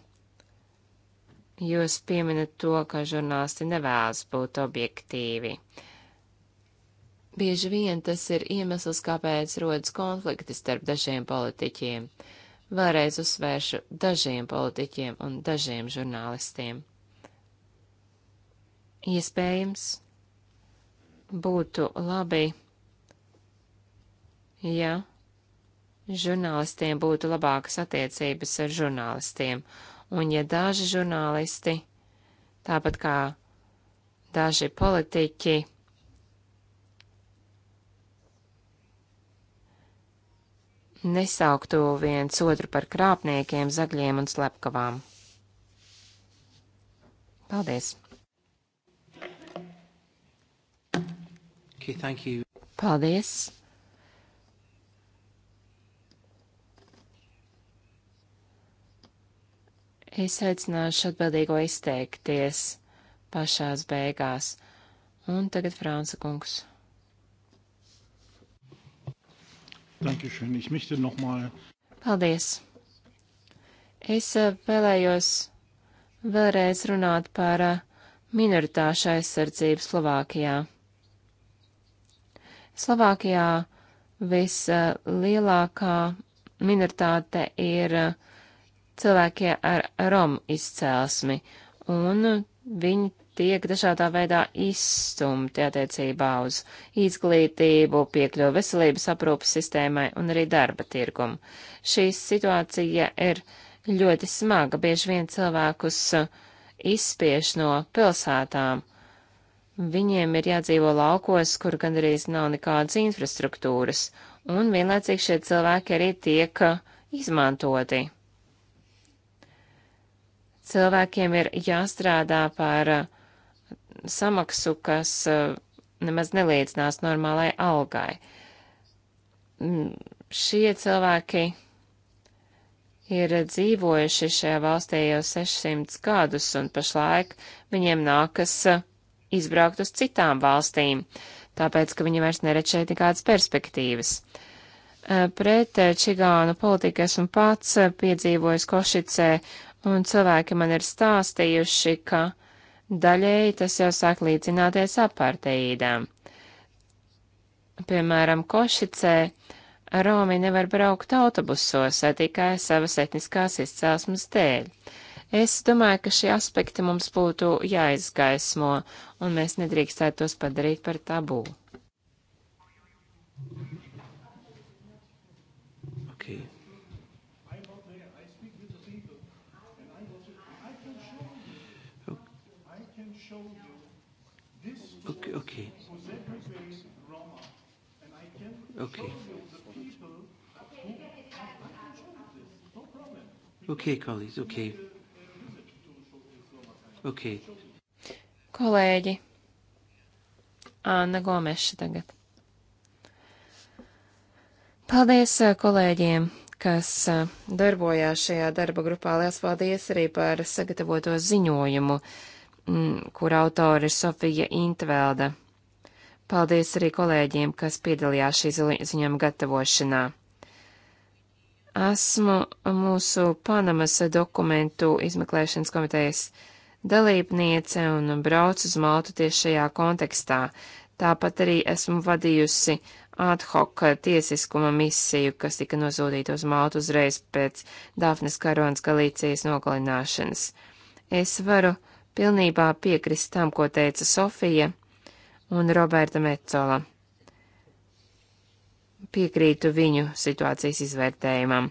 Speaker 3: jūs pieminat to, ka žurnālisti nevēlas būt objektīvi. Bieži vien tas ir iemesls, kāpēc rodas konflikti starp dažiem politiķiem. Vēlreiz uzsvēršu dažiem politiķiem un dažiem žurnālistiem. Iespējams, būtu labi, ja žurnālistiem būtu labākas attiecības ar žurnālistiem, un ja daži žurnālisti, tāpat kā daži politiķi, nesauktu viens otru par krāpniekiem, zagļiem un slepkavām. Paldies! Okay, thank you. Paldies! Es aicināšu atbildīgo izteikties pašās beigās. Un tagad Franca kungs.
Speaker 1: Dankeschön. Ich möchte nochmal.
Speaker 3: Paldies. Es eh, vēlējos vēlreiz runāt par eh, minoritāšu aizsardzību Slovākijā. Slovākijā vislielākā eh, minoritāte ir cilvēki ar rom izcēlesmi, un viņi tiek dažādā veidā izstumti attiecībā uz izglītību, piekļuvu veselības aprūpas sistēmai un arī darba tirgumu. Šī situācija ir ļoti smaga, bieži vien cilvēkus izspiež no pilsētām. Viņiem ir jādzīvo laukos, kur gandrīz nav nekādas infrastruktūras, un vienlaicīgi šie cilvēki arī tiek izmantoti. Cilvēkiem ir jāstrādā par uh, samaksu, kas eh, nemaz nelīdzinās normālai algai. Mm, šie cilvēki ir dzīvojuši šajā valstī jau 600 gadus, un pašlaik viņiem nākas eh, izbraukt uz citām valstīm, tāpēc, ka viņi vairs neredz šeit nekādas perspektīvas. Eh, pret čigānu politiku esmu pats piedzīvojis Košicē, un cilvēki man ir stāstījuši, ka Daļēji tas jau sāk līdzināties aparteīdām. Piemēram, Košicē Romi nevar braukt autobusos eh, tikai savas etniskās izcelsmes dēļ. Es domāju, ka šie aspekti mums būtu jāizgaismo, un mēs nedrīkstētu tos padarīt par tabū.
Speaker 6: okay, okay. Okay.
Speaker 1: Okay, colleagues, okay.
Speaker 6: Okay.
Speaker 3: Kolēģi, Anna Gomeša tagad. Paldies eh, kolēģiem, kas eh, darbojās šajā darba grupā. Lielas paldies arī par sagatavoto ziņojumu. Uh, Mm, kur autori ir Sofija Intvelda. Paldies arī kolēģiem, kas piedalījās šī ziņojuma gatavošanā. Esmu mūsu Panamas dokumentu izmeklēšanas komitejas dalībniece un braucu uz Maltu tieši šajā kontekstā. Tāpat arī esmu vadījusi ad hoc tiesiskuma misiju, kas tika nosūtīta uz Maltu uzreiz pēc Dāfnes Karonas Galīcijas nogalināšanas. Es varu uh, pilnībā piekrist tam, ko teica Sofija un Roberta Metzola. Piekrītu viņu situācijas izvērtējumam.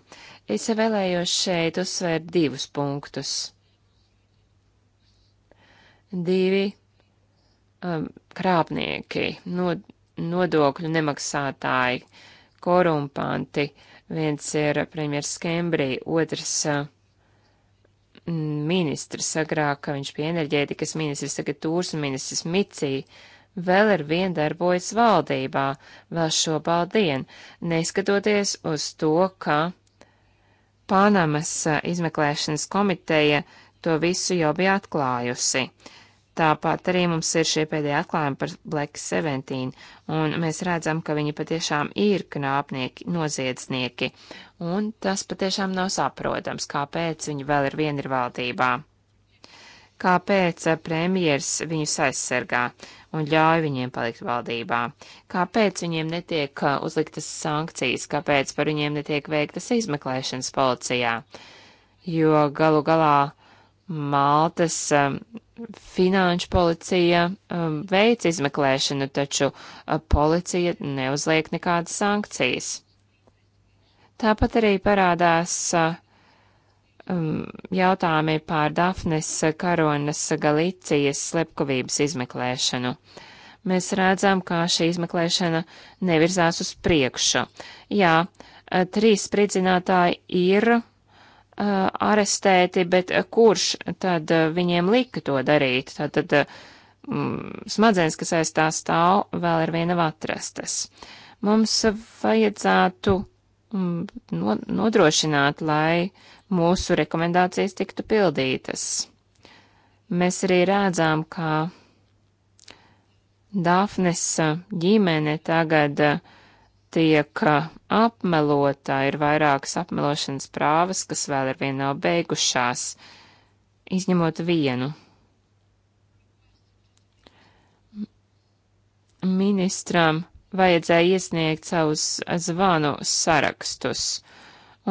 Speaker 3: Es vēlējos šeit uzsvērt divus punktus. Divi um, krāpnieki, no, nodokļu nemaksātāji, korumpanti. Viens ir premjers Kembrī, otrs uh, ministrs agrāk, viņš bija enerģētikas ministrs, tagad tūrs un ministrs Micī, vēl ar vien darbojas valdībā, vēl šobaldien, neskatoties uz to, ka Panamas eh, izmeklēšanas komiteja to visu jau bija atklājusi. Tāpat arī mums ir šie pēdējie atklājumi par Black 17, un mēs redzam, ka viņi patiešām ir knāpnieki, noziedznieki, un tas patiešām nav saprotams, kāpēc viņi vēl ir vieni ir valdībā. Kāpēc eh, premjers viņus aizsargā un ļauj viņiem palikt valdībā? Kāpēc viņiem netiek eh, uzliktas sankcijas, kāpēc par viņiem netiek veiktas izmeklēšanas policijā? Jo galu galā Maltas eh, Finanšu policija um, veic izmeklēšanu, taču uh, policija neuzliek nekādas sankcijas. Tāpat arī parādās uh, um, jautājumi pār Dafnes Karonas Galicijas slepkavības izmeklēšanu. Mēs redzam, kā šī izmeklēšana nevirzās uz priekšu. Jā, uh, trīs spridzinātāji ir Uh, arestēti, bet uh, kurš tad uh, viņiem lika to darīt? Tātad mm, smadzenes, kas aiz tā stāv, vēl ir viena atrastas. Mums vajadzētu mm, nodrošināt, lai mūsu rekomendācijas tiktu pildītas. Mēs arī redzām, ka Dāfnes ģimene tagad uh, tiek apmelota, ir vairākas apmelošanas prāvas, kas vēl ar vienu nav beigušās, izņemot vienu. Ministram vajadzēja iesniegt savus zvanu sarakstus,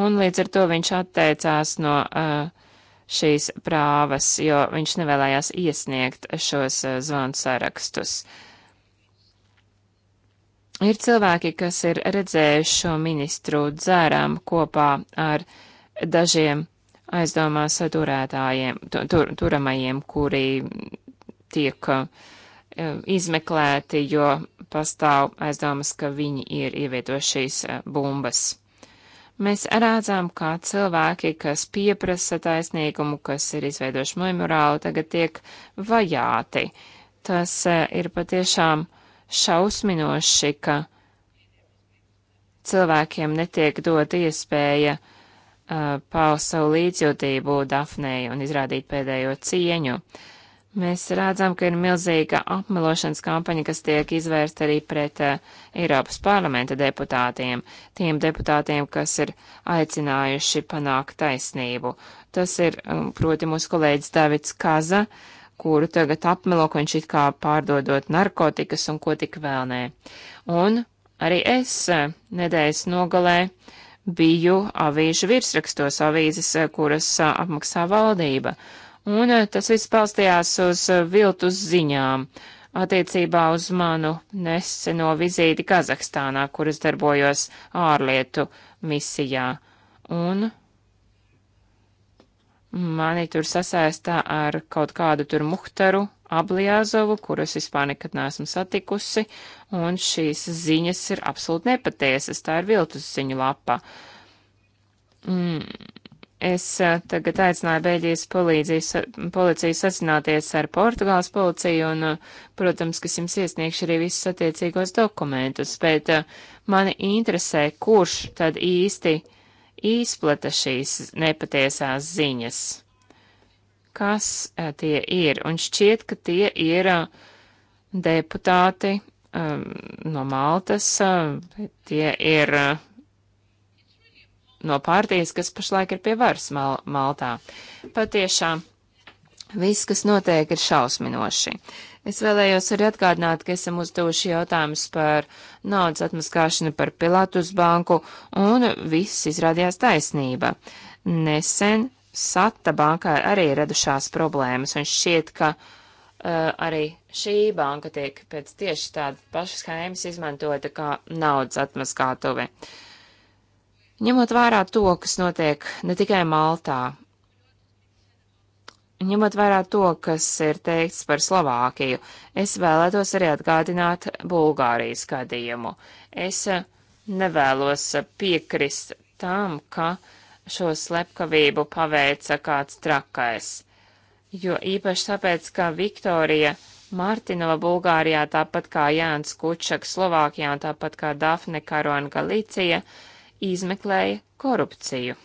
Speaker 3: un līdz ar to viņš atteicās no uh, šīs prāvas, jo viņš nevēlējās iesniegt šos uh, zvanu sarakstus. Uh, Ir cilvēki, kas ir redzējuši šo ministru dzērām kopā ar dažiem aizdomās turētājiem, tur, turamajiem, kuri tiek uh, izmeklēti, jo pastāv aizdomas, ka viņi ir ievietojuši šīs uh, bumbas. Mēs rādzām, kā cilvēki, kas pieprasa taisnīgumu, kas ir izveidojuši memorālu, tagad tiek vajāti. Tas uh, ir patiešām uh, šausminoši, ka cilvēkiem netiek dot iespēja uh, paust savu līdzjūtību Dafnei un izrādīt pēdējo cieņu. Mēs redzam, ka ir milzīga apmelošanas kampaņa, kas tiek izvērsta arī pret uh, Eiropas parlamenta deputātiem, tiem deputātiem, kas ir aicinājuši panākt taisnību. Tas ir, um, proti, mūsu kolēģis Davids Kaza, uh, kuru tagad apmelo, ka viņš it kā pārdodot narkotikas un ko tik vēl nē. Un arī es eh, nedēļas nogalē biju avīžu virsrakstos avīzes, eh, kuras eh, apmaksā valdība. Un tas viss palstījās uz viltus ziņām attiecībā uz manu neseno vizīti Kazahstānā, kuras darbojos ārlietu misijā. Un Mani tur sasaistā ar kaut kādu tur muhtaru Ablijāzovu, kurus vispār nekad neesmu satikusi, un šīs ziņas ir absolūti nepatiesas, tā ir viltus ziņu lapa. Mm. Es eh, tagad aicināju Beļģijas policiju sasināties ar Portugāles policiju un, eh, protams, ka jums iesniegšu arī visus attiecīgos dokumentus, bet eh, mani interesē, kurš tad īsti uh, izplata šīs nepatiesās ziņas. Kas eh, tie ir? Un šķiet, ka tie ir eh, deputāti um, no Maltas, tie ir no pārties, kas pašlaik ir pie varas Mal Maltā. Patiešām viss, kas notiek, ir šausminoši. Uh, Es vēlējos arī atgādināt, ka esam uzdevuši jautājumus par naudas atmaskāšanu par Pilātus banku, un viss izrādījās taisnība. Nesen Sata bankā arī radušās problēmas, un šķiet, ka uh, arī šī banka tiek pēc tieši tādas pašas schēmas izmantota kā naudas atmaskātuve. Ņemot vērā to, kas notiek ne tikai Maltā, Ņemot vērā to, kas ir teikts par Slovākiju, es vēlētos arī atgādināt Bulgārijas gadījumu. Es eh, nevēlos eh, piekrist tam, ka šo slepkavību paveica kāds trakais, jo īpaši tāpēc, ka Viktorija Martinova Bulgārijā, tāpat kā Jānis Kučak Slovākijā un tāpat kā Dafne Karona Galicija, izmeklēja korupciju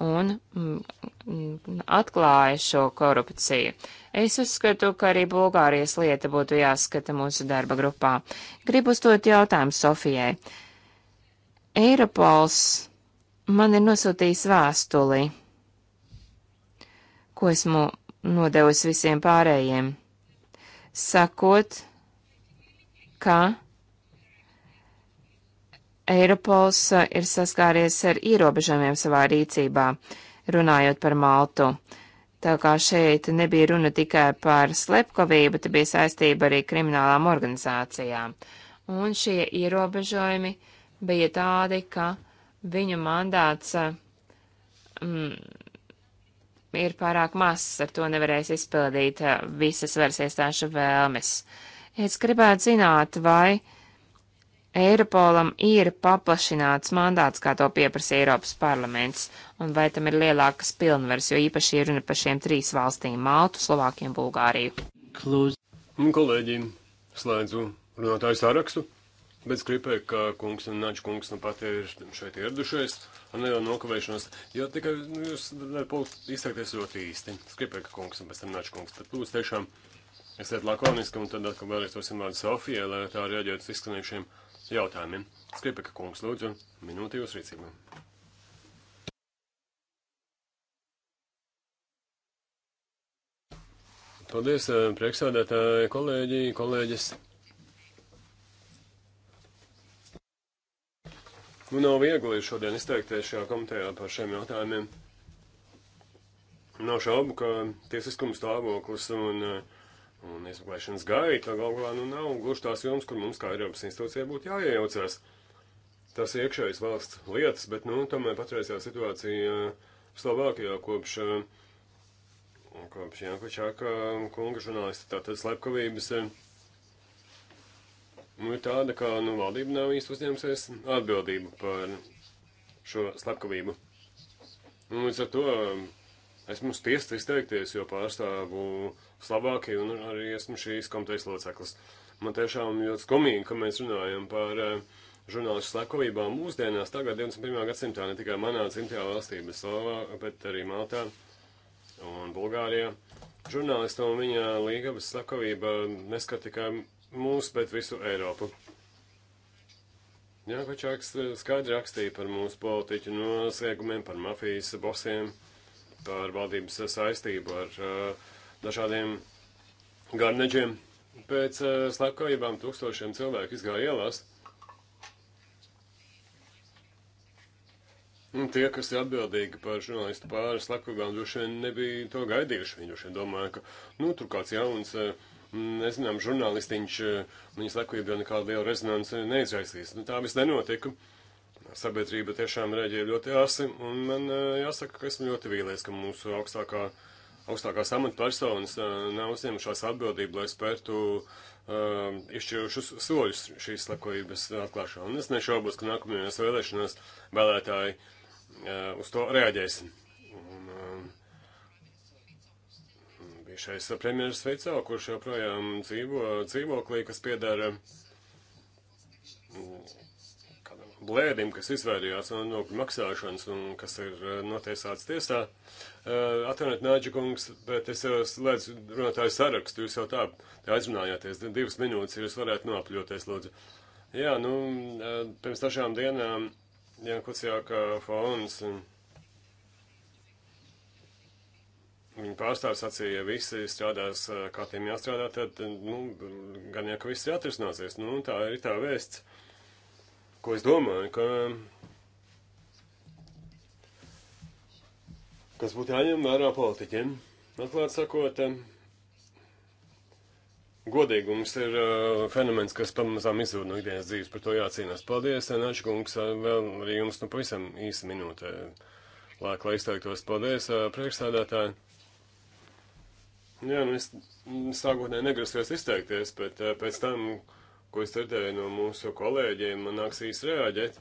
Speaker 3: un mm, mm, atklāja šo korupciju. Es uzskatu, ka arī Bulgārijas lieta būtu jāskata mūsu darba grupā. Gribu uzdot jautājumu Sofijai. Eiropols man ir nosūtījis vēstuli, ko esmu nodevusi visiem pārējiem, sakot, ka Eiropols eh, ir saskāries ar ierobežojumiem savā rīcībā, runājot par Maltu. Tā kā šeit nebija runa tikai par slepkavību, te bija saistība arī kriminālām organizācijām. Un šie ierobežojumi bija tādi, ka viņu mandāts eh, mm, ir pārāk mazs, ar to nevarēs izpildīt eh, visas varas iestāšu vēlmes. Es gribētu zināt, vai Eiropolam ir paplašināts mandāts, kā to pieprasa Eiropas parlaments, un vai tam ir lielākas pilnvaras, jo īpaši ir runa par šiem trīs valstīm - Maltu, Slovākiem, Bulgāriju. Klūz.
Speaker 2: Un kolēģi, slēdzu runātāju sarakstu, bet skripēju, ka kungs un naču kungs nu pat ir šeit ieradušies ar nelielu nokavēšanos, jo tikai nu, jūs varat izteikties ļoti īsti. Skripēju, ka kungs un pēc tam naču kungs, tad lūdzu tiešām esiet lakoniski un tad atkal vēlreiz dosim vārdu Sofijai, lai tā reaģētu uz izskanējušiem jautājumiem. Skripeka kungs, lūdzu, minūti jūs rīcībā. Paldies, eh, priekšsādātāji, kolēģi, kolēģis. Nu, nav viegli šodien izteikties šajā komitejā par šiem jautājumiem. Nav šaubu, ka tiesiskums stāvoklis un uh, un izmeklēšanas gaita galu galā nu nav gluži tās joms, kur mums kā Eiropas institūcijai būtu jāiejaucās. Tas ir iekšējas valsts lietas, bet, nu, tomēr patreizajā situācijā uh, Slovākijā kopš, uh, kopš Jankočāka kunga žurnālista tātad slepkavības uh, nu, ir tāda, ka nu, valdība nav īsti uzņēmusies atbildību par šo slepkavību. Un nu, līdz ar to um, esmu spiests izteikties, jo pārstāvu Slovākiju un arī esmu šīs komitejas loceklis. Man tiešām ļoti skumīgi, ka mēs runājam par eh, žurnālistu slepkavībām mūsdienās, tagad 21. gadsimtā, ne tikai manā dzimtajā valstī, bet, Slovā, bet arī Maltā un Bulgārijā. Žurnālistu un viņa līgavas slepkavība neskat tikai mūs, bet visu Eiropu. Jākočāks eh, skaidri rakstīja par mūsu politiķu noslēgumiem, par mafijas bosiem, par valdības saistību ar uh, dažādiem garneģiem. Pēc uh, slepkavībām tūkstošiem cilvēku izgāja ielās. Un tie, kas ir atbildīgi par žurnālistu pāri slepkavībām, droši vien nebija to gaidījuši. Viņi droši vien domāja, ka, nu, tur kāds jauns, eh, nezinām, žurnālistiņš, eh, viņa slepkavība nekādu lielu rezonanci neizraisīs. Nu, tā viss nenotika. Sabiedrība tiešām reaģēja ļoti asi, un man jāsaka, ka esmu ļoti vīlies, ka mūsu augstākā uh, augstākās amatpersonas nav uzņemušās atbildību, lai spērtu um, izšķirušus soļus šīs slepkavības atklāšanā. Un es nešaubos, ka nākamajās vēlēšanās vēlētāji uh, uz to reaģēs. Un, um, bijušais premjeras Veicā, kurš joprojām dzīvo dzīvoklī, kas piedara um, blēdim, kas izvairījās no nodokļu maksāšanas un kas ir eh, notiesāts tiesā. Eh, atvainojiet, Nāģa kungs, bet es jau eh, slēdzu runātāju sarakstu, jūs jau tā aizrunājāties, divas minūtes, jūs varētu noapļoties, lūdzu. Jā, nu, pirms dažām dienām Jankucijāka fonds, viņa pārstāvs sacīja, ja visi strādās, kā tiem jāstrādā, tad, nu, gan jau, ka viss ir atrisināsies, nu, tā ir tā vēsts ko es domāju, ka kas būtu jāņem vērā politiķiem. Atklāt sakot, godīgums ir uh, fenomens, kas pamazām izzūd no ikdienas dzīves, par to jācīnās. Paldies, Nāča kungs, uh, vēl arī jums nu pavisam īsa minūte. Lāk, lai izteiktos, paldies, uh, priekšstādātāji. Jā, nu es sākotnēji negrasījos izteikties, bet uh, pēc tam. Uh, ko es dzirdēju no mūsu kolēģiem, man nāks īsti reaģēt.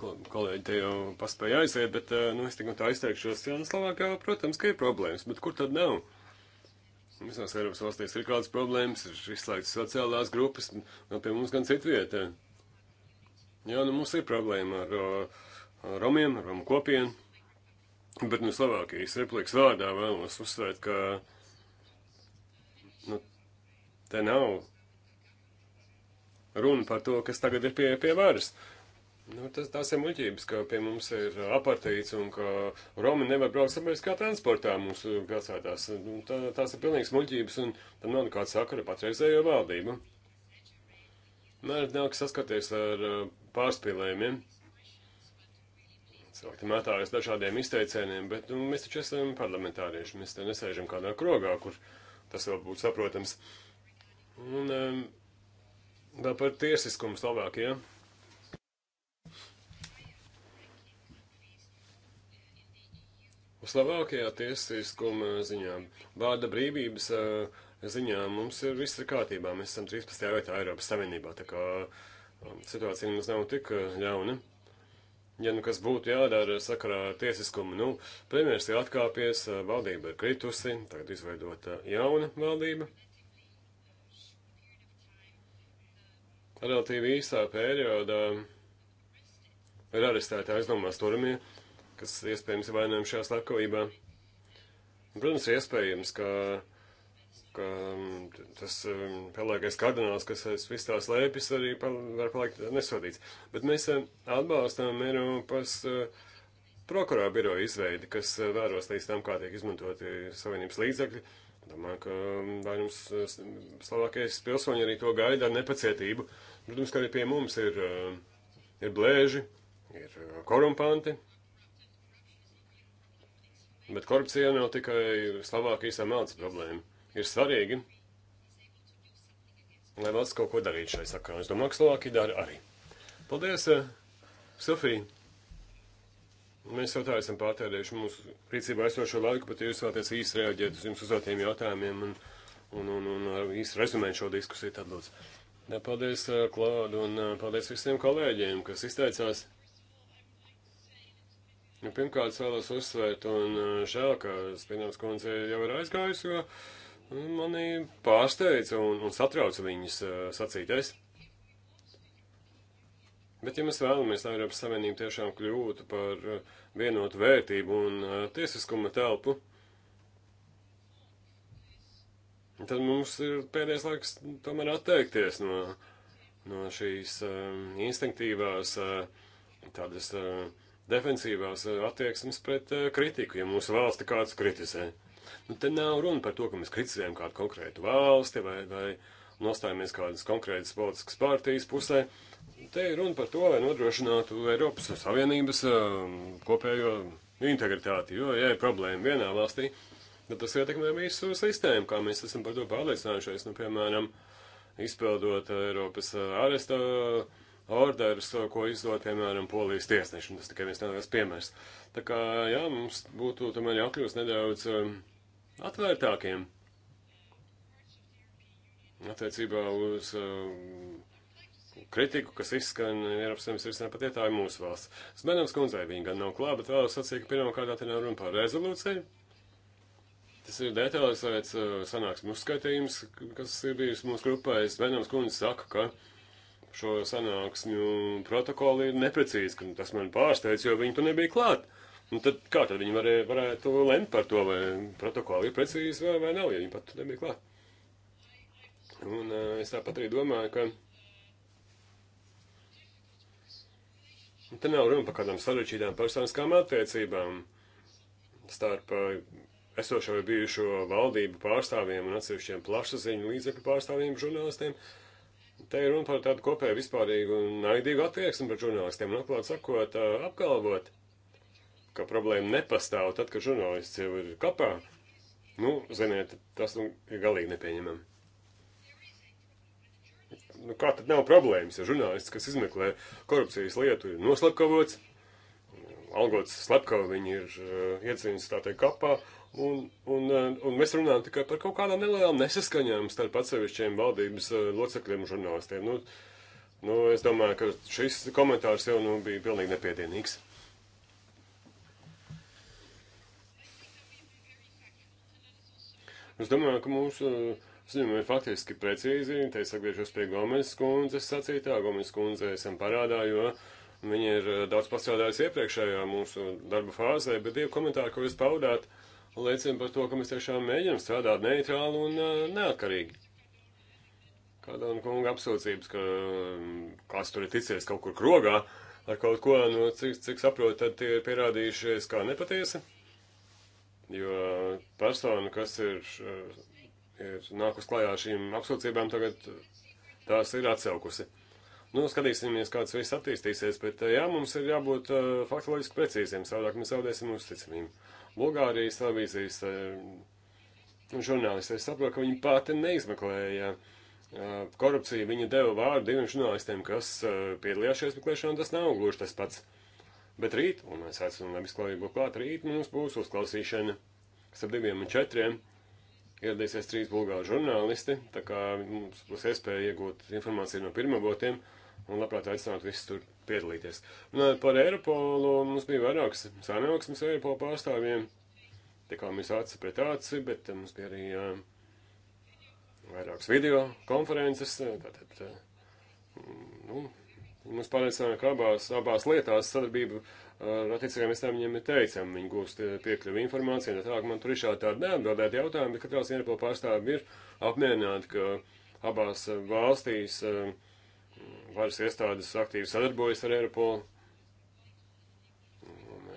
Speaker 2: Kol kolēģi te jau paspēja aiziet, bet, eh, nu, es tikai tā izteikšos, ja nu, Slovākijā, protams, ka ir problēmas, bet kur tad nav? Visās Eiropas valstīs ir kādas problēmas, ir izslēgts sociālās grupas, no nu, pie mums gan citu vietā. Jā, nu, mums ir problēma ar, ar eh, romiem, ar romu kopienu, bet, nu, Slovākijas republikas vārdā vēlos uzsvērt, ka Te nav runa par to, kas tagad ir pie, pie varas. Nu, tas, tās ir muļķības, ka pie mums ir apartīts un ka Romi nevar braukt sabiedriskā transportā mūsu pilsētās. Nu, tā, tās ir pilnīgs muļķības un tam nav nekāda sakara patreizējo valdību. Mērķi nu, nāk saskaties ar uh, pārspīlējumiem. Cilvēki mētājas dažādiem izteicieniem, bet nu, mēs taču esam parlamentārieši. Mēs te nesēžam kādā krogā, kur tas vēl būtu saprotams. Uh, Un um, vēl par tiesiskumu Slovākijā. Ja? Slovākijā tiesiskuma ziņā, vārda brīvības uh, ziņā mums ir viss ir kārtībā. Mēs esam 13. vietā Eiropas Savienībā, tā kā um, situācija mums nav tik uh, ļauna. Ja nu kas būtu jādara sakarā ar tiesiskumu, nu, premjers ir atkāpies, uh, valdība ir kritusi, tagad izveidota jauna valdība. relatīvi īsā periodā ir arestēti aizdomās turamie, kas iespējams ir vainojumi šajā slepkavībā. Protams, ir iespējams, ka, ka um, tas um, pelēkais kardināls, kas aiz vis tā slēpjas, arī pal var palikt nesodīts. Bet mēs um, atbalstām Eiropas uh, prokurā biroja izveidi, kas uh, vēros līdz tam, kā tiek izmantoti savienības līdzekļi Domāju, ka mm, vairums eh, Slovākijas pilsoņi arī to gaida ar nepacietību. Protams, ka arī pie mums ir, eh, ir blēži, ir eh, korumpanti. Bet korupcija nav tikai Slovākijas amāts problēma. Ir svarīgi, lai valsts kaut ko darītu šai sakā. Es domāju, ka Slovākija dara arī. Paldies, Sofija! Mēs jau tā esam pārtērējuši mūsu rīcībā esošo laiku, bet jūs vēlaties īsti reaģēt uz jums uzdotiem jautājumiem un, un, un, un īsti rezumēt šo diskusiju, tad lūdzu. Jā, paldies, Klaud, eh, un eh, paldies visiem kolēģiem, kas izteicās. Nu, pirmkārt, vēlos uzsvērt, un eh, žēl, ka Spinēns kundze jau ir aizgājusi, jo. Nu, mani pārsteidza un, un satrauca viņas uh, sacītais. Bet, ja mēs vēlamies, lai Eiropas Savienība tiešām kļūtu par uh, vienotu vērtību un uh, tiesiskuma telpu, tad mums ir pēdējais laiks tomēr atteikties no, no šīs um, instinktīvās, uh, tādas uh, defensīvās attieksmes pret kritiku, ja mūsu valsti kāds kritizē. Nu, te nav runa par to, ka mēs kritizējam kādu konkrētu valsti vai, vai nostājamies kādas konkrētas politiskas pārtīs pusē. Uh, Te ir runa par to, lai nodrošinātu Eiropas Savienības um, kopējo integritāti, jo, ja ir problēma vienā valstī, tad tas ietekmē visu sistēmu, kā mēs esam par to pārliecinājušies. Nu, piemēram, izpildot Eiropas uh, āresta uh, orderus, uh, ko izdod, piemēram, polijas tiesneši. Tas tikai viens neliels piemērs. Tā kā, jā, mums būtu tomēr jākļūst nedaudz um, atvērtākiem attiecībā uz. Uh, kritiku, kas izskan Eiropas Savienības risinājumā, pat ietā ir mūsu valsts. Smenams kundzei viņa gan nav klāta, bet vēlos sacīt, ka pirmā kārtā te nav runa par rezolūciju. Tas ir detalizēts uh, sanāksmes uzskaitījums, kas ir bijis mūsu grupai. Smenams kundze saka, ka šo sanāksmju protokoli ir neprecīzi, ka tas man pārsteidz, jo viņi tur nebija klāt. Un nu tad kā tad viņi varē, varētu lemt par to, vai protokoli ir precīzi vai, vai nav, ja viņi pat nebija klāt. Un uh, es tāpat arī domāju, ka Un te nav runa par kādām sarežģītām personiskām attiecībām starp eh, esošo vai bijušo valdību pārstāvjiem un atsevišķiem plašsaziņu līdzekļu pārstāvjiem žurnālistiem. Te ir runa par tādu kopēju vispārīgu un naidīgu attieksmi pret žurnālistiem. Noklāt sakot, eh, apgalvot, ka problēma nepastāv tad, kad žurnālists jau ir kapā. Nu, ziniet, tas nu, ir galīgi nepieņemami nu, kā tad nav problēmas, ja žurnālists, kas izmeklē korupcijas lietu, ir noslepkavots, algots slepkavu viņi ir uh, eh, iedzīvins, tā teikt, kapā, un, un, uh, un mēs runājam tikai par kaut kādām nelielām nesaskaņām starp atsevišķiem valdības uh, locekļiem un žurnālistiem. Nu, nu, es domāju, ka šis komentārs jau nu, bija pilnīgi nepiedienīgs. Es domāju, ka mūsu uh, Ziņojumi ir faktiski precīzi, te es atgriežos pie Gomes kundzes sacītā. Gomes kundze esam parādā, jo viņa ir eh, daudz pastrādājusi iepriekšējā mūsu darba fāzē, bet divi komentāri, ko jūs paudāt, liecina par to, ka mēs tiešām mēģinam strādāt neitrāli un uh, neatkarīgi. Kāda un kunga apsūdzības, ka mm, kāds tur ir ticies kaut kur krogā ar kaut ko, no nu, cik, cik saprotu, tad tie ir pierādījušies kā nepatiesi. Jo persona, kas ir eh, ir nākus klajā ar šīm apsūdzībām, tagad tās ir atsaukusi. Nu, skatīsimies, kāds viss attīstīsies, bet jā, mums ir jābūt uh, faktoloģiski precīziem, savādāk mēs zaudēsim uzticamību. Bulgārijas televīzijas uh, žurnālisti, es saprotu, ka viņi pati neizmeklēja uh, korupciju, viņa deva vārdu diviem žurnālistiem, kas uh, piedalījās šajā izmeklēšanā, tas nav gluži tas pats. Bet rīt, un es esmu nevis klājību klāt, rīt mums būs uzklausīšana starp diviem un četriem ieradīsies trīs bulgāru žurnālisti, tā kā mums būs iespēja iegūt informāciju no pirmavotiem un labprāt aicinātu visus tur piedalīties. Un par Eiropolu mums bija vairākas sanāksmes Eiropola pārstāvjiem, tikāmies aci pret aci, bet eh, mums bija arī jā, eh, vairākas video konferences, eh, tātad, mm, nu, mums pārliecināja, ka abās, abās lietās sadarbība ar attiecīgiem iestādēm ir teicami, viņi gūst eh, piekļuvi informācijai, tā tālāk man tur ir šādi tādi neatbildēti jautājumi, bet katrās Eiropā pārstāvi ir apmierināti, ka abās eh, valstīs eh, varas iestādes aktīvi sadarbojas ar Eiropolu.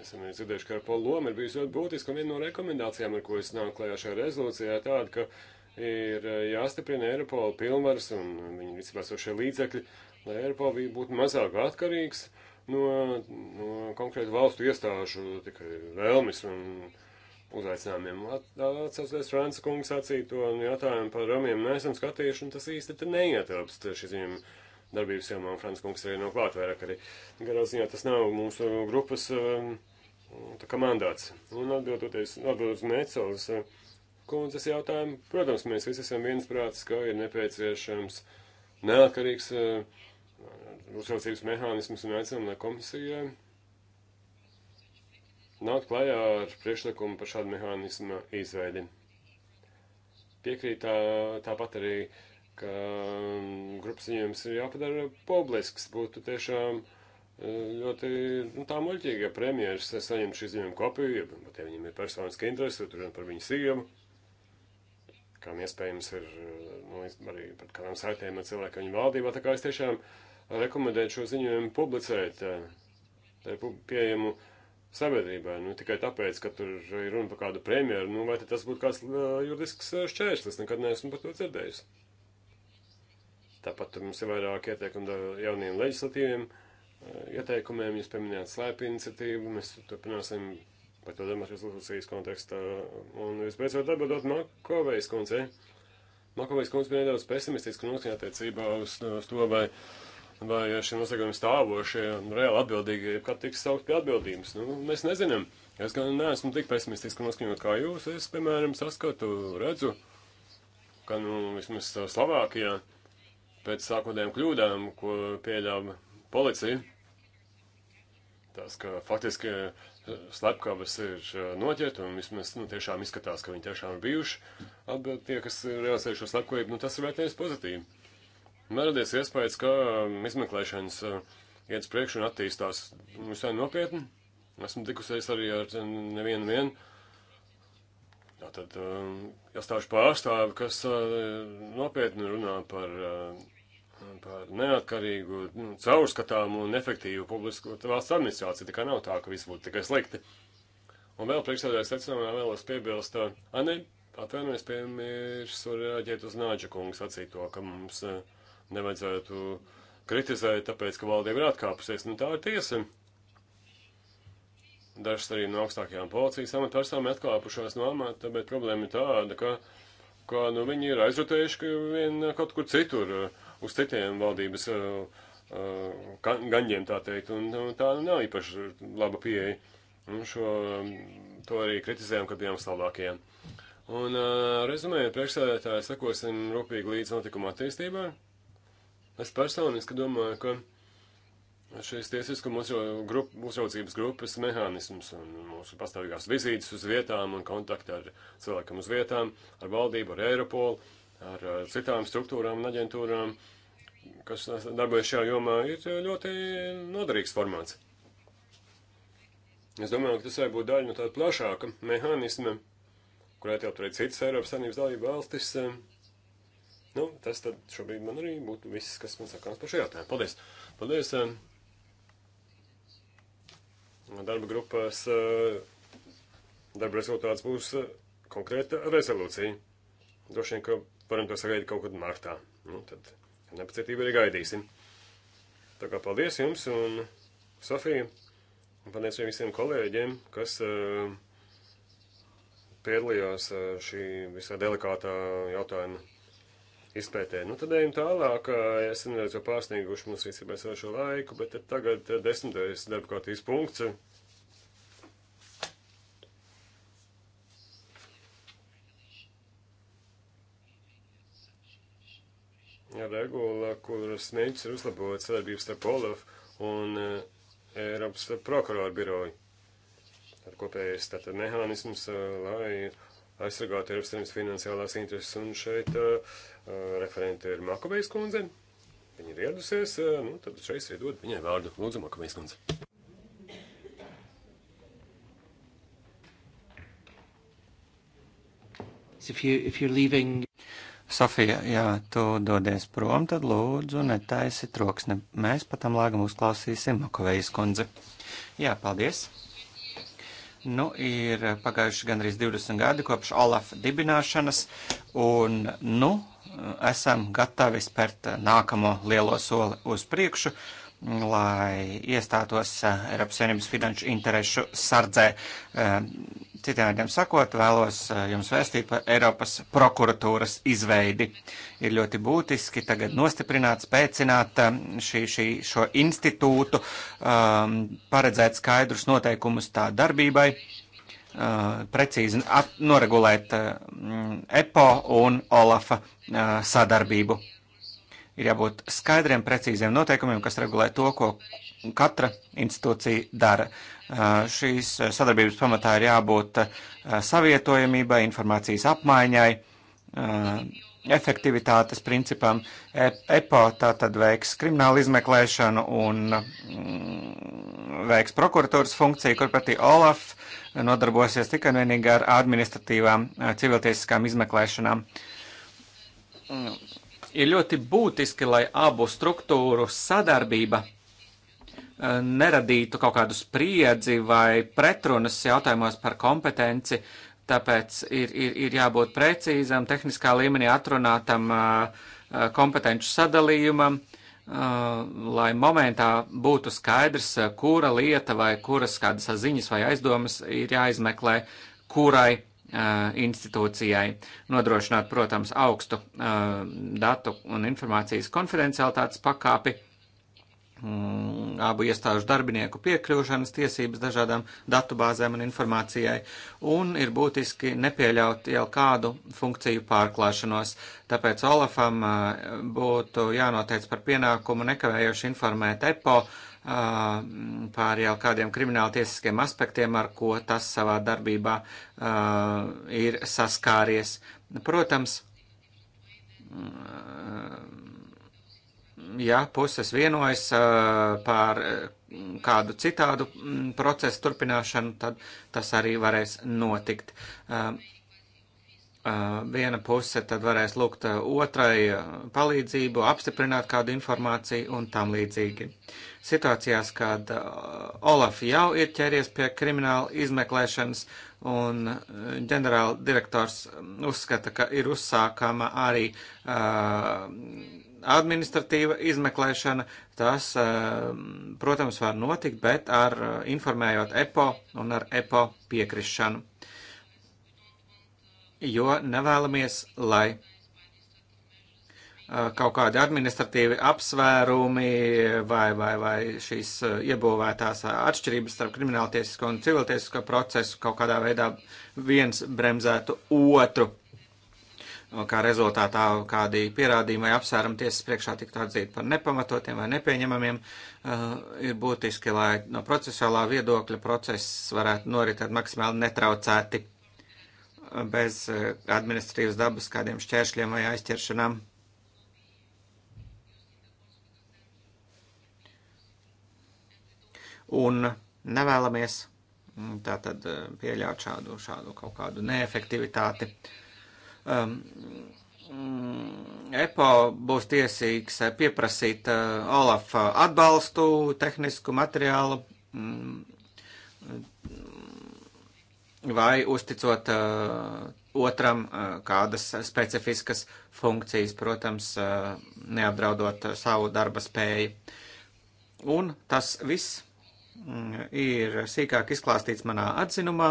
Speaker 2: Esam arī dzirdējuši, ka Eiropola loma ir bijusi ļoti būtiska, un viena no rekomendācijām, ar ko es nāku klajā šajā rezolūcijā, tāda, ka ir jāstiprina Eiropola pilnvaras un viņu visībā sošie līdzekļi, lai Eiropola būtu mazāk atkarīgs no, no konkrētu valstu iestāžu tikai vēlmes un uzaicinājumiem. Atcaucies Franca kungs sacīja to jautājumu par romiem, neesam skatījuši, un tas īsti te neietilpst šis viņam darbības jomā, un Franca kungs arī nav klāt vairāk arī. Garā ziņā tas nav mūsu grupas um, tā kā mandāts. Un atbildoties, atbildot uz Mecels uh, kundzes jautājumu, protams, mēs visi esam viensprātis, ka ir nepieciešams neatkarīgs uh, uzraudzības mehānismus un aicinām, lai komisija nāk klajā ar priekšlikumu par šādu mehānismu izveidi. Piekrīt tā, tāpat arī, ka mm, grupas ziņojums ir jāpadara publisks, būtu tiešām e, ļoti nu, tā muļķīga, ja premjeras saņem šī ziņojuma kopiju, ja pat ja viņam ir personiska interese, tur ir par viņu sīgumu, kam iespējams ir e, nu, arī par kādām saitēm ar cilvēku viņu valdībā, tā kā es tiešām uh, rekomendēt šo ziņojumu publicēt, eh, tai pieejamu sabiedrībai, nu tikai tāpēc, ka tur ir runa par kādu premjeru, nu vai tas būtu kāds eh, juridisks eh, šķērslis, nekad neesmu par to dzirdējis. Tāpat mums ir vairāk ieteikumu jauniem leģislatīviem ieteikumiem, jūs pieminējāt slēpju iniciatīvu, mēs turpināsim par to domāt rezolūcijas kontekstā. Un visbeidzot atbildot Makovejas kundzei. Makovejas kundze bija nedaudz pesimistiski noskaņā attiecībā uz, uz to, vai uh, vai šie noziegumi stāvošie reāli atbildīgi, kā tiks saukt pie atbildības. Nu, mēs nezinām. Es gan neesmu tik pesimistiski noskaņot kā jūs. Es, piemēram, saskatu, redzu, ka, nu, vismaz Slovākijā pēc sākotnējām kļūdām, ko pieļāva policija, tās, ka faktiski eh, slepkavas ir eh, noķert, un vismaz nu, tiešām izskatās, ka viņi tiešām ir bijuši atbild tie, kas realizējuši šo slepkavību, nu, tas ir vērtējums pozitīvi. Man radies iespējas, ka um, izmeklēšanas uh, iet uz priekšu un attīstās nu, visai nopietni. Esmu tikusies arī ar nevienu vienu. Tātad um, iestāžu pārstāvi, kas uh, nopietni runā par, uh, par neatkarīgu, nu, caurskatāmu un efektīvu publisku valsts administrāciju. Tā kā nav tā, ka viss būtu tikai slikti. Un vēl priekšsēdājas secinājumā vēlos piebilst, Ani, atvainojas piemērs var reaģēt uz Nāģa kungu sacīto, ka mums uh, nevajadzētu kritizēt, tāpēc, ka valdība ir atkāpusies. Nu, tā ir tiesa. Dažas arī no augstākajām policijas amatpersonām atkāpušās no amata, bet problēma ir tāda, ka, ka nu, viņi ir aizrotējuši ka vien kaut kur citur, uh, uz citiem valdības uh, uh, gaņiem, tā teikt, un nu, tā nu nav īpaši laba pieeja. Un šo, um, to arī kritizējām, kad bijām Slovākijā. Un, rezumējot, priekšsēdētāji, sekosim rūpīgi līdz notikuma attīstībai. Es personiski domāju, ka šīs tiesiskuma grup, uzraudzības grupas mehānisms un mūsu pastāvīgās vizītes uz vietām un kontakti ar cilvēkiem uz vietām, ar valdību, ar Eiropolu, ar citām struktūrām un aģentūrām, kas darbojas šajā jomā, ir ļoti noderīgs formāts. Es domāju, ka tas var būt daļa no tāda plašāka mehānisma, kurā telpt arī citas Eiropas Savienības dalība valstis. Uh, Nu, tas tad šobrīd man arī būtu viss, kas man sakāms par šo jautājumu. Paldies! Paldies! Eh, darba grupas eh, darba rezultāts būs eh, konkrēta rezolūcija. Droši vien, ka varam to sagaidīt kaut kad martā. Nu, tad nepacietību arī gaidīsim. Tā kā paldies jums un Sofija. Un paldies visiem kolēģiem, kas piedalījās šī visā delikātā jautājuma izpētē. Nu, tad ejam tālāk, esam nedaudz jau pārsnieguši mums visiem esošo laiku, bet tad tagad desmitais darba kārtības punkts. regula, kuras mērķis ir uzlabot sadarbības starp OLAF un Eiropas prokuroru biroju. Tad kopējais tātad mehānisms, lai aizsargāt Eiropas Savienības finansiālās intereses. Un šeit uh, uh referente ir Makovejs kundze. Viņa ir ieradusies, uh, nu, tad šeit ir dod viņai vārdu. Lūdzu, Makovejs kundze.
Speaker 4: If you, if you're leaving... Sofija, ja tu dodies prom, tad lūdzu netaisi troksni. Mēs patam lēgam uzklausīsim Makovejas kundzi. Jā, paldies! Nu, ir pagājuši gandrīz 20 gadi kopš Olafa dibināšanas, un nu, esam gatavi spērt nākamo lielo soli uz priekšu. Uh, lai iestātos eh, Eiropas Savienības finanšu interešu sardzē. Eh, citiem vārdiem sakot, vēlos eh, jums vēstīt par Eiropas prokuratūras izveidi. Ir ļoti būtiski tagad nostiprināt, spēcināt šī, šī, šo institūtu, um, paredzēt skaidrus noteikumus tā darbībai, uh, precīzi at, noregulēt uh, mm, EPO un OLAFA uh, sadarbību. Ir jābūt skaidriem, precīziem noteikumiem, kas regulē to, ko katra institūcija dara. Uh, šīs uh, sadarbības pamatā ir jābūt uh, savietojamībai, informācijas apmaiņai, efektivitātes principam. E, EPO tātad veiks kriminālu izmeklēšanu un mm, veiks prokuratūras funkciju, kur pretī OLAF nodarbosies tikai un vienīgi ar administratīvām civiltiesiskām izmeklēšanām mm, Ir ļoti būtiski, lai abu struktūru sadarbība e, neradītu kaut kādu spriedzi vai pretrunas jautājumos par kompetenci, tāpēc ir, ir, ir jābūt precīzam, tehniskā līmenī atrunātam e, e, kompetenci sadalījumam, lai momentā būtu skaidrs, kura lieta vai kuras kādas ziņas vai aizdomas ir jāizmeklē, kurai Eh, institūcijai, nodrošināt, protams, augstu eh, datu un informācijas konfidencialitātes pakāpi, mm, abu iestāžu darbinieku piekļūšanas tiesības dažādām datubāzēm un informācijai, un ir būtiski nepieļaut jau kādu funkciju pārklāšanos. Tāpēc Olafam eh, būtu jānoteic par pienākumu nekavējoši informēt EPO pār jau kādiem krimināltiesiskiem aspektiem, ar ko tas savā darbībā ir saskāries. Protams, ja puses vienojas par kādu citādu mm, procesu turpināšanu, tad tas arī varēs notikt. Viena puse tad varēs lūgt otrai palīdzību, apstiprināt kādu informāciju un tam līdzīgi. Uh, situācijās, kad uh, Olaf jau ir ķēries pie krimināla izmeklēšanas un uh, ģenerāla direktors um, uzskata, ka ir uzsākama arī uh, administratīva izmeklēšana. Tas, protams, var notikt, bet ar informējot EPO un ar EPO piekrišanu. Jo nevēlamies, lai Eh, kaut kādi administratīvi apsvērumi vai, vai, vai šīs eh, iebūvētās atšķirības starp krimināltiesisko un civiltiesisko procesu kaut kādā veidā viens bremzētu otru. Kā rezultātā kādi pierādījumi vai apsvērumi tiesas priekšā tiktu atzīti par nepamatotiem vai nepieņemamiem, eh, ir būtiski, lai no procesuālā viedokļa process varētu noritēt maksimāli netraucēti bez administratīvas dabas kādiem šķēršļiem vai aizķeršanām. un nevēlamies mm, tātad eh, pieļaut šādu, šādu kaut kādu neefektivitāti. Um, EPO būs tiesīgs eh, pieprasīt uh, Olaf atbalstu, tehnisku materiālu, um, vai uzticot uh, otram uh, kādas specifiskas funkcijas, protams, uh, neapdraudot savu darba spēju. Un tas viss ir sīkāk izklāstīts manā atzinumā.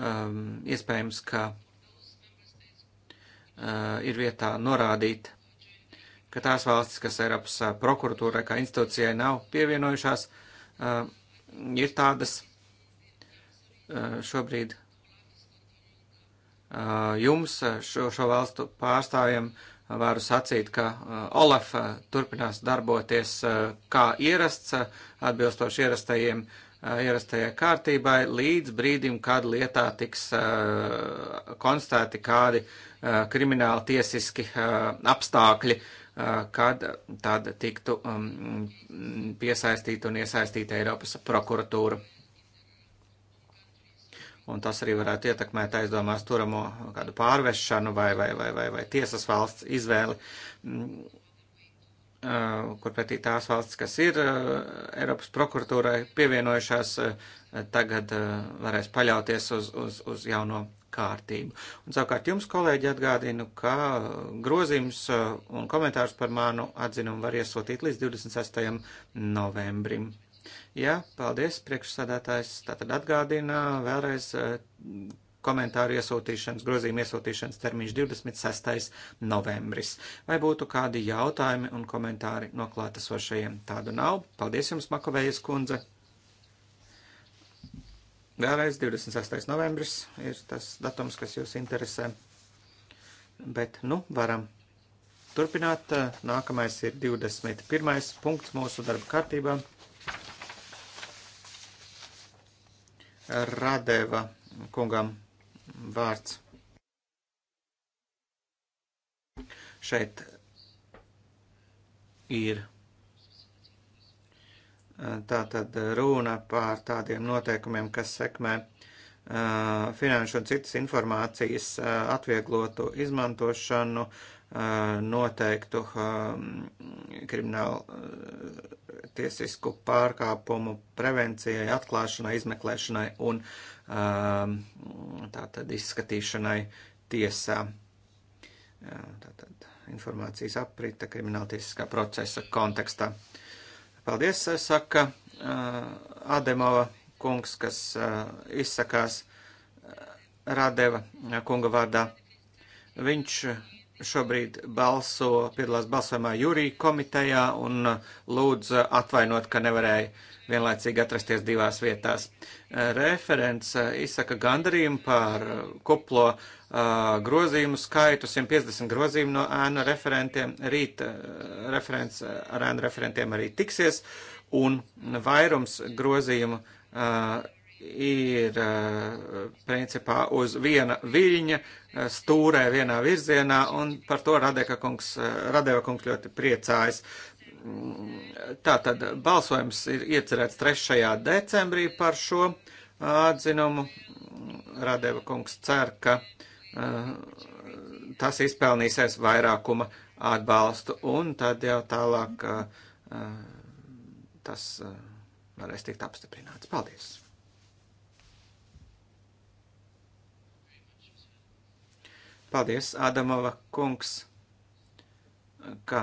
Speaker 4: Um, iespējams, ka uh, ir vietā norādīt, ka tās valstis, kas Eiropas uh, prokuratūrai kā institūcijai nav pievienojušās, uh, ir tādas uh, šobrīd uh, jums, uh, šo, šo valstu pārstāvjiem, uh, varu sacīt, ka uh, Olaf uh, turpinās darboties uh, kā ierasts, atbilstoši ierastajiem, ierastajai kārtībai, līdz brīdim, kad lietā tiks konstatēti kādi krimināli tiesiski apstākļi, kad tad tiktu um, piesaistīta un iesaistīta Eiropas prokuratūra un tas arī varētu ietekmēt aizdomās turamo kādu pārvešanu vai, vai, vai, vai, vai tiesas valsts izvēli, mm, kur pretī tās valsts, kas ir Eiropas prokuratūrai pievienojušās, tagad varēs paļauties uz, uz, uz jauno kārtību. Un savukārt jums, kolēģi, atgādinu, ka grozījums un komentārs par manu atzinumu var iesūtīt līdz 26. novembrim. Jā, paldies, priekšsādātājs. Tātad atgādina vēlreiz eh, komentāru iesūtīšanas, grozījuma iesūtīšanas termiņš 26. novembris. Vai būtu kādi jautājumi un komentāri no klātesošajiem? Tādu nav. Paldies jums, Makovējas kundze. Vēlreiz 26. novembris ir tas datums, kas jūs interesē. Bet, nu, varam turpināt. Nākamais ir 21. punkts mūsu darba kārtībā. Radeva kungam vārds. Šeit ir tātad runa par tādiem noteikumiem, kas sekmē finanšu un citas informācijas atvieglotu izmantošanu noteiktu kriminālu tiesisku pārkāpumu prevencijai, atklāšanai, izmeklēšanai un tātad izskatīšanai tiesā. Tātad informācijas aprita krimināltiesiskā procesa kontekstā. Paldies, saka Ademova kungs, kas izsakās Radeva kunga vārdā. Viņš šobrīd balso, piedalās balsojumā jūrija komitejā un lūdz atvainot, ka nevarēja vienlaicīgi atrasties divās vietās. Referents izsaka gandarījumu par kuplo uh, grozījumu skaitu, 150 grozījumu no ēnu referentiem. Rīt uh, referents ar ēnu referentiem arī tiksies un vairums grozījumu uh, ir eh, principā uz viena viļņa eh, stūrē vienā virzienā, un par to Radeka kungs, eh, Radeva kungs ļoti priecājas. Mm, tātad balsojums ir iecerēts 3. decembrī par šo atzinumu. Mm, Radeva kungs cer, ka tas izpelnīsies vairākuma atbalstu, un tad jau tālāk tas varēs tikt apstiprināts. Paldies! Paldies, Ādamova kungs, ka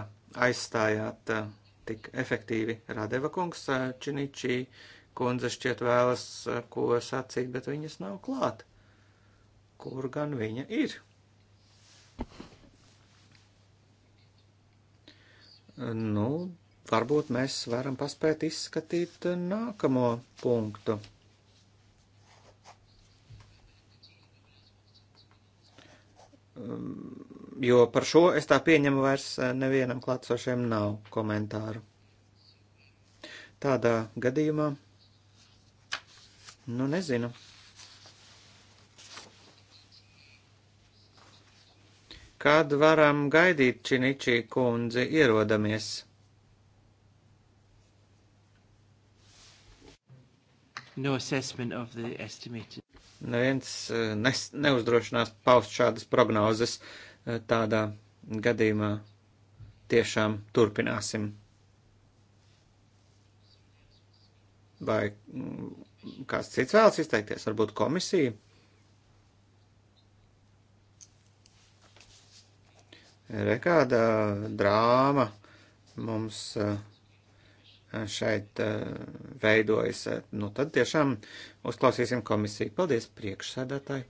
Speaker 4: aizstājāt eh, tik efektīvi Radeva kungs. Eh, Činičī kundze šķiet vēlas eh, ko sacīt, bet viņas nav klāt. Kur gan viņa ir? Nu, varbūt mēs varam paspēt izskatīt nākamo punktu. Um, jo par šo es tā pieņemu vairs uh, nevienam klātsošiem nav komentāru. Tādā gadījumā, nu nezinu. Kad varam gaidīt Činičī kundzi ierodamies? no assessment of the
Speaker 1: estimated.
Speaker 4: Neviens eh, nes, neuzdrošinās paust šādas prognozes. Eh, tādā gadījumā tiešām turpināsim. Vai mm, kāds cits vēlas izteikties? Varbūt komisija? Rekāda drāma mums. Uh, šeit eh, veidojas. Nu, tad tiešām uzklausīsim komisiju. Paldies, priekšsēdētāji.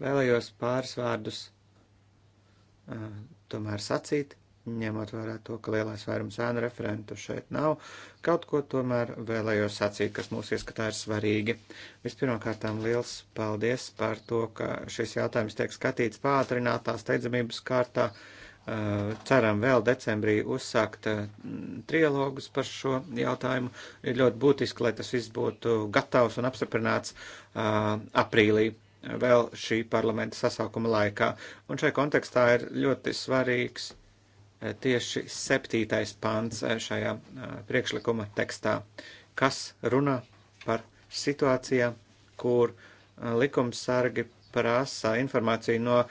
Speaker 4: Vēlējos pāris vārdus eh, tomēr sacīt, ņemot vērā to, ka lielais vairums ēnu referentu šeit nav. Kaut ko tomēr vēlējos sacīt, kas mūsu ieskatā ir svarīgi. Vispirmkārtām liels paldies par to, ka šis jautājums tiek skatīts pātrinātā steidzamības kārtā. Uh, Eh, ceram vēl decembrī uzsākt eh, trialogus par šo jautājumu. Ir ļoti būtiski, lai tas viss būtu gatavs un apstiprināts eh, aprīlī vēl šī parlamenta sasaukuma laikā. Un šajā kontekstā ir ļoti svarīgs tieši septītais pants šajā priekšlikuma tekstā, kas runā par situācijām, kur likumsargi prasa informāciju no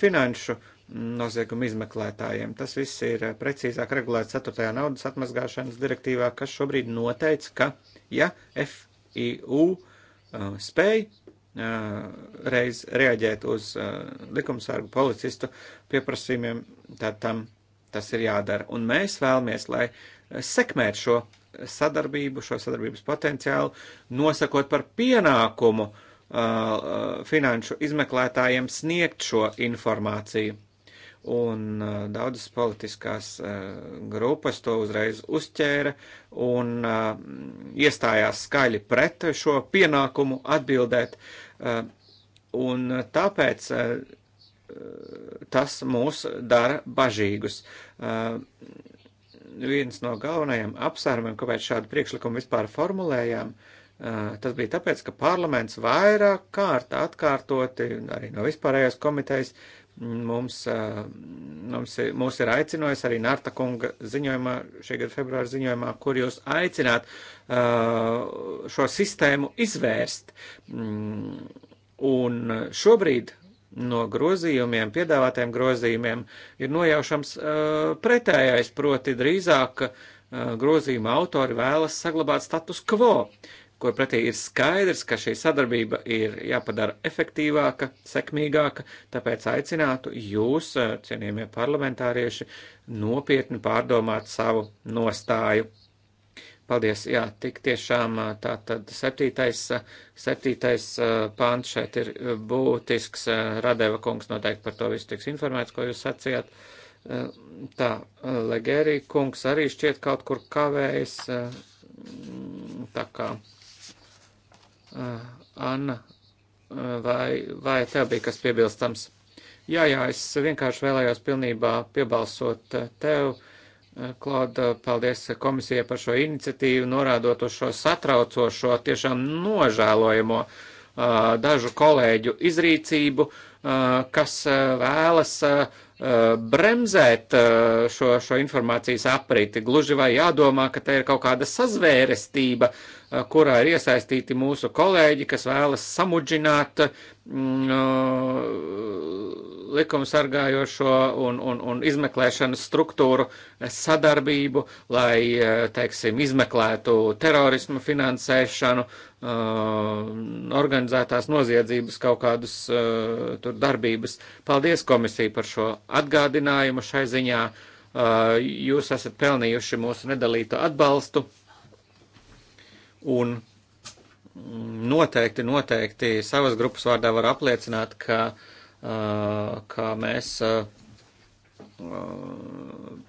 Speaker 4: finanšu uh, noziegumu izmeklētājiem. Tas viss ir eh, precīzāk regulēts 4. naudas atmazgāšanas direktīvā, kas šobrīd noteica, ka, ja FIU eh, spēj eh, reiz reaģēt uz likumsargu policistu pieprasījumiem, tad tam tas ir jādara. Un mēs vēlamies, lai sekmēt šo sadarbību, šo sadarbības potenciālu, nosakot par pienākumu uh, finanšu izmeklētājiem sniegt šo informāciju un uh, daudzas politiskās uh, grupas to uzreiz uzķēra un uh, iestājās skaļi pret šo pienākumu atbildēt. Uh, un tāpēc uh, tas mūs dara bažīgus. Uh, viens no galvenajiem apsvērumiem, kāpēc šādu priekšlikumu vispār formulējām, uh, Tas bija tāpēc, ka parlaments vairāk kārt atkārtoti, arī no vispārējās komitejas, mums, mums ir, mūs ir aicinājis arī Nārta kunga ziņojumā, šī gada februāra ziņojumā, kur jūs aicināt šo sistēmu izvērst. Mm, un šobrīd no grozījumiem, piedāvātiem grozījumiem, ir nojaušams pretējais, proti drīzāk grozījuma autori vēlas saglabāt status quo. Uh, kur pretī ir skaidrs, ka šī sadarbība ir jāpadara efektīvāka, sekmīgāka, tāpēc aicinātu jūs, eh, cienījamie parlamentārieši, nopietni pārdomāt savu nostāju. Paldies, jā, tik tiešām eh, tā tad septītais, eh, septītais pāns šeit ir būtisks. Radeva kungs noteikti par to visu tiks informēts, ko jūs sacījāt. Tā, Legērī kungs arī šķiet kaut kur kavējas tā kā Eh, Anna, eh, vai, vai tev bija kas piebilstams? Jā, jā, es vienkārši vēlējos pilnībā piebalsot eh, tev. Klauda, paldies komisijai par šo iniciatīvu, norādot uz šo satraucošo, tiešām nožēlojamo dažu kolēģu izrīcību, kas vēlas bremzēt šo, šo informācijas apriti. Gluži vai jādomā, ka te ir kaut kāda sazvērestība Eh, kurā ir iesaistīti mūsu kolēģi, kas vēlas samudžināt mm, eh, likumsargājošo un, un, un izmeklēšanas struktūru eh, sadarbību, lai, teiksim, izmeklētu terorismu finansēšanu, organizētās noziedzības kaut kādus tur darbības. Paldies komisija par šo atgādinājumu šai ziņā. Jūs esat pelnījuši mūsu nedalīto atbalstu. Un mm, noteikti, noteikti savas grupas vārdā var apliecināt, ka, uh, ka mēs uh,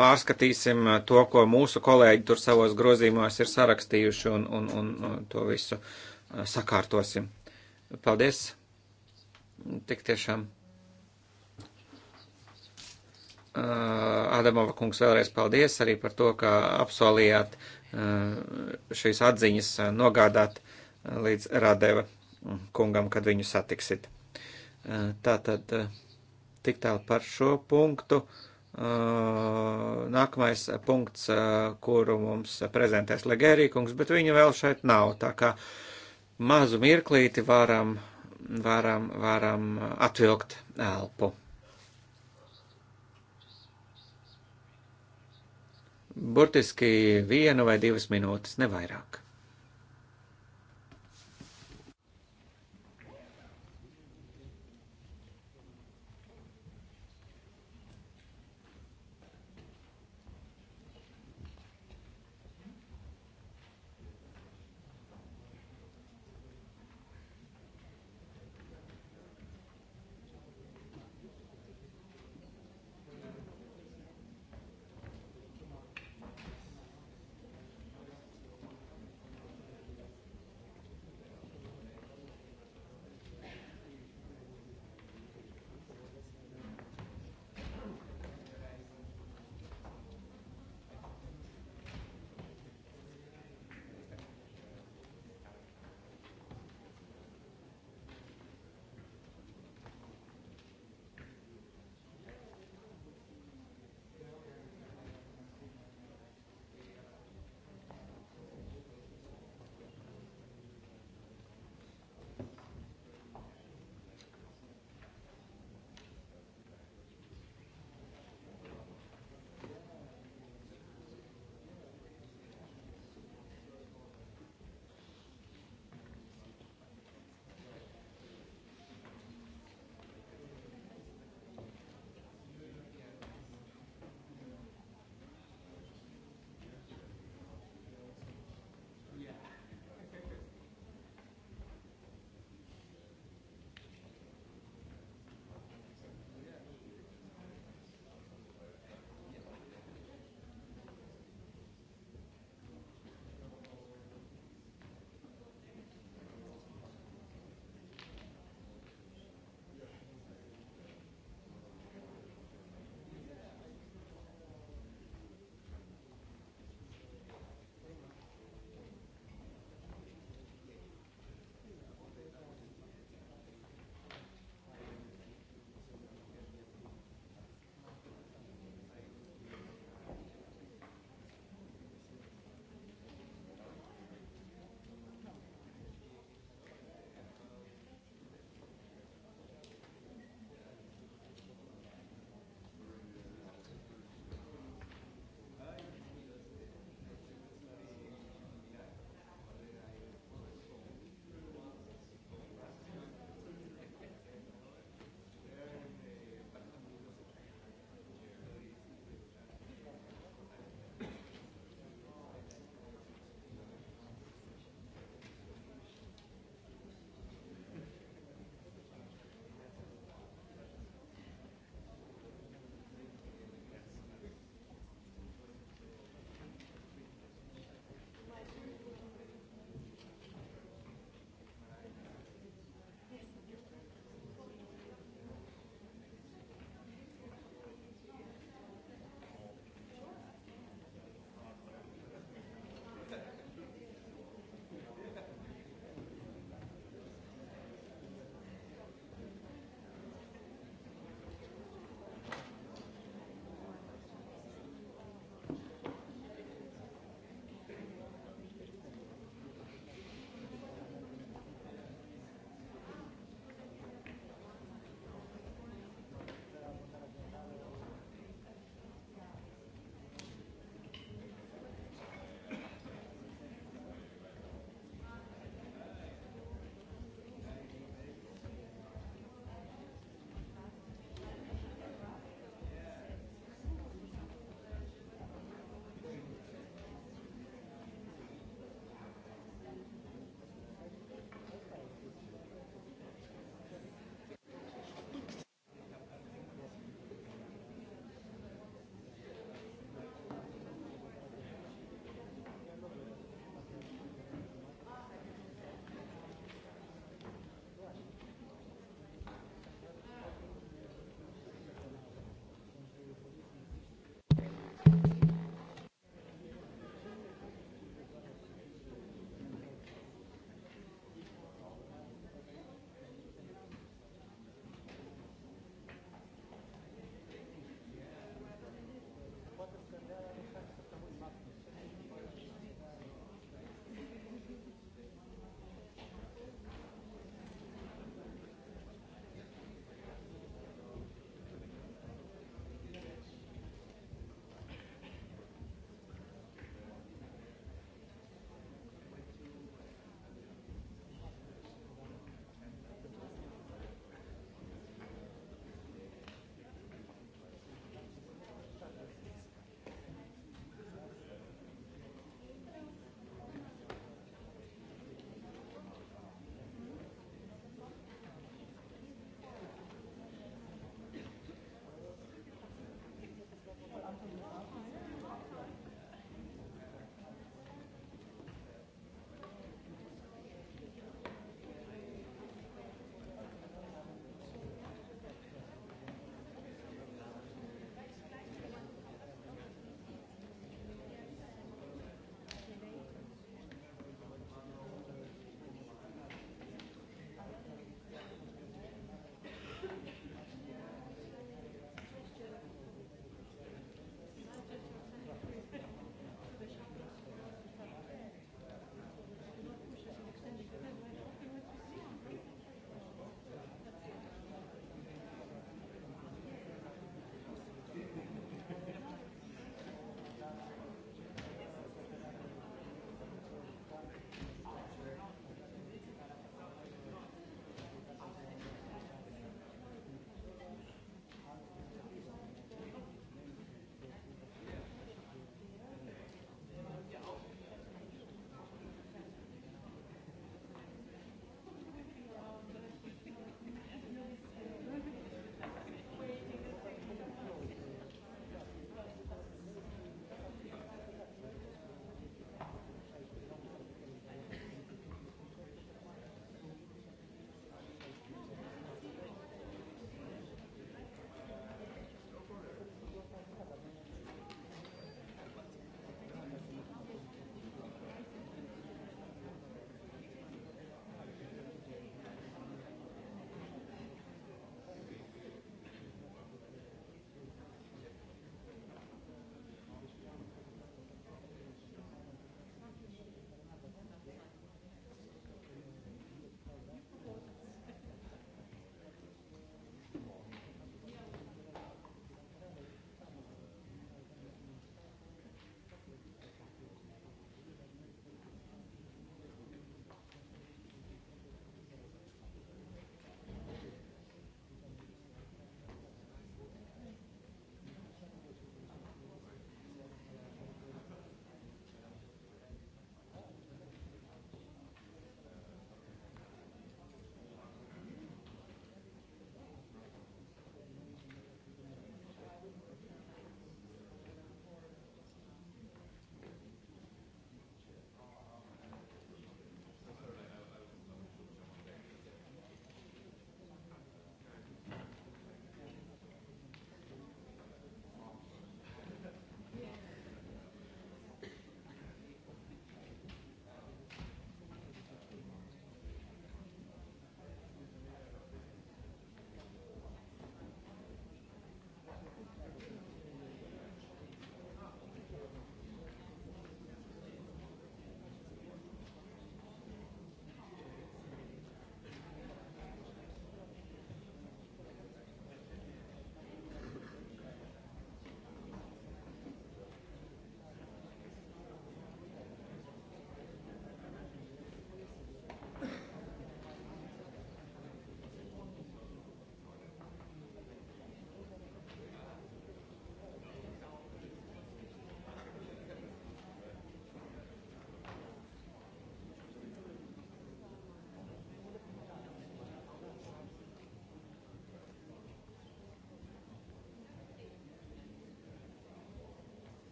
Speaker 4: pārskatīsim to, ko mūsu kolēģi tur savos grozījumos ir sarakstījuši un, un, un to visu sakārtosim. Paldies! Tik tiešām. Ādamova kungs vēlreiz paldies arī par to, ka apsolījāt Uh, šīs atziņas uh, nogādāt uh, līdz Radeva um, kungam, kad viņu satiksit. Tātad tik tālu par šo punktu. Nākamais punkts, kuru mums prezentēs Legērī kungs, bet viņa vēl šeit nav, tā kā mazu mirklīti varam, varam, varam atvilkt elpu. burtiski vienu vai divas minūtes, nevairāk.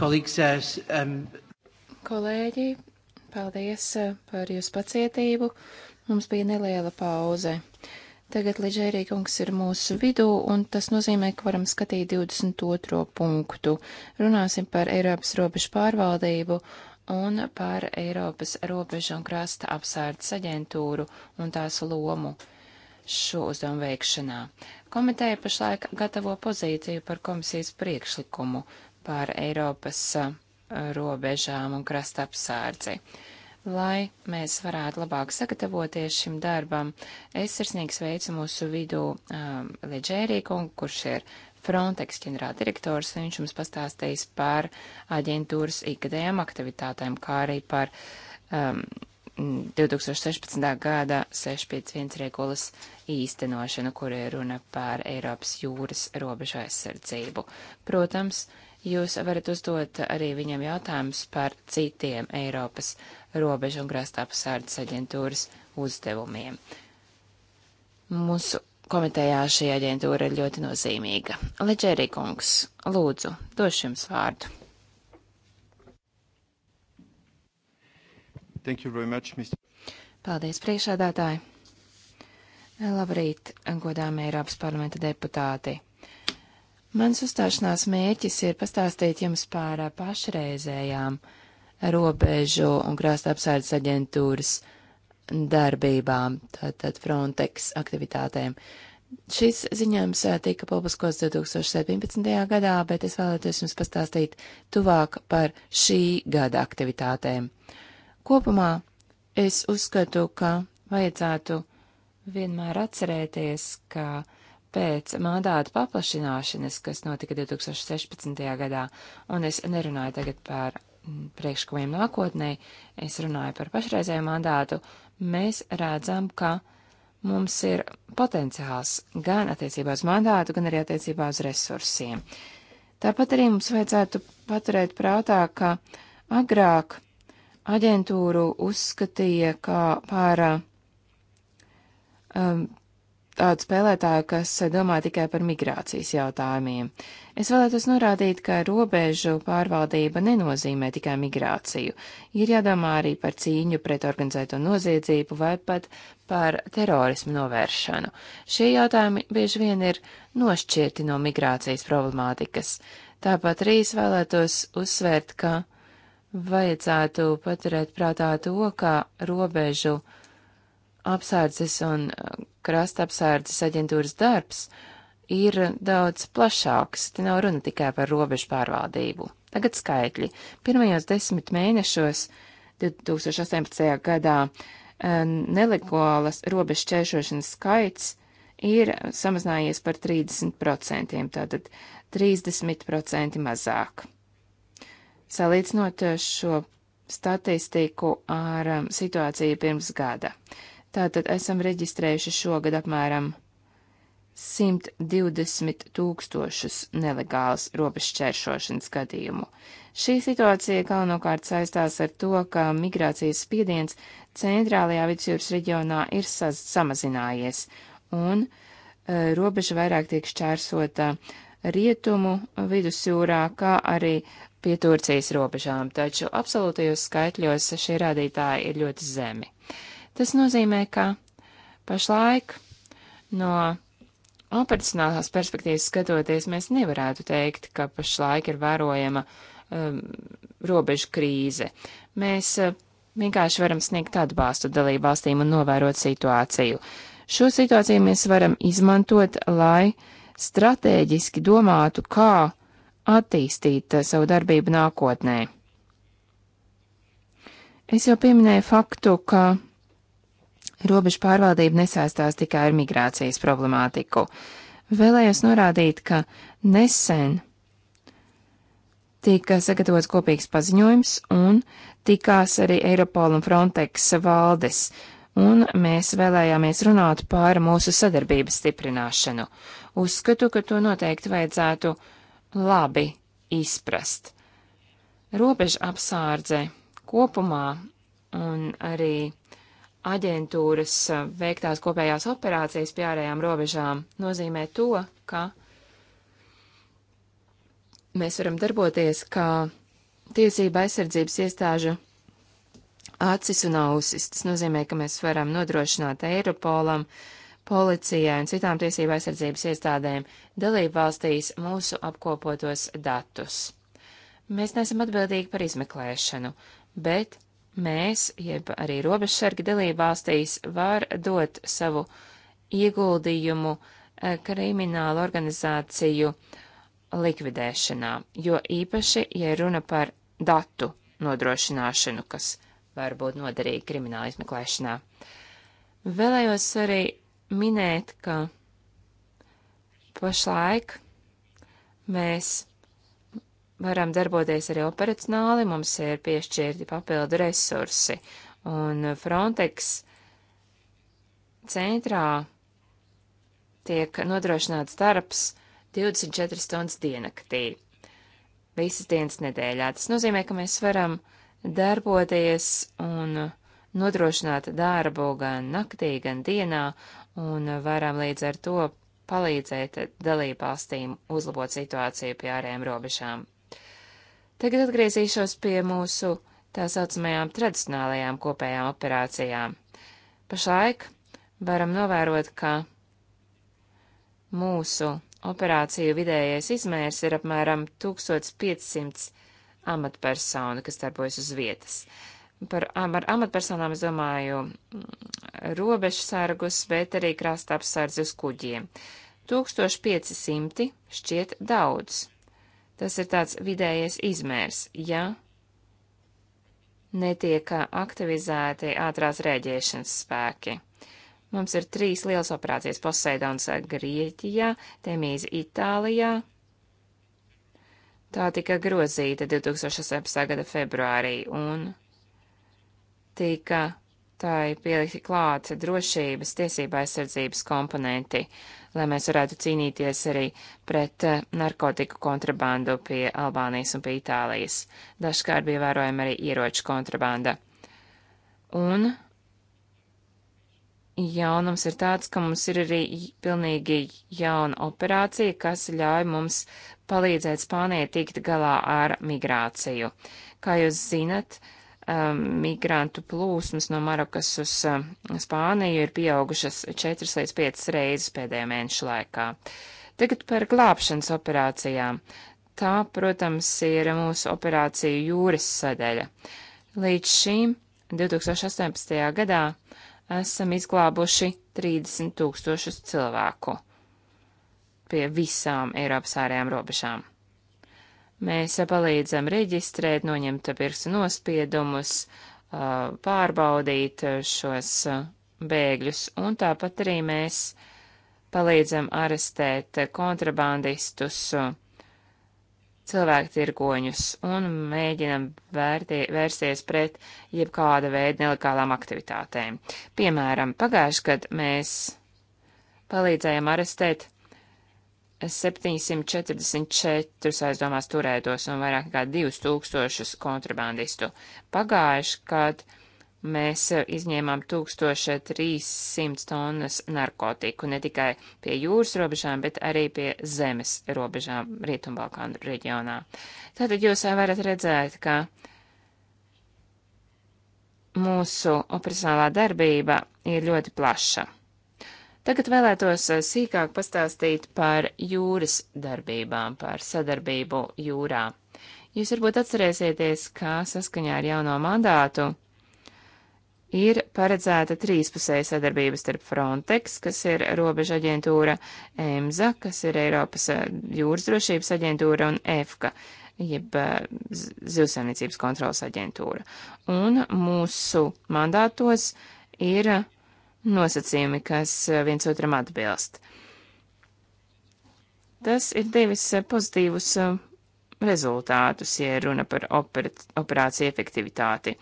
Speaker 1: Uh, um,
Speaker 3: Kolēģi, paldies uh, par jūsu pacietību. Mums bija neliela pauze. Tagad Ligērija kungs ir mūsu vidū, un tas nozīmē, ka varam skatīt 22. punktu. Runāsim par Eiropas robežu pārvaldību un par Eiropas robežu un krasta apsārdas aģentūru un tās lomu šo uzdevumu veikšanā. Komiteja pašlaik gatavo pozīciju par komisijas priekšlikumu par Eiropas robežām un krasta apsārdzi. Lai mēs varētu labāk sagatavoties šim darbam, es sirsnīgi sveicu mūsu vidū um, Liģērī kungu, kurš ir Frontex ģenerāldirektors, un viņš mums pastāstīs par aģentūras ikgadējām aktivitātēm, kā arī par um, 2016. gada 651 regulas īstenošanu, kur ir runa par Eiropas jūras robežu aizsardzību. Protams, Jūs varat uzdot arī viņam jautājumus par citiem Eiropas robežu un krasta apsardzes aģentūras uzdevumiem. Mūsu komitejā šī aģentūra ir ļoti nozīmīga. Leģerī kungs, lūdzu, došu jums vārdu.
Speaker 4: Thank you very much, Mr.
Speaker 3: Paldies, priekšādātāji. Labrīt, godām Eiropas parlamenta deputāti. Mans uzstāšanās mēķis ir pastāstīt jums par pašreizējām robežu un krāsta apsardzes aģentūras darbībām, tātad Frontex aktivitātēm. Šis ziņojums tika publiskots 2017. gadā, bet es vēlētos jums pastāstīt tuvāk par šī gada aktivitātēm. Kopumā es uzskatu, ka vajadzētu vienmēr atcerēties, ka uh, pēc mandāta paplašināšanas, kas notika 2016. gadā, un es nerunāju tagad par mm, priekšlikumiem nākotnē, es runāju par pašreizēju mandātu, mēs redzam, ka mums ir potenciāls gan attiecībā uz mandātu, gan arī attiecībā uz resursiem. Tāpat arī mums vajadzētu paturēt prātā, ka agrāk aģentūru uzskatīja kā par um, tādu spēlētāju, kas domā tikai par migrācijas jautājumiem. Es vēlētos norādīt, ka robežu pārvaldība nenozīmē tikai migrāciju. Ir jādomā arī par cīņu pret organizēto noziedzību vai pat par terorismu novēršanu. Šie jautājumi bieži vien ir nošķirti no migrācijas problemātikas. Tāpat arī es vēlētos uzsvērt, ka vajadzētu paturēt prātā to, ka robežu pārvaldība apsārdzes un uh, krasta apsārdzes aģentūras darbs ir daudz plašāks, te nav runa tikai par robežu pārvaldību. Tagad skaitļi. Pirmajos desmit mēnešos 2018. gadā uh, nelegālas robežu čēršošanas skaits ir samazinājies par 30%, tātad 30% mazāk. Salīdzinot uh, šo statistiku ar um, situāciju pirms gada. Tātad esam reģistrējuši šogad apmēram 120 tūkstošus nelegālas robežšķēršošanas gadījumu. Šī situācija galvenokārt saistās ar to, ka migrācijas spiediens centrālajā vidusjūras reģionā ir samazinājies, un e, robeža vairāk tiek šķērsota rietumu vidusjūrā, kā arī pie Turcijas robežām, taču absolūtajos skaitļos šie rādītāji ir ļoti zemi. Tas nozīmē, ka pašlaik no operacionālās perspektīvas skatoties, mēs nevarētu teikt, ka pašlaik ir vērojama um, robežu krīze. Mēs uh, vienkārši varam sniegt atbalstu dalību valstīm un novērot situāciju. Šo situāciju mēs varam izmantot, lai stratēģiski domātu, kā attīstīt uh, savu darbību nākotnē. Es jau pieminēju faktu, ka robežu pārvaldība nesaistās tikai ar migrācijas problemātiku. Vēlējos norādīt, ka nesen tika sagatavots kopīgs paziņojums un tikās arī Eiropola un Frontex valdes, un mēs vēlējāmies runāt par mūsu sadarbības stiprināšanu. Uzskatu, ka to noteikti vajadzētu labi izprast. Robeža apsārdze kopumā un arī aģentūras veiktās kopējās operācijas pie ārējām robežām nozīmē to, ka mēs varam darboties kā tiesība aizsardzības iestāžu acis un ausis. Tas nozīmē, ka mēs varam nodrošināt Eiropolam, policijai un citām tiesību aizsardzības iestādēm dalību valstīs mūsu apkopotos datus. Mēs neesam atbildīgi par izmeklēšanu, bet mēs, jeb arī robežsargi dalībvalstīs, var dot savu ieguldījumu eh, kriminālu organizāciju likvidēšanā, jo īpaši, ja runa par datu nodrošināšanu, kas var būt noderīgi krimināla izmeklēšanā. Vēlējos arī minēt, ka pašlaik mēs varam darboties arī operacionāli, mums ir piešķirti papildu resursi, un Frontex centrā tiek nodrošināts darbs 24 stundas diennaktī, visas dienas nedēļā. Tas nozīmē, ka mēs varam darboties un nodrošināt darbu gan naktī, gan dienā, un varam līdz ar to palīdzēt dalībvalstīm uzlabot situāciju pie ārējām robežām. Tagad atgriezīšos pie mūsu tā saucamajām tradicionālajām kopējām operācijām. Pašlaik varam novērot, ka mūsu operāciju vidējais izmērs ir apmēram 1500 amatpersonu, kas darbojas uz vietas. Par am, ar amatpersonām es domāju mm, robežsargus, bet arī krasta apsardzi uz kuģiem. 1500 šķiet daudz. Tas ir tāds vidējais izmērs, ja netiek aktivizēti ātrās rēģēšanas spēki. Mums ir trīs lielas operācijas - Poseidons Grieķijā, Temīze Itālijā. Tā tika grozīta 2018. gada februārī un tika tai pielikti klāt drošības tiesībā aizsardzības komponenti. Uh, lai mēs varētu cīnīties arī pret eh, narkotiku kontrabandu pie Albānijas un pie Itālijas. Dažkārt bija vērojama arī ieroču kontrabanda. Un jaunums ir tāds, ka mums ir arī pilnīgi jauna operācija, kas ļauj mums palīdzēt Spānijai tikt galā ar migrāciju. Kā jūs zinat, uh, um, migrantu plūsmas no Marokas uz uh, Spāniju ir pieaugušas 4 līdz 5 reizes pēdējo mēnešu laikā. Tagad par glābšanas operācijām. Tā, protams, ir mūsu operāciju jūras sadaļa. Līdz šim 2018. gadā esam izglābuši 30 tūkstošus cilvēku pie visām Eiropas ārējām robežām. Mēs palīdzam reģistrēt, noņemt pirkstu nospiedumus, pārbaudīt šos bēgļus, un tāpat arī mēs palīdzam arestēt kontrabandistus, cilvēktirgoņus un mēģinam vērtie, vērsties pret jebkāda veida nelegālām aktivitātēm. Piemēram, pagājuši, kad mēs palīdzējām arestēt 744 aizdomās turētos un vairāk kā 2000 kontrabandistu. Pagājuši, kad mēs izņēmām 1300 tonnas narkotiku ne tikai pie jūras robežām, bet arī pie zemes robežām Rietumbalkānu reģionā. Tātad jūs varat redzēt, ka mūsu operacionālā darbība ir ļoti plaša. Tagad vēlētos eh, sīkāk pastāstīt par jūras darbībām, par sadarbību jūrā. Jūs varbūt atcerēsieties, kā saskaņā ar jauno mandātu ir paredzēta trīspusēja sadarbība starp Frontex, kas ir robeža aģentūra, EMSA, kas ir Eiropas eh, jūras drošības aģentūra, un EFKA, jeb eh, zivsaimniecības kontrolas aģentūra. Un mūsu mandātos ir nosacījumi, kas eh, viens otram atbilst. Tas ir devis eh, pozitīvus eh, rezultātus, ja runa par operat, operāciju efektivitāti.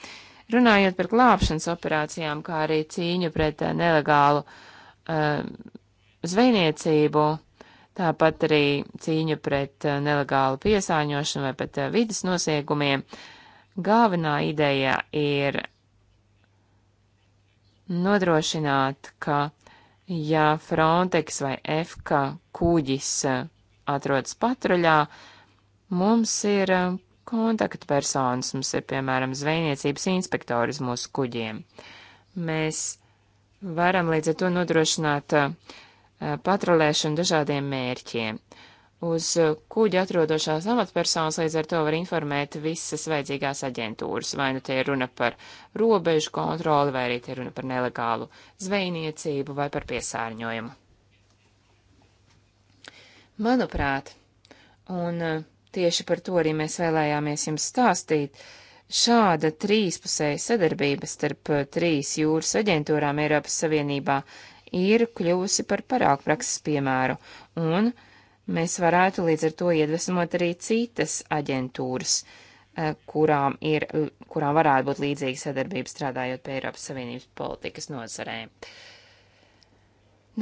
Speaker 3: Runājot par glābšanas operācijām, kā arī cīņu pret nelegālu uh, zvejniecību, tāpat arī cīņu pret uh, nelegālu piesāņošanu vai pat uh, vidas nosiegumiem, galvenā ideja ir nodrošināt, ka ja Frontex vai FK kūģis e, atrodas patruļā, mums ir e, kontaktpersonas, mums ir piemēram zvejniecības inspektori uz mūsu kuģiem. Mēs varam līdz ar to nodrošināt e, patrulēšanu dažādiem mērķiem. Uz uh, kuģa atrodošās amatpersonas līdz ar to var informēt visas vajadzīgās aģentūras, vai nu te ir runa par robežu kontroli, vai arī te ir runa par nelegālu zvejniecību vai par piesārņojumu. Manuprāt, un uh, tieši par to arī mēs vēlējāmies jums stāstīt, šāda trīspusēja sadarbība starp uh, trīs jūras aģentūrām Eiropas Savienībā ir kļuvusi par parākprakses piemēru, un Mēs varētu līdz ar to iedvesmot arī citas aģentūras, eh, kurām, ir, kurām varētu būt līdzīga sadarbība strādājot pie Eiropas Savienības politikas nozarē.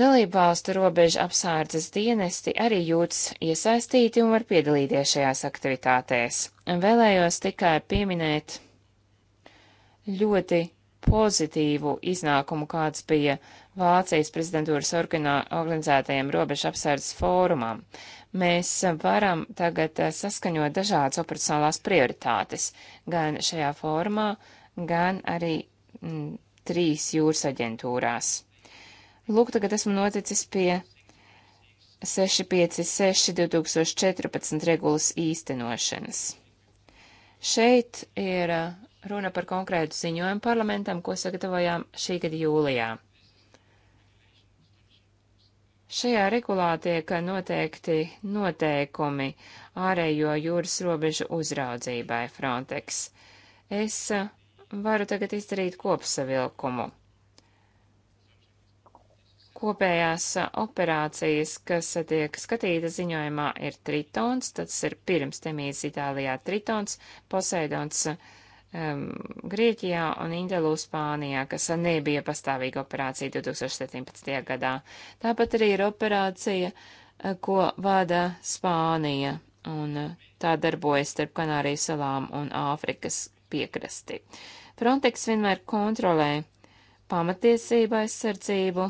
Speaker 3: Dalībvalstu robežu apsārdzes dienesti arī jūtas iesaistīti un var piedalīties šajās aktivitātēs. Vēlējos tikai pieminēt ļoti pozitīvu iznākumu, kāds bija Vācijas prezidentūras organizētajam robežu apsardzes fórumam. Mēs varam tagad eh, saskaņot dažādas operacionālās prioritātes gan šajā fórumā, gan arī m, mm, trīs jūras aģentūrās. Lūk, tagad esmu noticis pie 656 2014 regulas īstenošanas. Šeit ir eh, runa par konkrētu ziņojumu parlamentam, ko sagatavojām šī gada jūlijā. Šajā regulā tiek noteikti noteikumi ārējo jūras robežu uzraudzībai Frontex. Es eh, varu tagad izdarīt kopsavilkumu. Kopējās eh, operācijas, kas tiek skatīta ziņojumā, ir Tritons, tas ir pirms temīts Itālijā Tritons, Poseidons, uh, um, Grieķijā un Indelu Spānijā, kas nebija pastāvīga operācija 2017. gadā. Tāpat arī ir operācija, eh, ko vada Spānija, un eh, tā darbojas starp Kanārijas salām un Āfrikas piekrasti. Frontex vienmēr kontrolē pamatiesību aizsardzību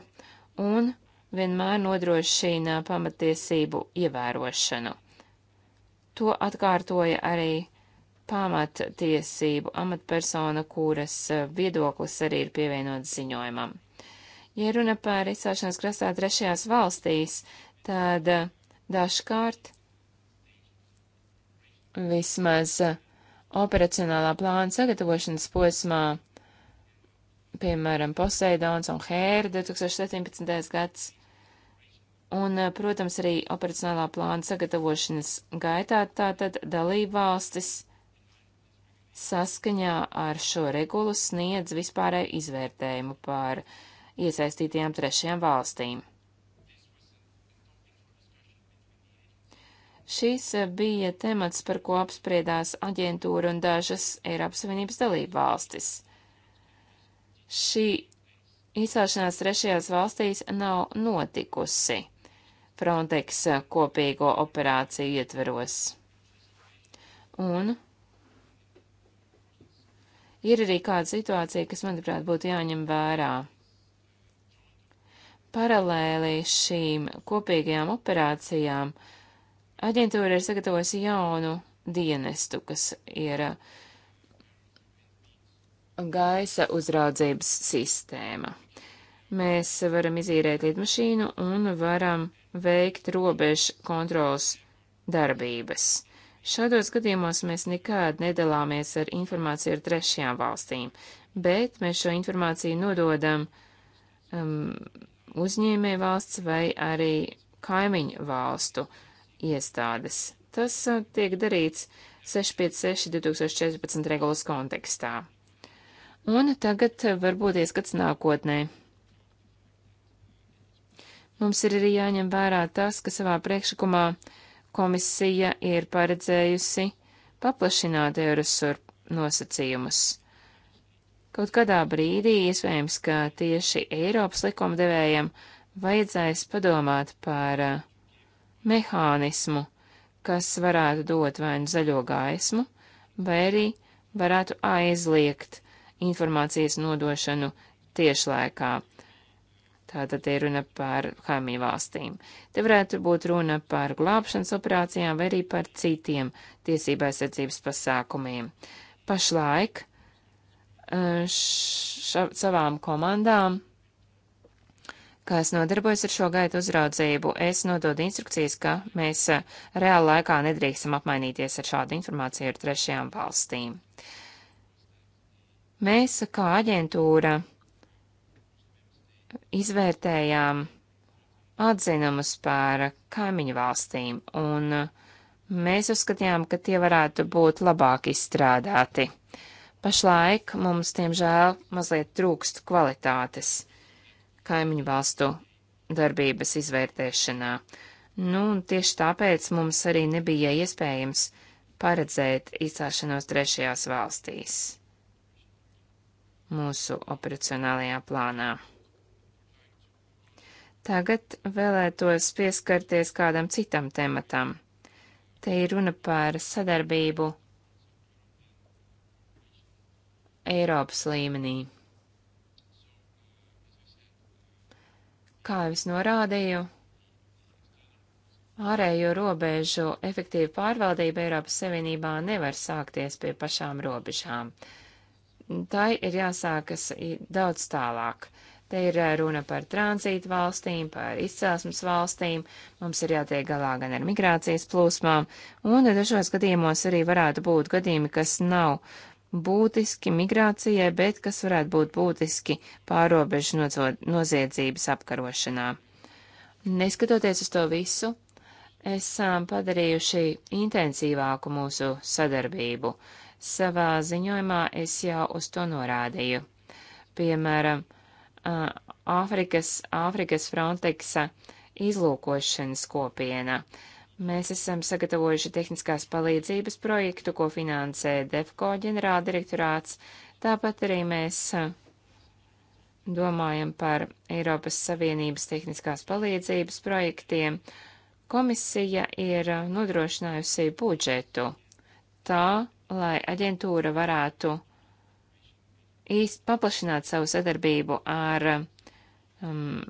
Speaker 3: un vienmēr nodrošina pamatiesību ievērošanu. To atkārtoja arī pamattiesību amatpersona, kuras eh, viedoklis arī ir pievienots ziņojumam. Ja runa par izcelšanās krastā trešajās valstīs, tad eh, dažkārt vismaz eh, operacionālā plāna sagatavošanas posmā, piemēram, Poseidons un Hēra 2017. gads, un, protams, arī operacionālā plāna sagatavošanas gaitā tātad dalībvalstis valstis saskaņā ar šo regulu sniedz vispārēju izvērtējumu par iesaistītajām trešajām valstīm. Šis bija temats, par ko apspriedās aģentūra un dažas Eiropas Savienības dalība valstis. Šī izcelšanās trešajās valstīs nav notikusi Frontex kopīgo operāciju ietveros. Un Ir arī kāda situācija, kas, manuprāt, būtu jāņem vērā. Paralēli šīm kopīgajām operācijām aģentūra ir sagatavojusi jaunu dienestu, kas ir uh, gaisa uzraudzības sistēma. Mēs varam izīrēt lidmašīnu un varam veikt robežu kontrols darbības. Šādos gadījumos mēs nekad nedalāmies ar informāciju ar trešajām valstīm, bet mēs šo informāciju nododam um, uzņēmē valsts vai arī kaimiņu valstu iestādes. Tas uh, tiek darīts 656 2014 regulas kontekstā. Un tagad uh, varbūt ieskats nākotnē. Mums ir arī jāņem vērā tas, ka savā priekšlikumā uh, Komisija ir paredzējusi paplašināt Eurosur nosacījumus. Kaut kādā brīdī iespējams, ka tieši Eiropas likumdevējiem vajadzēs padomāt par uh, mehānismu, kas varētu dot vai nu zaļo gaismu, vai arī varētu aizliegt informācijas nodošanu tiešlaikā. Tātad ir runa par kaimiņu valstīm. Te varētu būt runa par glābšanas operācijām vai arī par citiem tiesībā aizsardzības pasākumiem. Pašlaik ša, savām komandām, kas nodarbojas ar šo gaitu uzraudzību, es nododu instrukcijas, ka mēs reāli laikā nedrīkstam apmainīties ar šādu informāciju ar trešajām valstīm. Mēs, kā aģentūra, izvērtējām atzinumus par kaimiņu valstīm, un mēs uzskatījām, ka tie varētu būt labāk izstrādāti. Pašlaik mums, diemžēl, mazliet trūkst kvalitātes kaimiņu valstu darbības izvērtēšanā. Nu, un tieši tāpēc mums arī nebija iespējams paredzēt izcēšanos trešajās valstīs mūsu operacionālajā plānā. Tagad vēlētos pieskarties kādam citam tematam. Te ir runa par sadarbību Eiropas līmenī. Kā jau es norādīju, ārējo robežu efektīva pārvaldība Eiropas Savienībā nevar sākties pie pašām robežām. Tai ir jāsākas daudz tālāk. Te ir eh, runa par tranzītu valstīm, par izcelsmes valstīm, mums ir jātiek galā gan ar migrācijas plūsmām, un dažos gadījumos arī varētu būt gadījumi, kas nav būtiski migrācijai, bet kas varētu būt būtiski pārobežu noziedzības apkarošanā. Neskatoties uz to visu, esam padarījuši intensīvāku mūsu sadarbību. Savā ziņojumā es jau uz to norādīju. Piemēram, Āfrikas, uh, Āfrikas Frontexa izlūkošanas kopiena. Mēs esam sagatavojuši tehniskās palīdzības projektu, ko finansē DEFCO ģenerāldirektorāts. Tāpat arī mēs uh, domājam par Eiropas Savienības tehniskās palīdzības projektiem. Komisija ir uh, nodrošinājusi budžetu tā, lai aģentūra varētu īst paplašināt savu sadarbību ar um,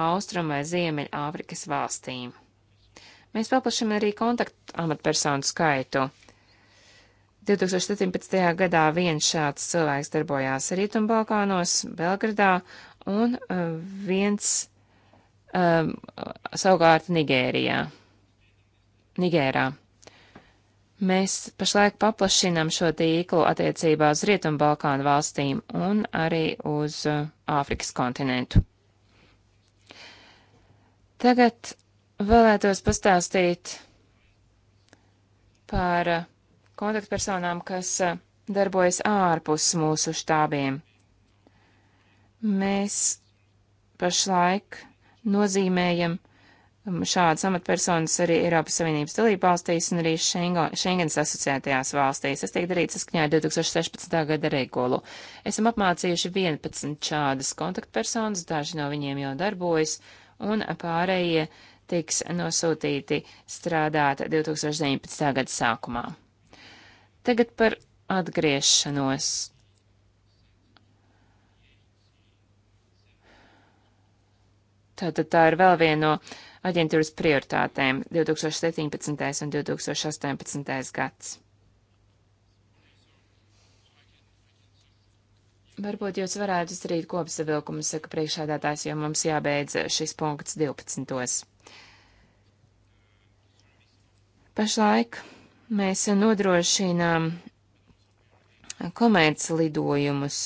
Speaker 3: Austrum vai Ziemeļ Āfrikas valstīm. Mēs paplašam arī kontaktu amatpersonu skaitu. 2017. gadā viens šāds cilvēks darbojās Rietumbalkānos, Belgradā, un uh, viens um, savukārt Nigērijā. Nigērā. Mēs pašlaik paplašinam šo tīklu attiecībā uz Rietumbalkānu valstīm un arī uz uh, Āfrikas kontinentu. Tagad vēlētos pastāstīt par uh, kontaktpersonām, kas uh, darbojas ārpus mūsu štābiem. Mēs pašlaik nozīmējam Um, šādas amatpersonas arī Eiropas Savienības dalība valstīs un arī Schengens asociētajās valstīs. Tas tiek darīts saskaņā ar 2016. gada regulu. Esam apmācījuši 11 šādas kontaktpersonas, daži no viņiem jau darbojas, un pārējie tiks nosūtīti strādāt 2019. gada sākumā. Tagad par atgriešanos. Tātad tā ir vēl viena no aģentūras prioritātēm 2017. un 2018. gads. Varbūt jūs varētu izdarīt kopsavilkumu, saka priekšādātājs, jo mums jābeidz šis punkts 12. Pašlaik mēs nodrošinām komerci lidojumus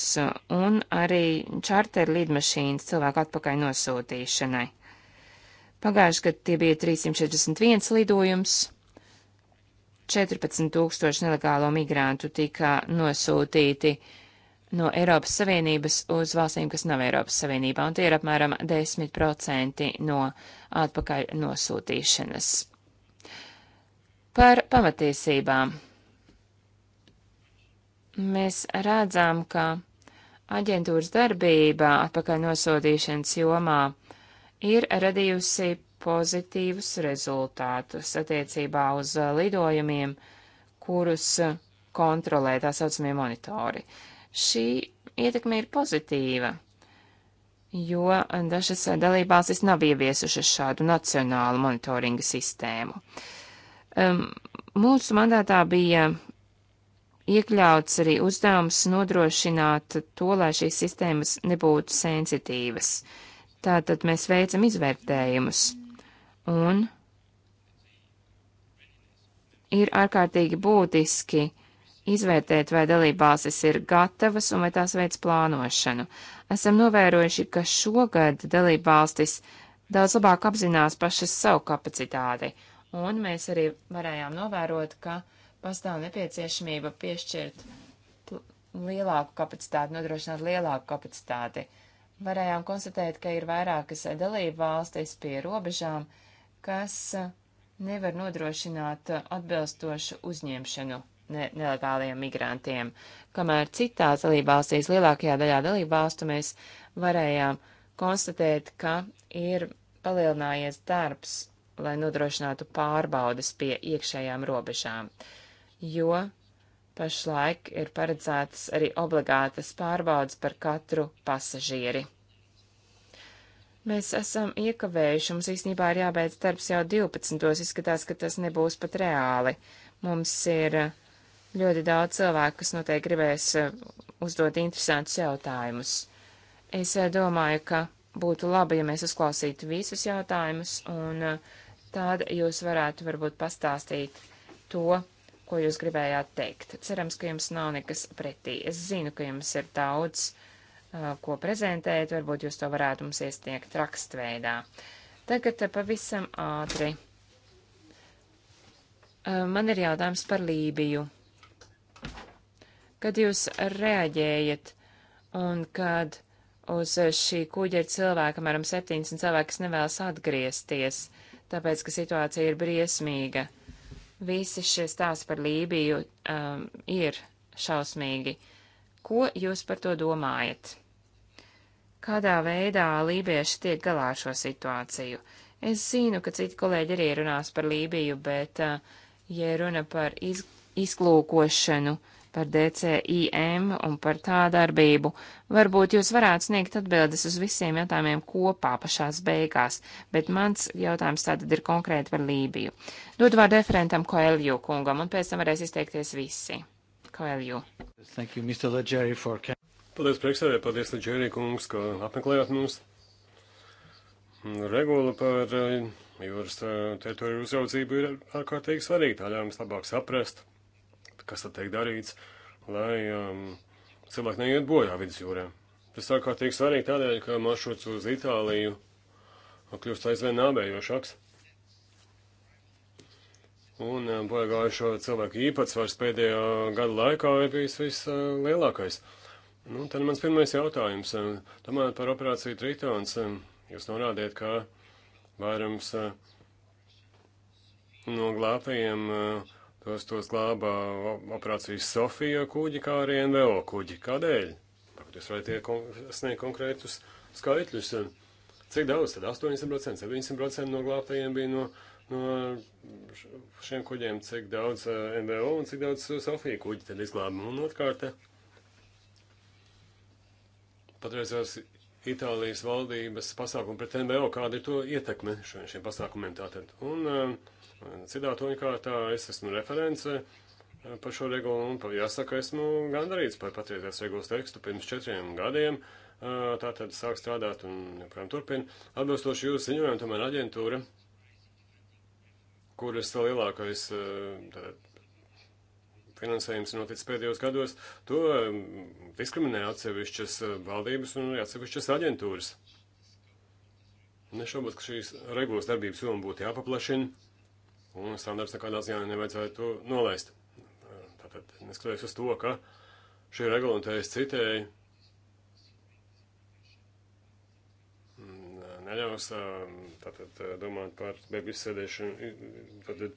Speaker 3: un arī čārteru lidmašīnas cilvēku atpakaļ nosūtīšanai. Pagājuši gadu tie bija 341 lidojums, 14 tūkstoši nelegālo migrantu tika nosūtīti no Eiropas Savienības uz valstīm, kas nav Eiropas Savienībā, un tie ir apmēram 10% no atpakaļ nosūtīšanas. Par pamatiesībām. Mēs redzam, ka aģentūras darbība atpakaļ nosūtīšanas jomā ir radījusi pozitīvus rezultātus attiecībā uz lidojumiem, kurus kontrolē tā saucamie monitori. Šī ietekme ir pozitīva, jo dažas dalībvalstis nav ieviesušas šādu nacionālu monitoringa sistēmu. Um, mūsu mandātā bija iekļauts arī uzdevums nodrošināt to, lai šīs sistēmas nebūtu sensitīvas. Uh, Tātad mēs veicam izvērtējumus, un ir ārkārtīgi būtiski izvērtēt, vai dalībvalstis ir gatavas un vai tās veids plānošanu. Esam novērojuši, ka šogad dalībvalstis daudz labāk apzinās pašas savu kapacitāti, un mēs arī varējām novērot, ka pastāv nepieciešamība piešķirt lielāku kapacitāti, nodrošināt lielāku kapacitāti. Uh, varējām konstatēt, ka ir vairākas dalība valstis pie robežām, kas nevar nodrošināt atbilstošu uzņemšanu ne nelegāliem migrantiem, kamēr citās dalība valstīs, lielākajā daļā dalība valstu mēs varējām konstatēt, ka ir palielinājies darbs, lai nodrošinātu pārbaudas pie iekšējām robežām, jo Pašlaik ir paredzētas arī obligātas pārbaudas par katru pasažieri. Mēs esam iekavējuši, mums īstenībā ir jābeidz darbs jau 12. izskatās, ka tas nebūs pat reāli. Mums ir ļoti daudz cilvēku, kas noteikti gribēs uh, uzdot interesantus jautājumus. Es uh, domāju, ka būtu labi, ja mēs uzklausītu visus jautājumus, un uh, tad jūs varētu varbūt pastāstīt to, ko jūs gribējāt teikt. Cerams, ka jums nav nekas pretī. Es zinu, ka jums ir daudz, uh, ko prezentēt, varbūt jūs to varētu mums iesniegt rakstveidā. Tagad uh, pavisam ātri. Uh, man ir jautājums par Lībiju. Kad jūs reaģējat un kad uz šī kuģa ir cilvēki, apmēram 70 cilvēki, kas nevēlas atgriezties, tāpēc, ka situācija ir briesmīga. Uh, Visi šie stāsti par Lībiju um, ir šausmīgi. Ko jūs par to domājat? Kādā veidā lībieši tiek galā ar šo situāciju? Es zinu, ka citi kolēģi arī runās par Lībiju, bet, uh, ja runa par iz, izklūkošanu, uh, par DCIM un par tā darbību. Varbūt jūs varētu sniegt atbildes uz visiem jautājumiem kopā pašās beigās, bet mans jautājums tātad ir konkrēti par Lībiju. Dod vārdu referentam Koelju kungam, un pēc tam varēs izteikties visi. Koelju.
Speaker 4: Thank you, Mr. Leggeri, for...
Speaker 2: Paldies, priekšsēdē, paldies, Leģērija kungs, ka apmeklējāt mūs. Regula par eh, jūras eh, teritoriju uzraudzību ir ārkārtīgi svarīga, tā ļauj mums labāk saprast, kas tad tiek darīts, lai um, cilvēki neiet bojā vidusjūrā. Tas ārkārtīgi svarīgi tādēļ, ka maršruts uz Itāliju kļūst aizvien nāvējošāks. Un um, bojāgājušo cilvēku īpatsvars pēdējā gada laikā ir bijis vislielākais. Nu, tad mans pirmais jautājums. Um, domājot par operāciju Tritons, um, jūs norādījat, ka vairums uh, no glābtajiem uh, Tos, tos glāba operācijas Sofija kuģi, kā arī NVO kuģi. Kādēļ? Tagad jūs varat kon sniegt konkrētus skaitļus. Cik daudz? Tad 800%, 700% no glābtajiem bija no, no šiem kuģiem. Cik daudz eh, NVO un cik daudz Sofija kuģi tad izglāba? Un otrkārt, eh, patreizās Itālijas valdības pasākumu pret NVO, kāda ir to ietekme šiem, šiem pasākumiem tātad. Un, uh, Citāta unikātā es esmu referents eh, par šo regulu un jāsaka, esmu gandarīts par patrietās regulas tekstu pirms četriem gadiem. Eh, tātad sāk strādāt un joprojām turpina. Atbilstoši jūsu ziņojumu, tomēr aģentūra, kuras lielākais eh, tātad, finansējums ir noticis pēdējos gados, to diskriminē atsevišķas valdības un atsevišķas aģentūras. Nešaubos, ka šīs regulas darbības joma būtu jāpaplašina. Un standarts nekādā ziņā nevajadzētu nolaist. Tātad, neskatoties uz to, ka šī regulantējas citēji neļaus um, tātad uh, domāt par bēgļu izsēdēšanu, tātad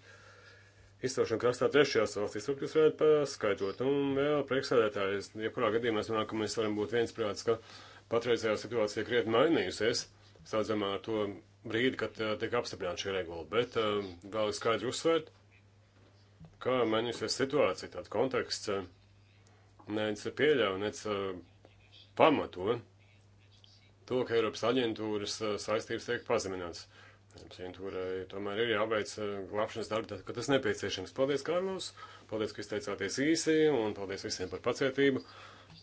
Speaker 2: izstāšanu krastā trešajās valstīs, to jūs varētu paskaidrot. Un vēl priekšsēdētājs, ja kurā gadījumā es domāju, ka mēs varam būt viensprāts, ka patreizējā situācija krietni mainījusies, sādzamā ar to brīdi, kad eh, tiek apstiprināta šī regula, bet eh, vēl ir skaidri uzsvērt, kā mainīsies situācija, tāds konteksts eh, nec pieļauj, nec pamato to, ka Eiropas aģentūras saistības tiek pazemināts. Aģentūrai tomēr ir jāveic glābšanas darbi, tad, kad tas nepieciešams. Paldies, Kārlis! Paldies, ka izteicāties īsi, un paldies visiem par pacietību.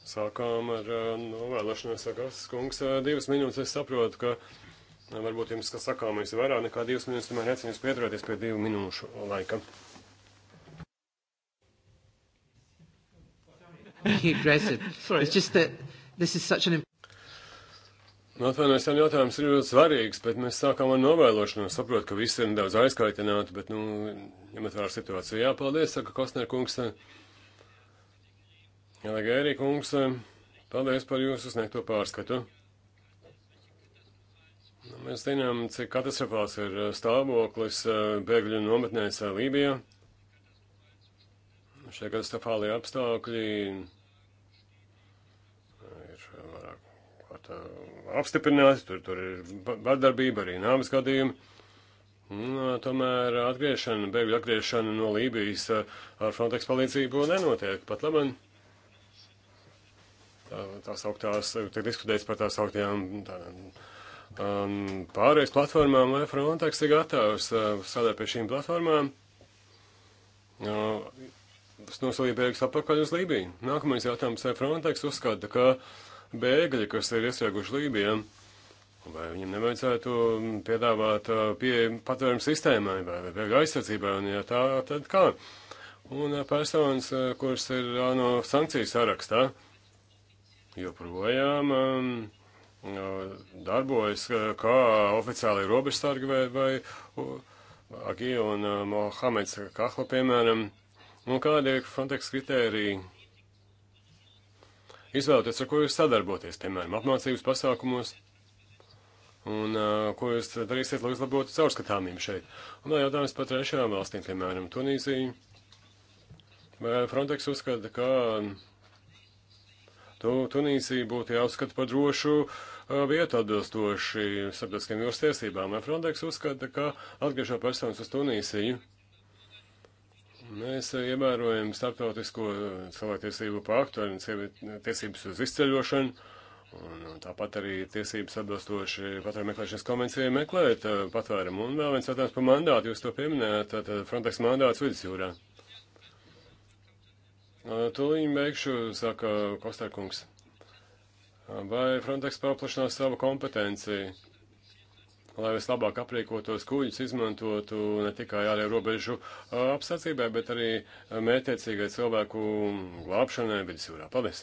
Speaker 2: Sākām ar novēlošanos, nu, sākās kungs, divas minūtes. Es saprotu, ka Nu, varbūt jums, kas sakām, ir vairāk nekā divas minūtes, tomēr aicinu jūs pieturēties pie divu minūšu laika. Nu, atvainojos, jau jautājums ir ļoti svarīgs, bet mēs sākām ar novēlošanos. Saprotu, ka visi ir nedaudz aizkaitināti, bet, nu, ņemot vērā situāciju, jāpaldies, saka Kostner kungs, Jālēgērī kungs, paldies par jūsu sniegto pārskatu. Mēs zinām, cik katastrofāls ir eh, stāvoklis eh, bēgļu nometnēs eh, Lībijā. Šie katastrofālie apstākļi ir vairāk kārt apstiprināti, tur, tur ir vardarbība, arī nāves gadījumi. Un, tomēr atgriešana, bēgļu atgriešana no Lībijas ar Frontex palīdzību nenotiek pat labam tās augtās, tiek diskutēts par tās augtajām tādām um, pārējais platformām, vai Frontex ir gatavs uh, sadarbēt pie šīm platformām. Uh, tas nosūtīja bēgļus atpakaļ uz Lībiju. Nākamais jautājums, vai Frontex uzskata, ka bēgļi, kas ir iestrēguši Lībijā, vai viņam nevajadzētu piedāvāt uh, pie patvērumu sistēmai vai, vai bēgļu aizsardzībai, un ja tā, tad kā? Un uh, personas, uh, kuras ir uh, no sankciju sarakstā, joprojām. Um, darbojas kā oficiāli robežsargi vai, vai Agī un Mohameds Kahla, piemēram. Un kādi ir Frontex kritēriji? Izvēlēties, ar ko jūs sadarboties, piemēram, apmācības pasākumos, un uh, ko jūs darīsiet, lai uzlabotu caurskatāmību šeit. Un vēl jautājums par trešajām valstīm, piemēram, Tunīziju. Vai Frontex uzskata, ka tu, Tunīzija būtu jāuzskata par drošu uh, vietu atbilstoši starptautiskiem jūras tiesībām. Frontex uzskata, ka atgriežot personas uz Tunīsiju, mēs ievērojam starptautisko cilvēktiesību paktu un tiesības uz izceļošanu. Un tāpat arī tiesības atbilstoši patvērumu meklēšanas konvencijai meklēt patvērumu. Un vēl viens jautājums par mandātu. Jūs to pieminējāt, tātad Frontex mandāts vidusjūrā. Tūlīt beigšu, saka Kostārkungs. Vai Frontex paplašinās savu kompetenciju, lai vislabāk aprīkotos kuģus, izmantotu ne tikai ārēju robežu apsacībai, bet arī mērķiecīgai cilvēku glābšanai vidusjūrā? Paldies!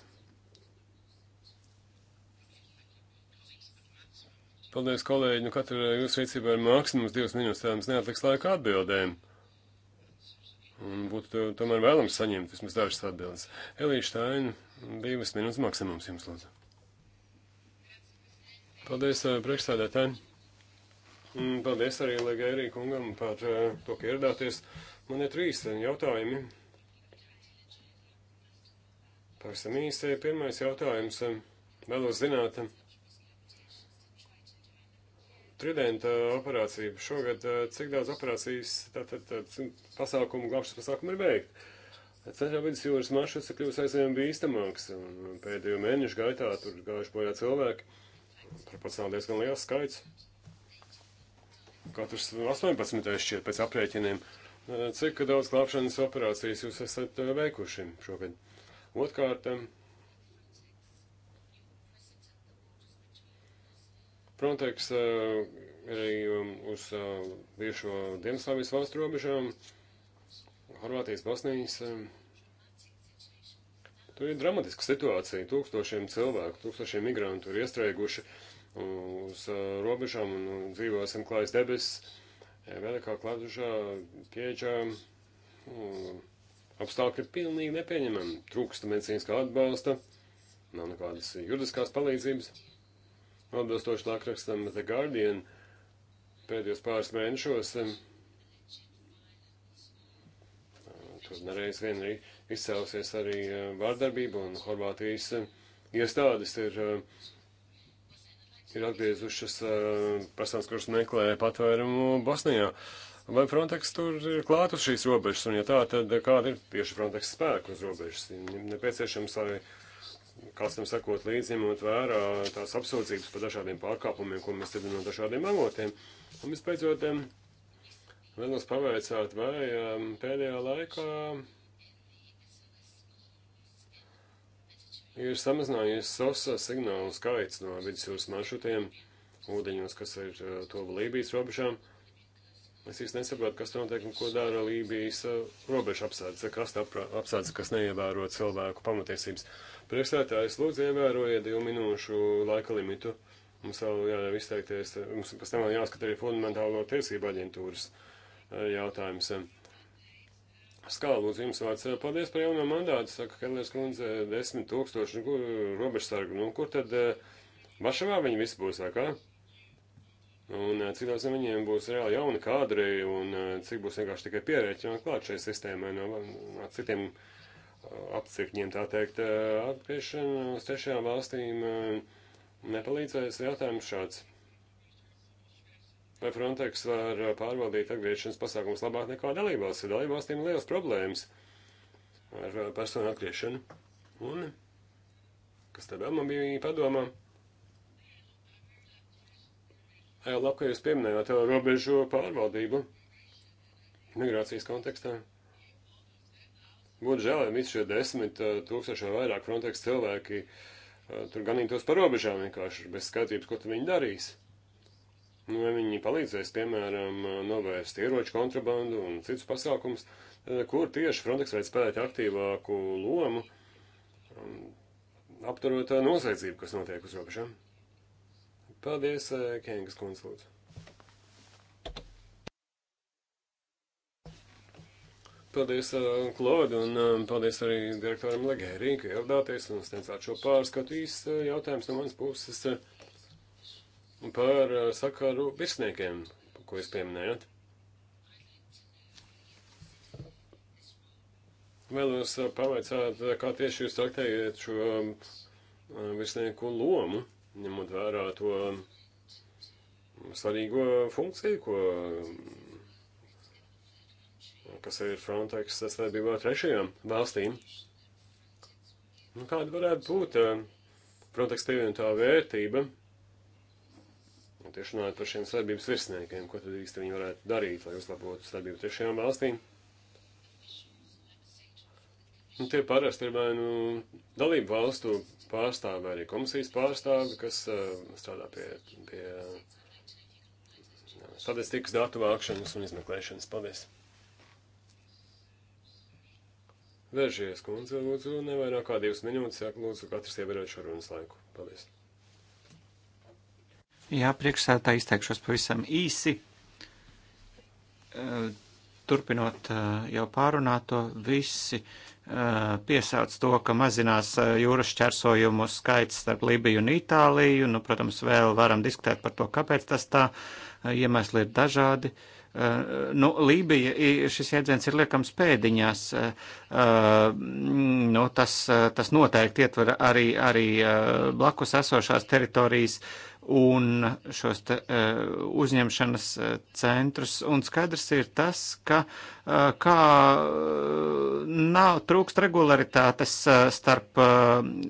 Speaker 2: Paldies, kolēģi! Nu, katra jūsu rīcībā ir maksimums divas minūtes, tādams neatliks laika atbildēm. Un būtu tomēr vēlams saņemt vismaz dažas atbildes. Elīša Taina, divas minūtes maksimums jums, lūdzu. Paldies, eh, priekšsēdētāji. Mm, paldies arī Ligērī kungam par eh, to, ka ieradāties. Man ir trīs eh, jautājumi. Pavisam īsi pirmais jautājums. Vēlos zināt, tridenta operācija šogad, cik daudz operācijas, tātad tā, tā, pasākumu, glābšanas pasākumu ir veikt? Centrā vidus jūras maršruts ir kļuvis aizvien bīstamāks, un pēdējo mēnešu gaitā tur gājuši bojā cilvēki. Turpat nav diezgan liels skaits. Katrs 18. šķiet pēc aprēķiniem. Cik daudz glābšanas operācijas jūs esat veikuši šogad? Otkārt, Frontex ir arī um, uz bijušo Dienaslāvijas valstu robežām, Horvātijas, Bosnijas. Tur ir dramatiska situācija. Tūkstošiem cilvēku, tūkstošiem migrantu ir iestrēguši uz uh, robežām un dzīvosim klājas debesis, e, velikā klātušā, ķēķā. Uh, apstākļi ir pilnīgi nepieņemami. Trūksta medicīniskā atbalsta, nav nekādas juridiskās palīdzības. Atbilstoši lakrakstam The Guardian pēdējos pāris mēnešos um, uh, tur nereiz vien arī izcēlusies arī vārdarbība un Horvātijas um, iestādes ir uh, ir atgriezušas eh, personas, kuras meklē patvērumu Bosnijā. Vai Frontex tur ir klāt uz šīs robežas, un ja tā, tad eh, kāda ir tieši Frontex spēka uz robežas? Nepieciešams, lai kāds tam sakot līdzi, ņemot vērā tās apsūdzības par dažādiem pārkāpumiem, ko mēs dzirdam no dažādiem avotiem. Un vispēcot, vēlos pavaicāt, vai pēdējā laikā ir samazinājies SOSA signālu skaits no vidusjūras maršrutiem, ūdeņos, kas ir eh, tuvu Lībijas robežām. Es īsti nesaprotu, kas notiek un ko dara Lībijas eh, robeža apsādze, kas apsādze, kas neievēro cilvēku pamatiesības. Priekšsētājs lūdzu ievērojiet divu minūšu laika limitu. Mums vēl jāļauj izteikties, eh, mums pēc tam vēl jāskat arī fundamentālo tiesību aģentūras jautājums. Skala, lūdzu, jums vārds. Paldies par jauno mandātu, saka Kellers kundze, desmit tūkstoši nu, robežsargu. Nu, kur tad eh, Vašavā viņi visi būs, vai kā? Un eh, cik daudz viņiem būs reāli jauni kadri un eh, cik būs vienkārši tikai pierēķināt klāt šai sistēmai no, no citiem apcirkņiem, tā teikt, atgriešana uz trešajām valstīm nepalīdzēs jautājums šāds. Vai Frontex var uh, pārvaldīt atgriešanas pasākums labāk nekā dalībvalsts? Dalībvalstīm ir liels problēmas ar uh, personu atgriešanu. Un kas tad vēl man bija padomā? Jā, labi, ka jūs pieminējāt robežu pārvaldību migrācijas kontekstā. Būtu žēl, ja visi šie desmit uh, tūkstoši vai vairāk Frontex cilvēki tur ganītos par robežām vienkārši bez skatības, ko viņi darīs. Nu, ja viņi palīdzēs, piemēram, novērst ieroču kontrabandu un citus pasākumus, kur tieši Frontex veids spēlēt aktīvāku lomu, um, apturot uh, noziedzību, kas notiek uz robežām. Paldies, uh, Kēngas kundze, lūdzu. Paldies, uh, Klauda, un um, paldies arī direktoram Legērī, ka ievadāties un sniedzāt šo pārskatu. Īsts jautājums no manas puses. Uh, par eh, sakaru virsniekiem, ko jūs pieminējat. Vēlos eh, pavaicāt, eh, kā tieši jūs traktējat šo virsnieku lomu, ņemot vērā to mm, svarīgo funkciju, ko, mm, kas ir Frontex sadarbībā trešajām valstīm. Nu, kāda varētu būt Frontex pievienotā vērtība? Tieši runājot par šiem sadarbības virsniekiem, ko tad īsti viņi varētu darīt, lai uzlabotu sadarbību trešajām valstīm. Un nu, tie parasti ir vai nu dalību valstu pārstāvi vai arī komisijas pārstāvi, kas uh, strādā pie, pie uh, statistikas datu vākšanas un izmeklēšanas. Paldies! Vēršies, kundze, lūdzu, nevairāk kā divas minūtes, saka, lūdzu, katrs ievērot šo runas laiku. Paldies!
Speaker 4: Jā, priekšsētā izteikšos pavisam īsi. Eh, turpinot eh, jau pārunāto, visi eh, piesauc to, ka mazinās jūras šķērsojumu skaits starp Libiju un Itāliju. Nu, protams, vēl varam diskutēt par to, kāpēc tas tā. Iemesli ir dažādi. Uh, nu, Lībija, šis jēdziens ir liekams pēdiņās. Uh, nu, tas, tas noteikti ietver arī, arī blakus esošās teritorijas uh, un šos te, e, uzņemšanas e, centrus. Un skaidrs ir tas, ka e, kā nav trūkst regularitātes starp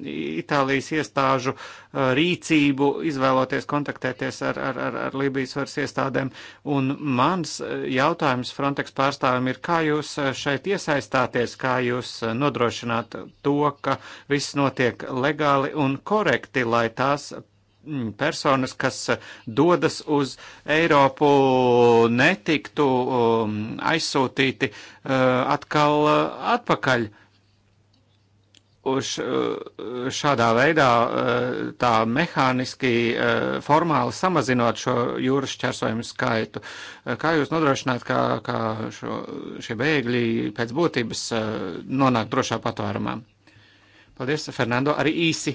Speaker 4: Itālijas iestāžu rīcību, izvēloties kontaktēties ar, ar, ar, ar Lībijas varas iestādēm. Un mans jautājums Frontex pārstāvim ir, kā jūs šeit iesaistāties, kā jūs nodrošināt to, ka viss notiek legāli un korekti, lai tās Mm, personas, kas eh, dodas uz Eiropu, netiktu um, aizsūtīti eh, atkal eh, atpakaļ. Uz šādā veidā tā mehāniski, formāli samazinot šo jūras šķērsojumu skaitu. Kā jūs nodrošināt, ka, ka šo, šie bēgļi pēc būtības nonāk drošā patvērumā? Paldies, Fernando, arī īsi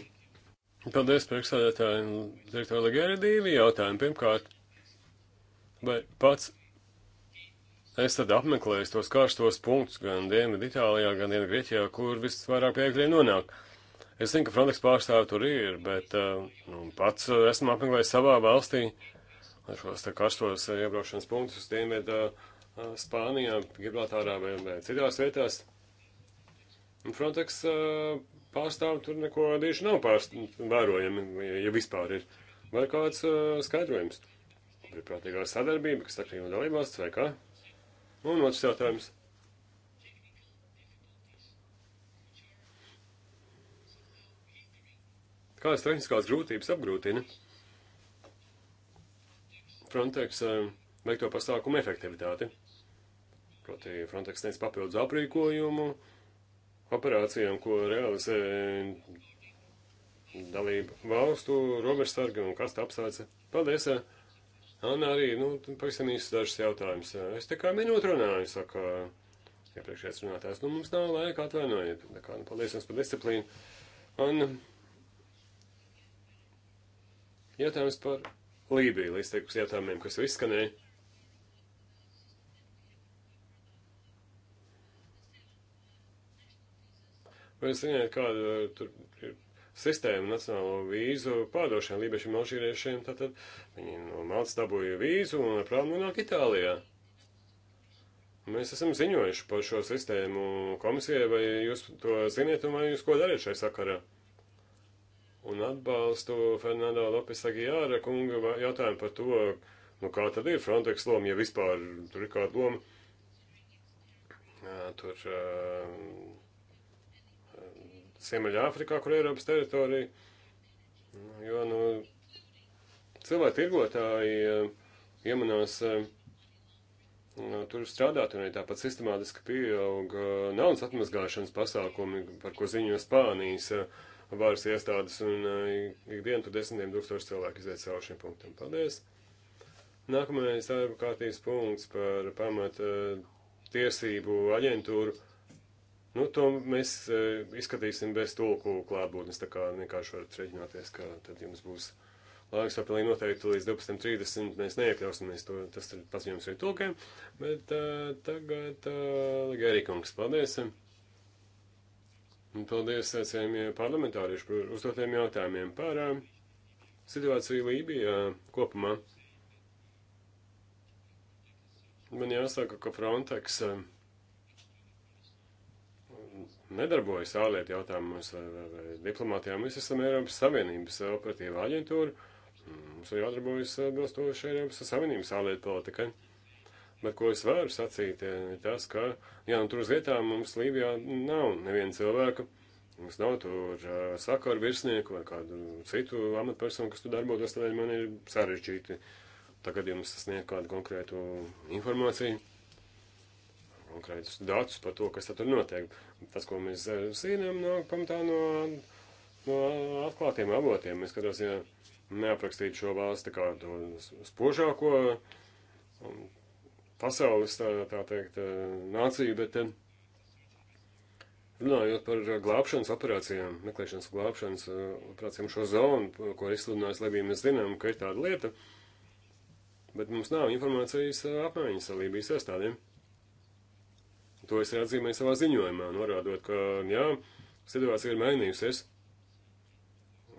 Speaker 2: Paldies, priekšsādātāji un direktori Ligēri divi jautājumi. Pirmkārt, vai pats es tad apmeklēju tos karstos punktus gan Dienvidu Itālijā, gan Dienvidu Grieķijā, kur visvairāk piekļuvi nonāk? Es zinu, ka Frontex pārstāvi tur ir, bet eh, nu, pats eh, esmu apmeklējis savā valstī šos te karstos eh, iebraukšanas punktus Dienvidu Spānijā, Gibraltārā vai, vai citās vietās. Un Frontex pārstāvju tur neko īši nav vērojami, ja vispār ir. Vai kāds skaidrojums? Brīvprātīgā sadarbība, kas atkarīga no dalībvalsts vai kā? Un otrs jautājums. Kādas tehniskās grūtības apgrūtina Frontex veikto pasākumu efektivitāti? Proti, Frontex sniedz papildus aprīkojumu, uh, operācijām, ko realizē dalība valstu, robežsarga un kasta apstāce. Paldies! Anna arī, nu, pavisam īsts dažs jautājums. Es tikai minūtu runāju, saka iepriekšējais ja runātājs. Nu, mums nav laika, atvainojiet. Tā kā, nu, paldies jums par disciplīnu. Anna, jautājums par Lībiju, līdz teikus jautājumiem, kas jau izskanēja. Vai jūs zināt, kāda uh, tur ir sistēma nacionālo vīzu pārdošana lībiešiem, alžīriešiem? Tātad viņi no Maltas dabūja vīzu un ar prāvu nonāk Itālijā. Mēs esam ziņojuši par šo sistēmu komisijai, vai jūs to ziniet un vai jūs ko dariet šai sakarā? Un atbalstu Fernando Lopes Aguijāra kunga jautājumu par to, nu kā tad ir Frontex loma, ja vispār tur ir kāda loma. Tur uh, Ziemeļāfrikā, kur Eiropas teritorija. Jo, nu, cilvēki tirgotāji eh, iemanās eh, tur strādāt, un arī tāpat sistemātiski pieauga eh, naudas atmazgāšanas pasākumi, par ko ziņo Spānijas varas iestādes, un ikdienu tur desmitiem tūkstoši cilvēku iziet cauri šim punktam. Paldies! Nākamais darba kārtības punkts par pamata tiesību aģentūru Nu, to mēs e, izskatīsim bez tulku klātbūtnes, tā kā vienkārši varat rēģināties, ka tad jums būs laiks vēl pilnīgi noteikti līdz 12.30. Mēs neiekļausimies to, tas ir paziņojums arī tulkiem, bet uh, tagad uh, e, Gerikungs, paldies! Un paldies cienījamie parlamentārieši par uzdotiem jautājumiem par uh, situāciju Lībijā kopumā. Man jāsaka, ka Frontex. Uh, nedarbojas ārlietu jautājumos vai, vai, vai diplomātijā. Mēs esam Eiropas Savienības operatīva aģentūra. Mums ir jādarbojas atbilstoši Eiropas Savienības ārlietu politikai. Bet ko es varu sacīt, ir tas, ka, jā, nu tur uz vietām mums Lībijā nav neviena cilvēka. Mums nav tur sakaru virsnieku vai kādu citu amatpersonu, kas tur darbotos, tādēļ man ir sarežģīti tagad jums sniegt kādu konkrētu informāciju konkrētus datus par to, kas tur notiek. Tas, ko mēs zinām, eh, nāk pamatā no, no atklātiem avotiem. Mēs katrā ziņā neaprakstītu šo valsti kā to spožāko um, pasaules, tā, tā teikt, eh, nāciju, bet eh, runājot par glābšanas operācijām, meklēšanas glābšanas operācijām šo zonu, ko ir izsludinājis Libija, mēs zinām, ka ir tāda lieta, bet mums nav informācijas apmaiņas ar Libijas iestādēm. Ja To es atzīmēju savā ziņojumā, norādot, ka, jā, situācija ir mainījusies.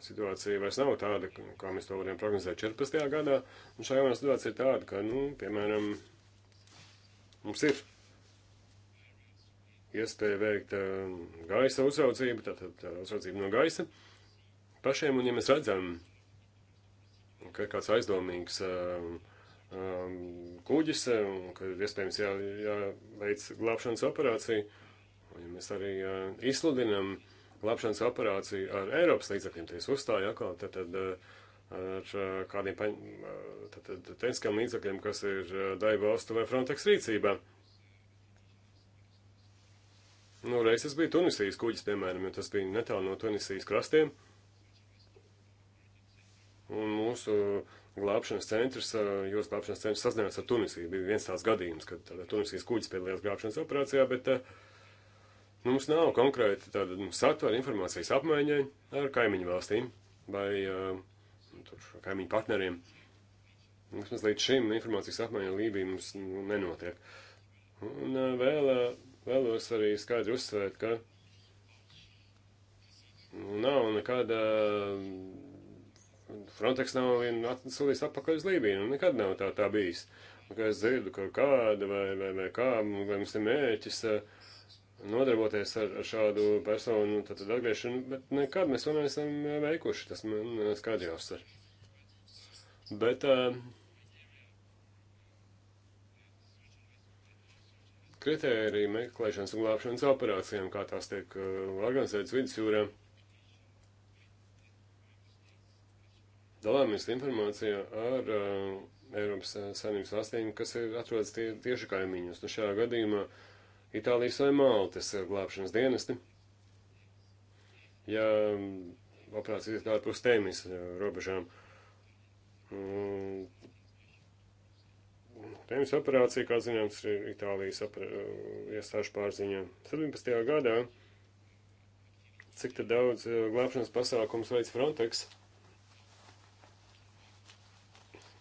Speaker 2: Situācija vairs nav tāda, kā mēs to varējām prognozēt 14. gadā, un šajā jaunā situācija ir tāda, ka, nu, piemēram, mums ir iespēja veikt uh, gaisa uzraudzību, tātad tā, tā uzraudzību no gaisa pašiem, un ja mēs redzam, ka ir kāds aizdomīgs uh, um, kuģis un um, ka iespējams jā, jāveic glābšanas operācija. Un, ja mēs arī uh, izsludinam glābšanas operāciju ar Eiropas līdzakļiem, tie uzstāja atkal, tad, tad uh, ar uh, kādiem uh, tehniskiem līdzakļiem, kas ir uh, Daiba valstu vai Frontex rīcībā. Nu, reiz tas bija Tunisijas kuģis, piemēram, jo tas bija netālu no Tunisijas krastiem. Un mūsu glābšanas centrs, jūras glābšanas centrs sazinājās ar Tunisiju. Bija viens tāds gadījums, kad tāda Tunisijas kuģis piedalījās glābšanas operācijā, bet nu, mums nav konkrēti tāda nu, satvera informācijas apmaiņai ar kaimiņu valstīm vai nu, tur, kaimiņu partneriem. Vismaz līdz šim informācijas apmaiņa Lībija mums nu, nenotiek. Un vēl, vēlos arī skaidri uzsvērt, ka nu, nav nekāda Frontex nav atsūlījis atpakaļ uz Lībiju, nu nekad nav tā, tā bijis. Un, kā es dzirdu, ka kāda vai, vai, vai kā, vai mums ir mērķis eh, nodarboties ar, ar šādu personu nu, tad, tad atgriešanu, bet nekad mēs to neesam eh, veikuši, tas man skaidri jāuzsver. Bet uh, kritērija meklēšanas un glābšanas operācijām, kā tās tiek uh, organizētas vidusjūrā, uh, dalāmies informācijā ar uh, Eiropas eh, Savienības valstīm, kas ir atrodas tie, tieši kaimiņos. Nu, šajā gadījumā Itālijas vai Maltas eh, glābšanas dienesti. Ja mm, operācijas kā ārpus tēmis robežām. Mm, tēmis operācija, kā zināms, ir Itālijas iestāžu pārziņā. 17. gadā, cik tad daudz glābšanas pasākums veids Frontex?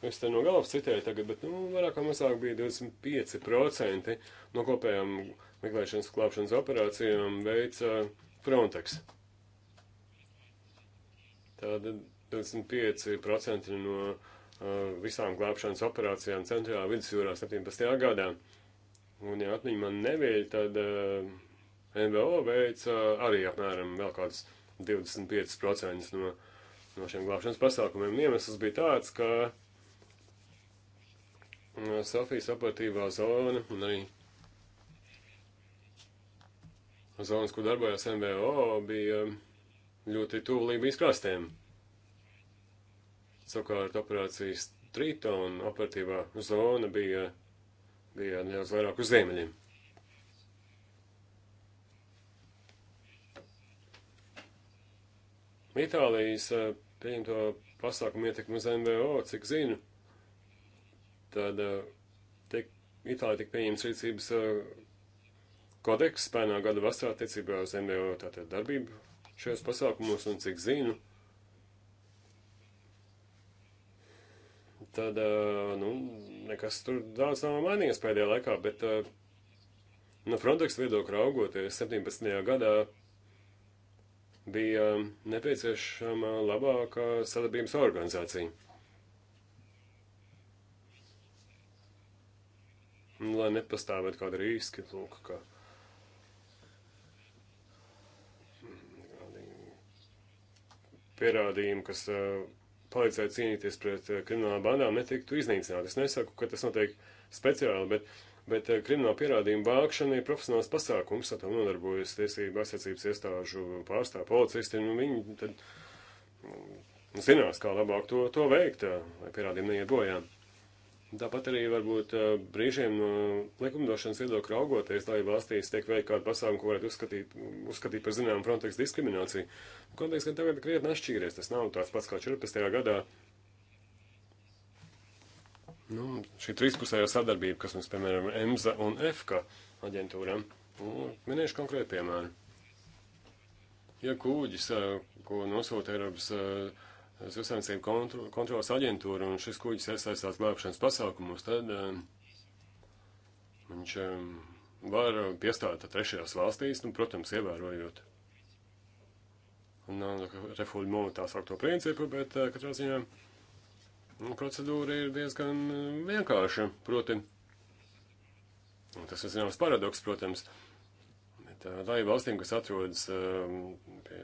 Speaker 2: Es te no galvas citēju tagad, bet nu, vairāk vai mazāk bija 25% no kopējām meklēšanas klāpšanas operācijām veica Frontex. Tāda 25% no uh, visām glābšanas operācijām centrālā vidusjūrā 17. gadā. Un, ja atmiņa man nevēļ, tad uh, NVO veica uh, arī apmēram vēl kāds 25% no, no šiem glābšanas pasākumiem. Iemesls bija tāds, ka uh, Sofijas operatīvā zona un arī zonas, kur darbojās MVO, bija ļoti tuvu Lībijas krastiem. Savukārt operācijas Triton operatīvā zona bija, bija nedaudz vairāk uz ziemeļiem. Itālijas eh, pieņemto pasākumu ietekmi uz MVO, cik zinu, Tad eh, tiek, Itālijā tika pieņems rīcības eh, kodeks pērnā gada vasarā attiecībā uz MBO tātad darbību šajos pasākumos, un cik zinu, tad, eh, nu, nekas tur daudz nav mainījies pēdējā laikā, bet no Frontex viedokļa raugoties 17. gadā bija nepieciešama labāka sadarbības organizācija. nu, lai nepastāvētu kāda riski, lūk, ka pierādījumi, kas uh, palīdzēja cīnīties pret uh, kriminālām bandām, netiktu iznīcināti. Es nesaku, ka tas notiek speciāli, bet, bet uh, krimināla pierādījuma vākšana ir profesionāls pasākums, ar to nodarbojas tiesība aizsardzības iestāžu pārstāv policisti, un viņi tad um, zinās, kā labāk to, to veikt, lai pierādījumi neiet bojām. Tāpat arī varbūt brīžiem likumdošanas viedokļu augoties, lai valstīs tiek veikta kāda pasākuma, ko varētu uzskatīt, uzskatīt par zināmu Frontex diskrimināciju. Konteksts gan tagad krietni atšķīries, tas nav tāds pats kā 14. gadā. Nu, šī trīspusējā sadarbība, kas mums, piemēram, EMSA un EFKA aģentūram, nu, minēšu konkrēti piemēru. Ja kūģis, ko nosūta Eiropas uh, Zivsaimniecību kontro, kontrolas aģentūra un šis kuģis iesaistās glābšanas pasākumus, tad um, viņš um, var piestāt trešajās valstīs, nu, protams, ievērojot un nu, refuļmo tā saukto principu, bet uh, katrā ziņā nu, procedūra ir diezgan vienkārša, proti, un tas ir zināms paradoks, protams, bet uh, lai valstīm, kas atrodas uh, pie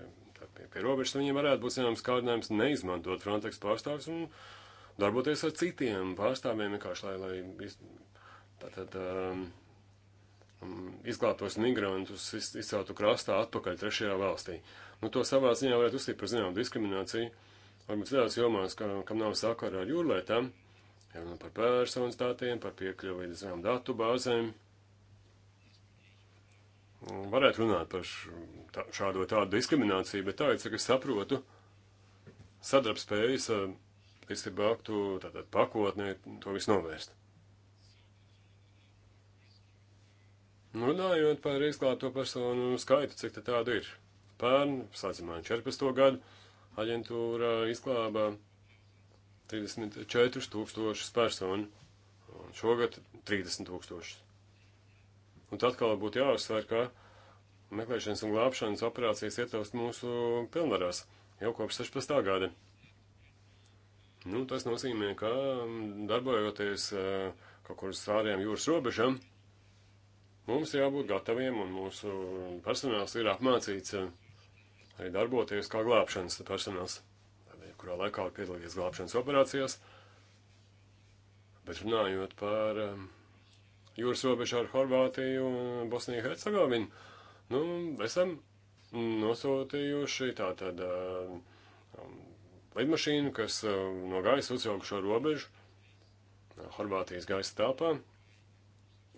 Speaker 2: pie, pie robežas, viņiem varētu būt zināms kārdinājums neizmantot Frontex pārstāvis un darboties ar citiem pārstāvjiem vienkārši, lai, lai iz, tātad, um, um izglābtos migrantus, iz, izceltu krastā atpakaļ trešajā valstī. Nu, to savā ziņā varētu uzstīt par zināmu diskrimināciju, varbūt citās jomās, ka, kam nav sakara ar jūrlietām, ja runā par personas datiem, par piekļuvi, zinām, datu bāzēm varētu runāt par tā, šādu vai tādu diskrimināciju, bet tā, cik es saprotu, sadarbspējas īstenībā aktu tātad pakotnē to visu novērst. Runājot par izklāto personu skaitu, cik te tādu ir. Pērn, sācimā 14. gadu, aģentūra izklāba 34 tūkstošus personu, un šogad 30 tūkstošus. Un tad atkal būtu jāuzsver, ka meklēšanas un glābšanas operācijas ietilpst mūsu pilnvarās jau kopš 16. gada. Nu, tas nozīmē, ka mm, darbojoties e, kaut kur uz ārējām jūras robežām, mums jābūt gataviem un mūsu personāls ir apmācīts e, arī darboties kā glābšanas personāls. Tādēļ, kurā laikā var piedalīties glābšanas operācijās, bet runājot par e, jūras robežu ar Horvātiju un Bosniju Hercegovinu. Nu, esam nosūtījuši tātad eh, um, lidmašīnu, kas um, no gaisa uzjauka šo robežu Horvātijas gaisa tāpā.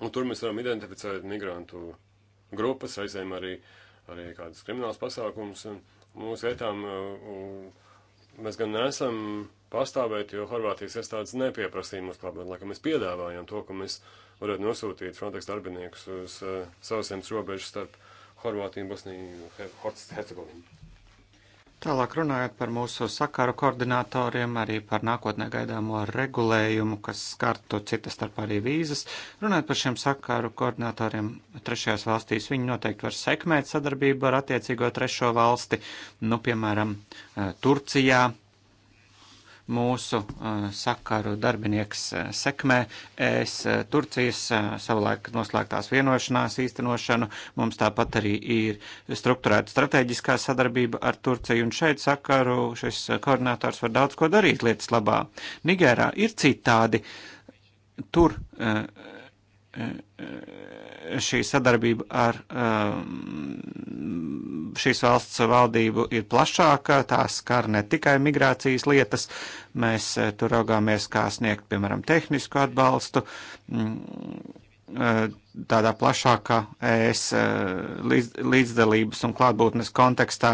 Speaker 2: Un tur mēs varam identificēt migrantu grupas, reizēm arī, arī kādas kriminālas pasākumus. Mūsu vietām um, mēs gan neesam pastāvēt, jo Horvātijas iestādes nepieprasīja mums klāt, bet, laikam, mēs piedāvājam to, ka mēs uh, varētu nosūtīt Frontex darbiniekus uz uh, eh, sauszemes robežas starp Horvātiju un Bosniju Hercegovinu.
Speaker 4: Tālāk runājot par mūsu sakaru koordinatoriem, arī par nākotnē gaidāmo regulējumu, kas skartu citas starpā arī vīzas. Runājot par šiem sakaru koordinatoriem trešajās valstīs, viņi noteikti var sekmēt sadarbību ar attiecīgo trešo valsti, nu, piemēram, eh, Turcijā, mūsu eh, sakaru darbinieks eh, sekmē. Es eh, Turcijas savulaik noslēgtās vienošanās īstenošanu, mums tāpat arī ir struktūrēta strateģiskā sadarbība ar Turciju, un šeit sakaru šis koordinators var daudz ko darīt lietas labā. Nigērā ir citādi. Tur uh, uh, uh, šī sadarbība ar um, šīs valsts valdību ir plašāka, tās skar ne tikai migrācijas lietas, mēs eh, tur augāmies, kā sniegt, piemēram, tehnisku atbalstu mm, eh, tādā plašākā ES eh, līdz, līdzdalības un klātbūtnes kontekstā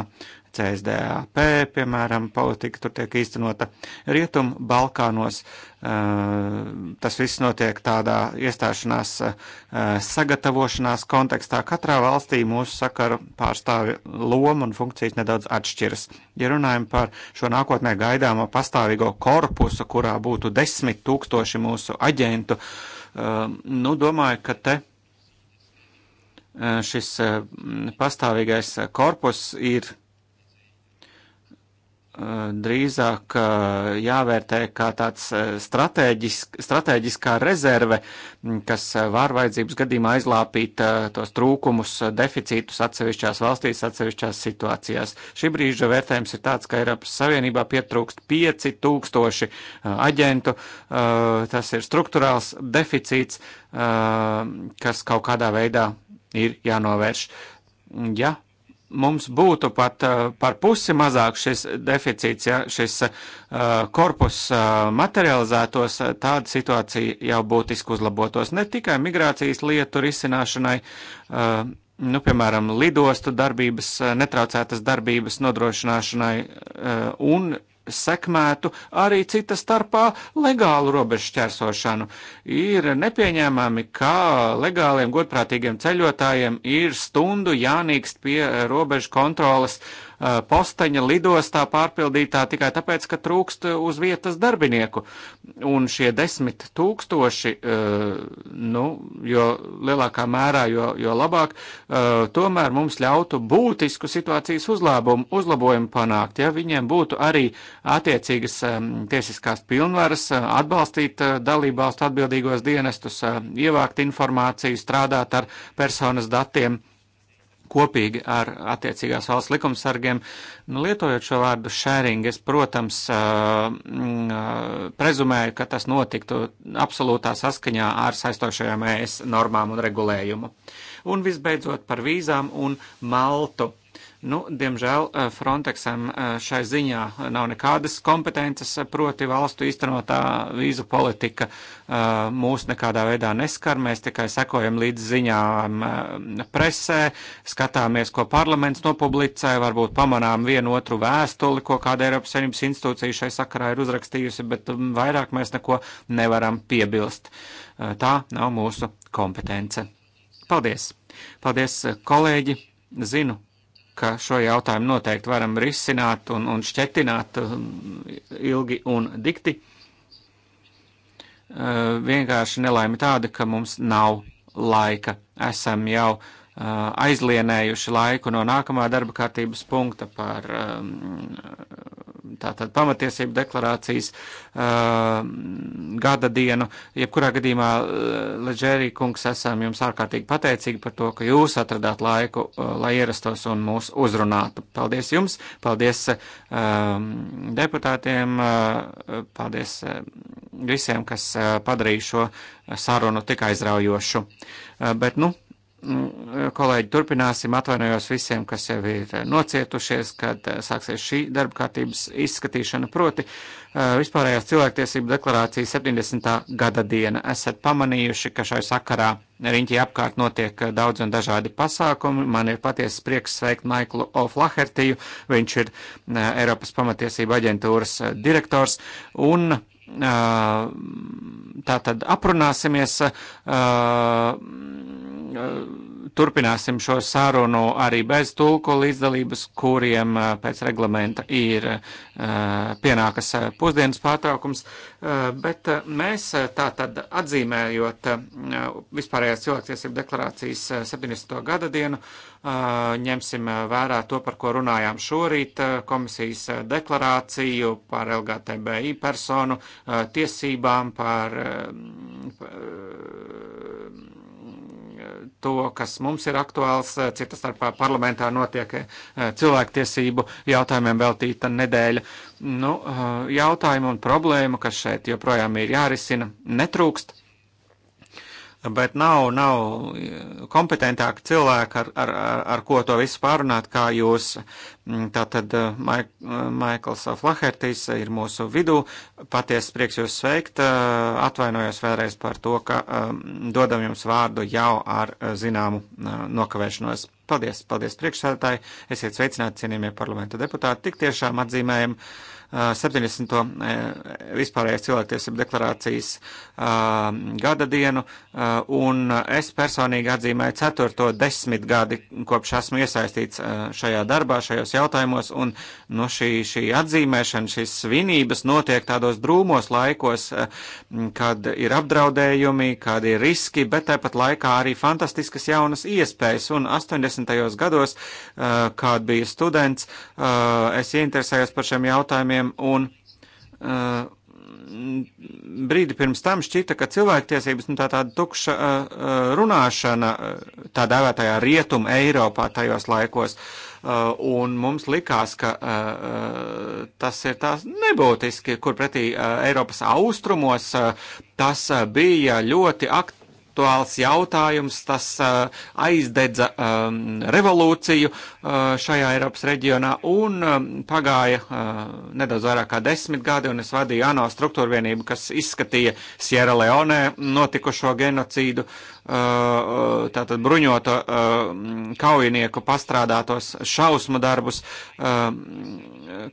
Speaker 4: CSDAP, piemēram, politika tur tiek īstenota Rietumu Balkānos. Eh, tas viss notiek tādā iestāšanās eh, sagatavošanās kontekstā. Katrā valstī mūsu sakaru pārstāvi loma un funkcijas nedaudz atšķiras. Ja runājam par šo nākotnē gaidāmo pastāvīgo korpusu, kurā būtu desmit tūkstoši mūsu aģentu, eh, nu, domāju, ka te šis pastāvīgais korpus ir Eh, drīzāk eh, jāvērtē kā tāds eh, strateģisk, strateģiskā rezerve, mm, kas var vajadzības gadījumā aizlāpīt tos trūkumus, deficītus atsevišķās valstīs, atsevišķās situācijās. Šī brīža vērtējums ir tāds, ka Eiropas Savienībā pietrūkst 5000 aģentu, tas ir struktūrāls deficīts, kas kaut kādā veidā ir jānovērš. Ja mums būtu pat eh, par pusi mazāk šis deficīts, ja šis eh, korpus eh, materializētos, tāda situācija jau būtiski uzlabotos ne tikai migrācijas lietu risināšanai, nu, piemēram, lidostu darbības, netraucētas darbības nodrošināšanai un sekmētu arī cita starpā legālu robežu šķērsošanu. Ir nepieņēmami, ka legāliem godprātīgiem ceļotājiem ir stundu jānīkst pie robežu kontrolas uh, posteņa lidostā pārpildītā tikai tāpēc, ka trūkst uz vietas darbinieku. Un šie desmit tūkstoši, nu, jo lielākā mērā, jo, jo labāk, tomēr mums ļautu būtisku situācijas uzlabumu, uzlabojumu panākt, ja viņiem būtu arī attiecīgas tiesiskās pilnvaras atbalstīt dalībvalstu atbildīgos dienestus, ievākt informāciju, strādāt ar personas datiem kopīgi ar attiecīgās valsts likumsargiem. Nu, lietojot šo vārdu sharing, es, protams, mm, prezumēju, ka tas notiktu absolūtā saskaņā ar saistošajām ES normām un regulējumu. Un visbeidzot par vīzām un Maltu. Nu, diemžēl eh, Frontexam eh, šai ziņā nav nekādas kompetences, eh, proti valstu īstenotā vīzu politika mūs nekādā veidā neskar. Mēs tikai sekojam līdz ziņām presē, skatāmies, ko parlaments nopublicē, varbūt pamanām vienu otru vēstuli, ko kāda Eiropas Savienības institūcija šai sakarā ir uzrakstījusi, bet mm, vairāk mēs neko nevaram piebilst. Tā nav mūsu kompetence. Paldies! Paldies, kolēģi! Zinu, ka šo jautājumu noteikti varam risināt un, un šķetināt um, ilgi un dikti. Uh, vienkārši nelaime tāda, ka mums nav laika. Esam jau uh, aizlienējuši laiku no nākamā darba kārtības punkta par um, tātad pamatiesību deklarācijas uh, gada dienu. Jebkurā gadījumā, Leģērī kungs, esam jums ārkārtīgi pateicīgi par to, ka jūs atradāt laiku, uh, lai ierastos un mūs uzrunātu. Paldies jums, paldies uh, deputātiem, uh, paldies uh, visiem, kas uh, padarīja šo sarunu tik aizraujošu. Uh, bet, nu, Nu, kolēģi, turpināsim. Atvainojos visiem, kas jau ir nocietušies, kad eh, sāksies šī darba kārtības izskatīšana. Proti, eh, vispārējās cilvēktiesību deklarācijas 70. gada diena. Esat pamanījuši, ka šai sakarā riņķī apkārt notiek eh, daudz un dažādi pasākumi. Man ir patiesas prieks sveikt Maiklu Oflahertiju. Viņš ir Eiropas pamatiesība aģentūras direktors. Un tā tad aprunāsimies, turpināsim šo sarunu arī bez tulku līdzdalības, kuriem pēc reglamenta ir pienākas pusdienas pārtraukums, bet mēs tā tad atzīmējot vispārējās cilvēktiesību deklarācijas 70. gada dienu, ņemsim vērā to, par ko runājām šorīt, komisijas deklarāciju par LGTBI personu tiesībām, par, par to, kas mums ir aktuāls, cita starpā parlamentā notiek cilvēktiesību jautājumiem veltīta nedēļa. Nu, jautājumu un problēmu, kas šeit joprojām ir jārisina, netrūkst bet nav, nav eh, kompetentāka cilvēka, ar, ar, ar, ar ko to visu pārunāt, kā jūs. Mm, tātad eh, Maik, eh, Maikls Flahertīs ir mūsu vidū. Paties prieks jūs sveikt. Atvainojos vēlreiz par to, ka dodam jums vārdu jau ar zināmu nokavēšanos. Paldies, paldies priekšsēdētāji. Esiet sveicināti, cienījamie parlamenta deputāti. Tik tiešām atzīmējam. Uh, 70. E, vispārējās cilvēktiesību deklarācijas e, gada dienu, e, un es personīgi atzīmēju 4. desmit gadi, kopš esmu iesaistīts šajā darbā, šajos jautājumos, un no nu, šī, šī atzīmēšana, šīs svinības notiek tādos drūmos laikos, kad ir apdraudējumi, kad ir riski, bet tāpat laikā arī fantastiskas jaunas iespējas. Un 80. gados, kad biju students, es ieinteresējos par šiem jautājumiem jautājumiem, un uh, brīdi pirms tam šķita, ka cilvēktiesības, nu tā tāda tukša uh, uh runāšana uh, tā dēvētajā rietuma Eiropā tajos laikos, uh, un mums likās, ka uh, uh tas ir tās nebūtiski, kur pretī Eiropas austrumos tas bija ļoti akt aktuāls jautājums, tas eh, aizdedza ehm, revolūciju eh, šajā Eiropas reģionā un ehm, pagāja eh, nedaudz vairāk kā desmit gadi, un es vadīju ANO struktūru vienību, kas izskatīja Sierra Leone notikušo genocīdu, tātad bruņoto ehm, kaujinieku pastrādātos šausmu darbus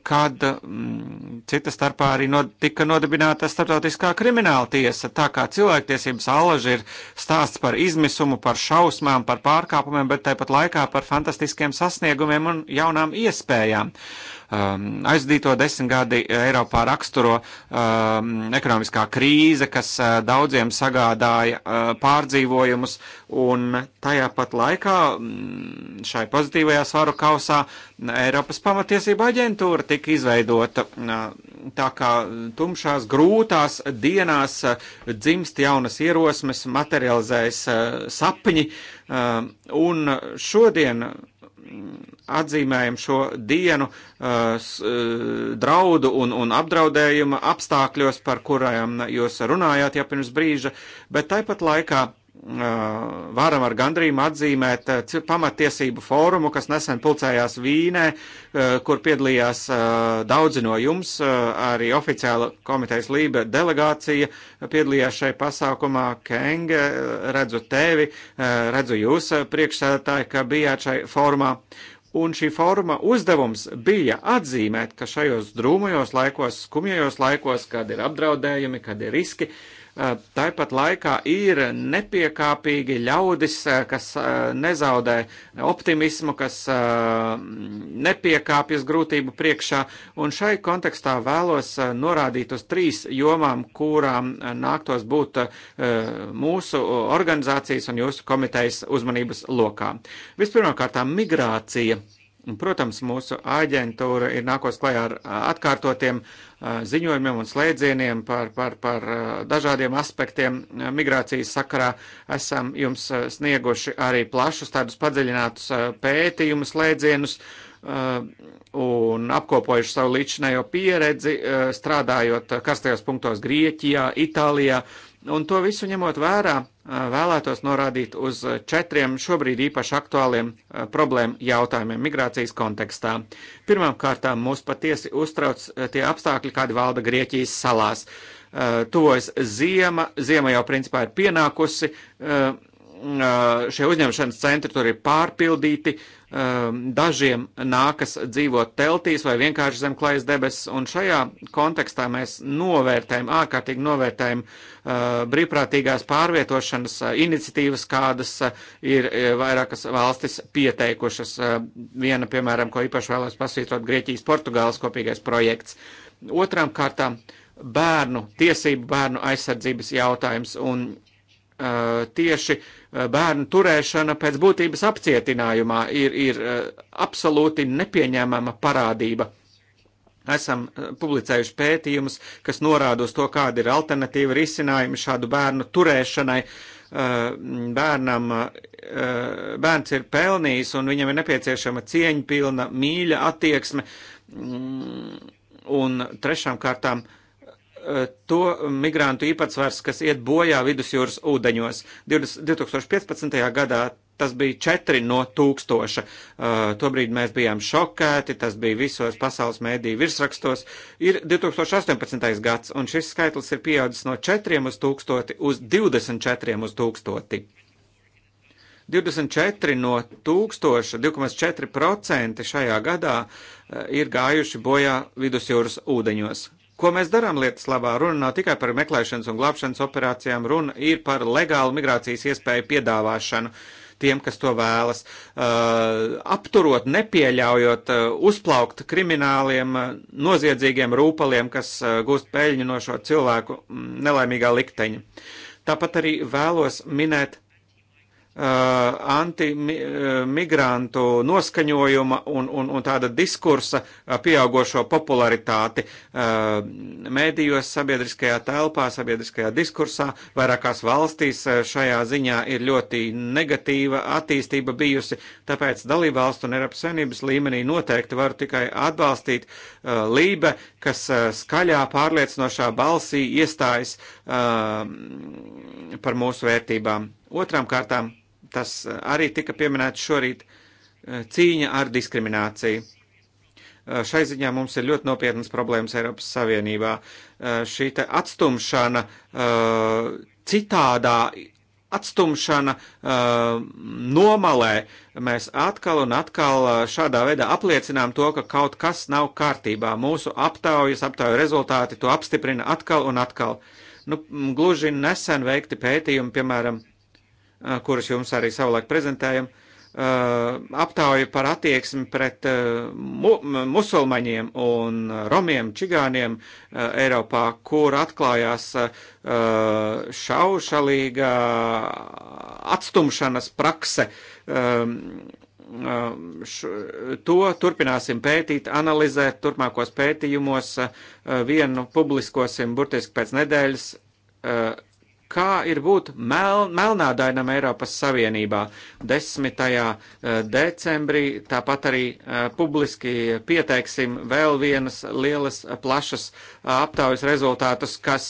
Speaker 4: kad mm, cita starpā arī no, tika nodibināta starptautiskā krimināla tiesa. Tā kā cilvēktiesības alaži ir stāsts par izmisumu, par šausmām, par pārkāpumiem, bet tāpat laikā par fantastiskiem sasniegumiem un jaunām iespējām. Uh, Um, aizdīto desmitgadi Eiropā raksturo um, ekonomiskā krīze, kas uh, daudziem sagādāja uh, pārdzīvojumus, un tajā pat laikā mm, šai pozitīvajā svaru kausā Eiropas pamatiesība aģentūra tika izveidota uh, tā kā tumšās, grūtās dienās dzimst jaunas ierosmes, materializējas sapņi, un šodien atzīmējam šo dienu uh, uh, draudu un, un apdraudējuma apstākļos, par kurām jūs runājāt jau pirms brīža, bet tāpat laikā varam ar gandrību atzīmēt pamatiesību fórumu, kas nesen pulcējās Vīnē, kur piedalījās daudzi no jums, arī oficiāla komitejas lība delegācija piedalījās šai pasākumā. Kenge, redzu tevi, redzu jūs priekšsēdētāji, ka bijāt šai fórumā. Un šī forma uzdevums bija atzīmēt, ka šajos drūmajos laikos, skumjajos laikos, kad ir apdraudējumi, kad ir riski, uh, Eh, tāpat laikā ir nepiekāpīgi ļaudis, eh, kas eh, nezaudē optimismu, kas nepiekāpjas grūtību priekšā, un šai kontekstā vēlos norādīt uz trīs jomām, kurām nāktos būt mūsu organizācijas un jūsu komitejas uzmanības lokā. Vispirmkārt, migrācija. Protams, mūsu aģentūra ir nākos klajā ar atkārtotiem uh, ziņojumiem un slēdzieniem par, par, par dažādiem aspektiem migrācijas sakarā esam jums snieguši arī plašus tādus padziļinātus pētījumu slēdzienus un apkopojuši savu līdzinējo pieredzi, strādājot karstajos punktos Grieķijā, Itālijā, uh, Un to visu ņemot vērā, vēlētos norādīt uz četriem šobrīd īpaši aktuāliem problēmu jautājumiem migrācijas kontekstā. Pirmkārt, mūs patiesi uztrauc tie apstākļi, kādi valda Grieķijas salās. Tuvojas ziema, ziema jau principā ir pienākusi, šie uzņemšanas centri tur ir pārpildīti, dažiem nākas dzīvot teltīs vai vienkārši zem klājas debesis, un šajā kontekstā mēs novērtējam, ārkārtīgi novērtējam brīvprātīgās pārvietošanas iniciatīvas, kādas ir vairākas valstis pieteikušas. Viena, piemēram, ko īpaši vēlos pasvītrot, Grieķijas-Portugāles kopīgais projekts. Otram kārtām bērnu tiesību, bērnu aizsardzības jautājums un Eh, tieši eh, bērnu turēšana pēc būtības apcietinājumā ir, ir eh, absolūti nepieņēmama parādība. Esam publicējuši pētījumus, kas norāda uz to, kāda ir alternatīva risinājuma šādu bērnu turēšanai. Bērnam, bērns ir pelnījis un viņam ir nepieciešama cieņpilna, mīļa attieksme. Mm, un trešām kārtām uh, to migrantu īpatsvars, kas iet bojā vidusjūras ūdeņos. 2015. gadā tas bija 4 no 1000. Uh, tobrīd mēs bijām šokēti, tas bija visos pasaules mēdī virsrakstos. Ir 2018. gads, un šis skaitlis ir pieaudzis no 4 uz 1000 uz 24 uz 1000. 24 no 1000, 2,4% šajā gadā uh, ir gājuši bojā vidusjūras ūdeņos. Ko mēs darām lietas labā? Runa nav tikai par meklēšanas un glābšanas operācijām, runa ir par legālu migrācijas iespēju piedāvāšanu tiem, kas to vēlas, uh, apturot, nepieļaujot, uh, uzplaukt krimināliem, uh, noziedzīgiem rūpaliem, kas uh, gūst peļņu no šo cilvēku mm, nelaimīgā likteņa. Tāpat arī vēlos minēt Uh, antimigrantu noskaņojuma un, un, un tāda diskursa uh, pieaugošo popularitāti uh, mēdījos, sabiedriskajā telpā, sabiedriskajā diskursā. Vairākās valstīs šajā ziņā ir ļoti negatīva attīstība bijusi, tāpēc dalībvalstu un Eiropas Savienības līmenī noteikti varu tikai atbalstīt Lībe, kas skaļā pārliecinošā balsī iestājas par mūsu vērtībām. Otrām kārtām, tas eh, arī tika pieminēts šorīt, eh, cīņa ar diskrimināciju. Eh, šai ziņā mums ir ļoti nopietnas problēmas Eiropas Savienībā. Šī atstumšana, citādā atstumšana nomalē, mēs atkal un atkal šādā veidā apliecinām to, ka kaut kas nav kārtībā. Mūsu aptaujas, aptauju rezultāti to apstiprina atkal un atkal. Nu, gluži nesen veikti pētījumi, piemēram, kurus jums arī savulaik prezentējam, aptauja par attieksmi pret mu musulmaņiem un romiem, čigāniem Eiropā, kur atklājās šaušalīga atstumšanas prakse to turpināsim pētīt, analizēt turpmākos pētījumos. Vienu publiskosim burtiski pēc nedēļas kā ir būt mel, melnādainam Eiropas Savienībā. 10. Eh, decembrī tāpat arī eh, publiski pieteiksim vēl vienas lielas, eh, plašas aptaujas rezultātus, kas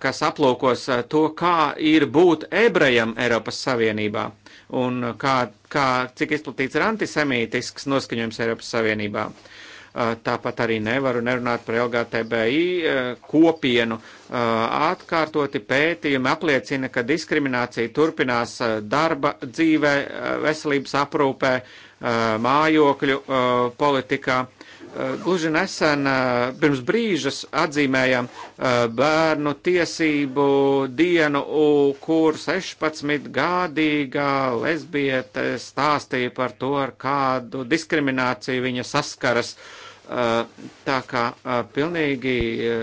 Speaker 4: kas aplūkos to, kā ir būt ebrejam Eiropas Savienībā un kā, kā, cik izplatīts ir antisemītisks noskaņojums Eiropas Savienībā. Uh, Eh, tāpat arī nevaru nerunāt par LGTBI eh, kopienu. Eh, atkārtoti pētījumi apliecina, ka diskriminācija turpinās darba dzīvē, veselības aprūpē, mājokļu politikā. Gluži nesen, pirms brīžas, atzīmējam bērnu tiesību dienu, kur 16-gadīgā lesbiete stāstīja par to, ar kādu diskrimināciju viņa saskaras uh, Eh, tā kā eh, pilnīgi eh,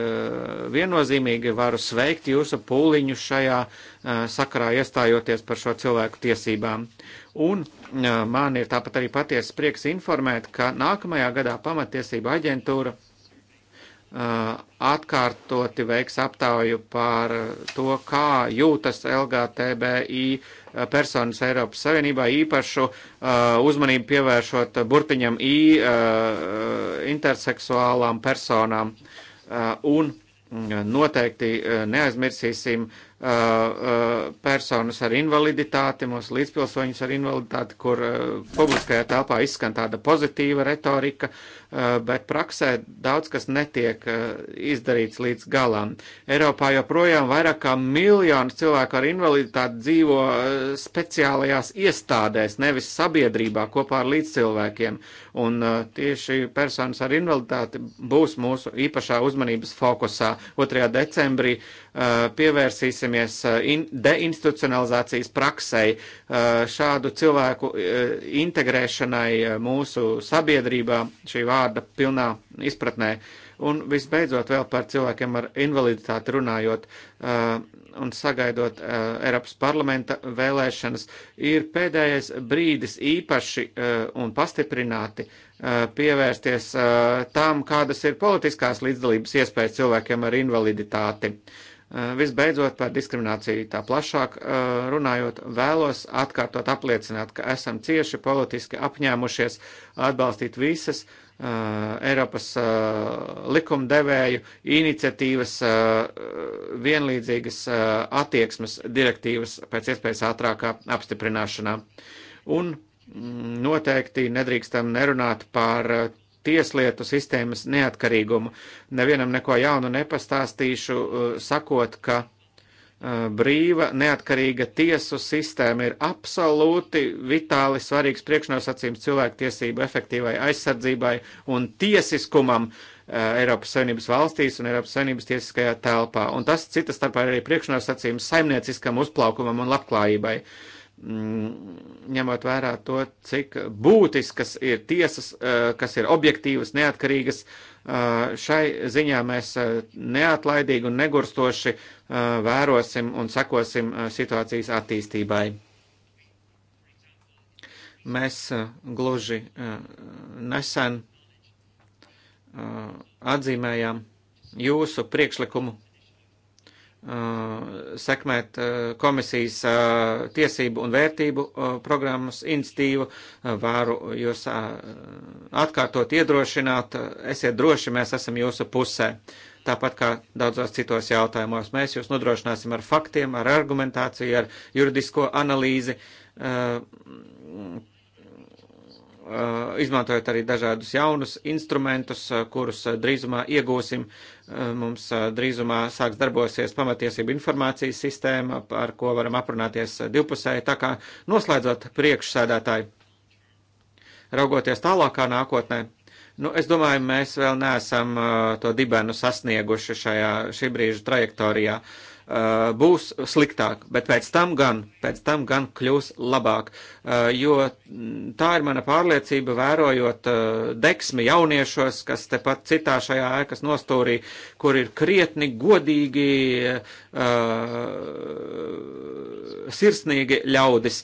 Speaker 4: viennozīmīgi varu sveikt jūsu pūliņu šajā sakarā iestājoties par šo cilvēku tiesībām. Un man ir tāpat arī patiesas prieks informēt, ka nākamajā gadā pamatiesība aģentūra atkārtoti veiks aptauju par to, kā jūtas LGTBI uh, Eh, personas Eiropas Savienībā īpašu eh, uzmanību pievēršot burtiņam I eh, interseksuālām personām un mm, noteikti neaizmirsīsim personas ar invaliditāti, mūsu līdzpilsoņus ar invaliditāti, kur publiskajā telpā izskan tāda pozitīva retorika, uh, Eh, bet praksē daudz kas netiek eh, izdarīts līdz galam. Eiropā joprojām vairāk kā miljonu cilvēku ar invaliditāti dzīvo eh, speciālajās iestādēs, nevis sabiedrībā kopā ar līdzcilvēkiem. Un tieši personas ar invaliditāti būs mūsu īpašā uzmanības fokusā. 2. decembrī pievērsīsimies deinstitucionalizācijas praksei, šādu cilvēku integrēšanai mūsu sabiedrībā šī vārda vārda pilnā izpratnē. Un visbeidzot vēl par cilvēkiem ar invaliditāti runājot uh, un sagaidot uh, Eiropas parlamenta vēlēšanas, ir pēdējais brīdis īpaši uh, un pastiprināti uh, pievērsties uh, tam, kādas ir politiskās līdzdalības iespējas cilvēkiem ar invaliditāti. Uh, Visbeidzot, par diskrimināciju tā plašāk uh, runājot, vēlos atkārtot apliecināt, ka esam cieši politiski apņēmušies atbalstīt visas Eh, Eiropas eh, likumdevēju iniciatīvas eh, vienlīdzīgas attieksmes direktīvas pēc iespējas ātrākā apstiprināšanā. Un mm, noteikti nedrīkstam nerunāt par tieslietu sistēmas neatkarīgumu. Nevienam neko jaunu nepastāstīšu, sakot, ka Eh, brīva, neatkarīga tiesu sistēma ir absolūti vitāli svarīgs priekšnosacījums cilvēktiesību efektīvai aizsardzībai un tiesiskumam eh, Eiropas Savienības valstīs un Eiropas Savienības tiesiskajā telpā. Un tas citas starpā ir arī priekšnosacījums saimnieciskam uzplaukumam un labklājībai. Mm, ņemot vērā to, cik būtiskas ir tiesas, eh, kas ir objektīvas, neatkarīgas, uh, Šai ziņā mēs neatlaidīgi un negurstoši vērosim un sekosim situācijas attīstībai mēs gluži nesen atzīmējām jūsu priekšlikumu Uh, sekmēt uh, komisijas uh, tiesību un vērtību programmas institīvu. Vāru jūs atkārtot iedrošināt, esiet droši, mēs esam jūsu pusē. Tāpat kā daudzos citos jautājumos, mēs jūs nodrošināsim ar faktiem, ar argumentāciju, ar juridisko analīzi Eh, izmantojot arī dažādus jaunus instrumentus, eh, kurus eh, drīzumā iegūsim. Mums drīzumā sāks darbosies pamatiesība informācijas sistēma, ar ko varam aprunāties divpusēji. Tā kā noslēdzot priekšsēdētāji, raugoties tālākā nākotnē, nu, es domāju, mēs vēl neesam to dibenu sasnieguši šajā šī brīža trajektorijā. Uh, Uh, būs sliktāk, bet pēc tam gan, pēc tam gan kļūs labāk, uh, jo mm, tā ir mana pārliecība vērojot uh, deksmi jauniešos, kas tepat citā šajā ēkas nostūrī, kur ir krietni, godīgi, sirsnīgi ļaudis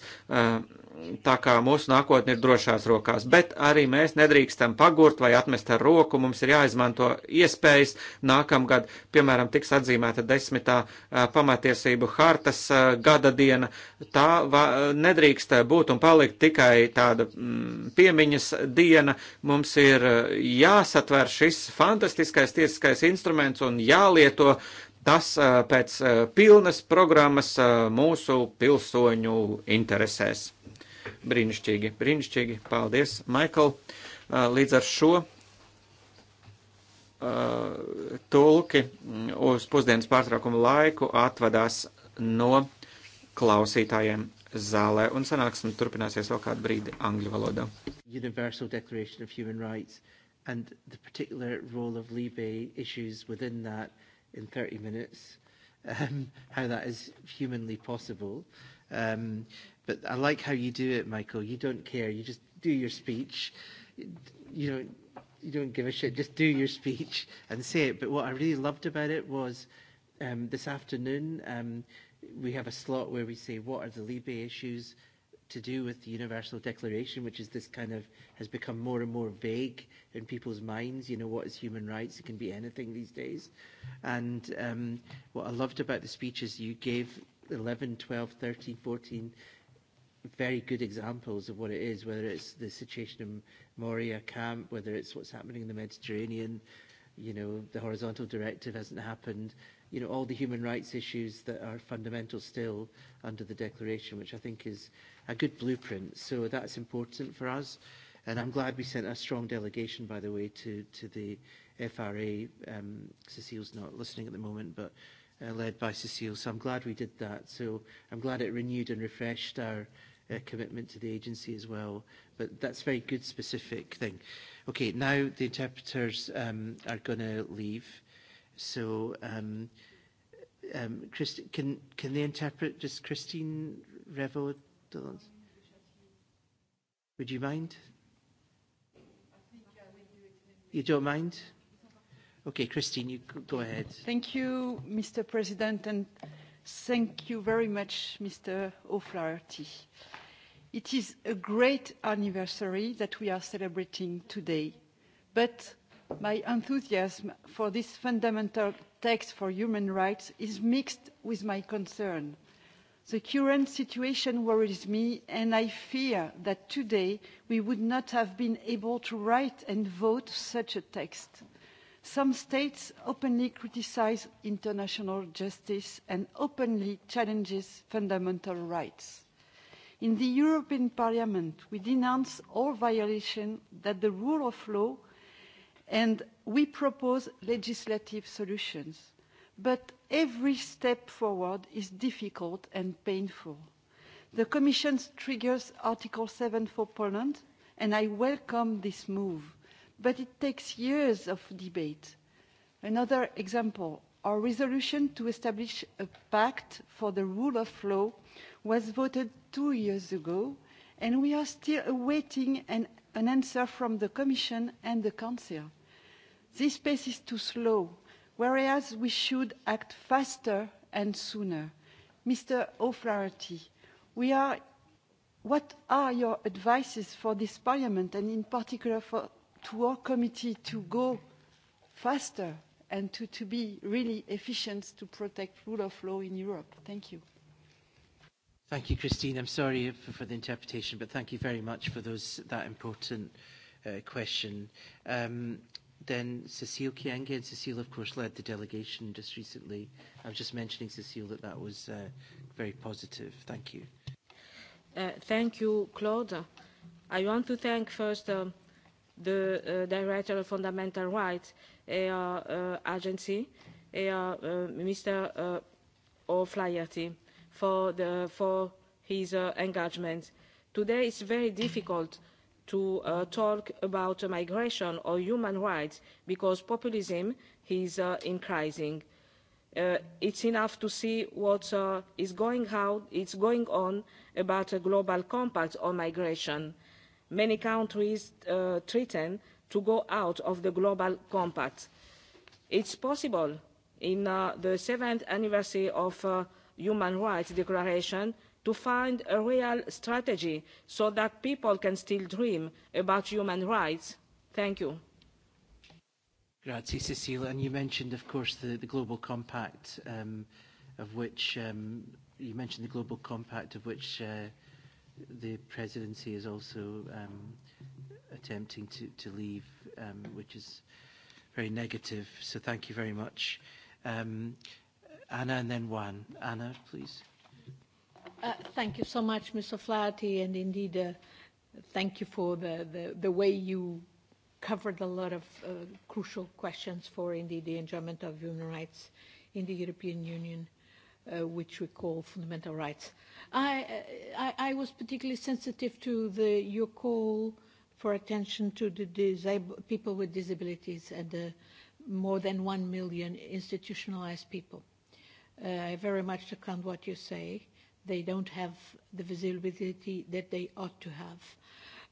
Speaker 4: tā kā mūsu nākotne ir drošās rokās, bet arī mēs nedrīkstam pagurt vai atmest ar roku, mums ir jāizmanto iespējas. Nākamgad, piemēram, tiks atzīmēta desmitā pamatiesību hartas gada diena. Tā va, nedrīkst būt un palikt tikai tāda mm, piemiņas diena. Mums ir jāsatver šis fantastiskais tiesiskais instruments un jālieto tas pēc pilnas programmas mūsu pilsoņu interesēs. Brīnišķīgi, brīnišķīgi. Paldies, Maikl. Uh, līdz ar šo uh, tulki mm, uz pusdienas pārtraukuma laiku atvadās no klausītājiem zālē, un sanāksme turpināsies vēl kādu brīdi angļu valodā.
Speaker 1: Universal Declaration of Human Rights and the particular role of Libe issues within that in 30 minutes, um, how that is humanly possible. Um, But I like how you do it, Michael. You don't care. You just do your speech. You don't, you don't give a shit. Just do your speech and say it. But what I really loved about it was um, this afternoon um, we have a slot where we say what are the Libe issues to do with the Universal Declaration, which is this kind of has become more and more vague in people's minds. You know, what is human rights? It can be anything these days. And um, what I loved about the speeches you gave 11, 12, 13, 14, very good examples of what it is, whether it's the situation in Moria camp, whether it's what's happening in the Mediterranean, you know, the horizontal directive hasn't happened, you know, all the human rights issues that are fundamental still under the declaration, which I think is a good blueprint. So that's important for us. And I'm glad we sent a strong delegation, by the way, to, to the FRA. Um, Cecile's not listening at the moment, but uh, led by Cecile. So I'm glad we did that. So I'm glad it renewed and refreshed our uh, commitment to the agency as well. But that's a very good specific thing. Okay, now the interpreters um, are going to leave. So, um, um, Christ- can, can they interpret just Christine Revo? Would you mind? You don't mind? Okay, Christine, you go ahead.
Speaker 7: Thank you, Mr. President, and thank you very much, Mr. O'Flaherty. Uh, It is a great anniversary that we are celebrating today, but my enthusiasm for this fundamental text for human rights is mixed with my concern. The current situation worries me, and I fear that today we would not have been able to write and vote such a text. Some states openly criticize international justice and openly challenges fundamental rights in the european parliament we denounce all violations of the rule of law and we propose legislative solutions but every step forward is difficult and painful. the commission triggers article seven for poland and i welcome this move but it takes years of debate. another example our resolution to establish a pact for the rule of law was voted two years ago, and we are still awaiting an, an answer from the Commission and the Council. This pace is too slow, whereas we should act faster and sooner. Mr. O'Flaherty, we are, what are your advices for this Parliament and in particular for, to our committee to go faster and to, to be really efficient to protect rule of law in Europe? Thank you.
Speaker 1: Thank you, Christine. I'm sorry for, for the interpretation, but thank you very much for those that important uh, question. Um, then Cecile Kienge, and Cecile, of course, led the delegation just recently. I was just mentioning, Cecile, that that was uh, very positive. Thank you.
Speaker 8: Uh, thank you, Claude. I want to thank first um, the uh, Director of Fundamental Rights uh, uh, Agency, uh, uh, Mr. Uh, O'Flaherty. Uh, for, the, for his uh, engagement. Today it's very difficult to uh, talk about uh, migration or human rights because populism is uh, increasing. Uh, it's enough to see what uh, is going, how it's going on about a global compact on migration. Many countries uh, threaten to go out of the global compact. It's possible in uh, the seventh anniversary of uh, human rights declaration to find a real strategy so that people can still dream about human rights. Thank you.
Speaker 1: Grazie, Cecilia. And you mentioned, of course, the, the Global Compact, um, of which um, you mentioned the Global Compact, of which uh, the presidency is also um, attempting to, to leave, um, which is very negative. So thank you very much. Um, Anna and then Juan. Anna, please.
Speaker 5: Uh, thank you so much, Mr. Flaherty, and indeed, uh, thank you for the, the, the way you covered a lot of uh, crucial questions for indeed the enjoyment of human rights in the European Union, uh, which we call fundamental rights. I, uh, I, I was particularly sensitive to the, your call for attention to the disab- people with disabilities and the more than one million institutionalized people. Uh, Uh, I very much second what you say. They don't have the visibility that they ought to have.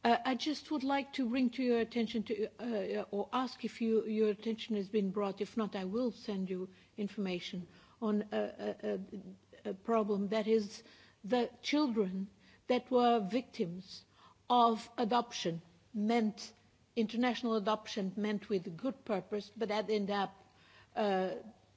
Speaker 5: Uh, I just would like to bring to your attention to, uh, or ask if you, your attention has been brought. If not, I will send you information on a, a, a, a problem that is the children that were victims of adoption meant international adoption meant with good purpose, but that end up uh,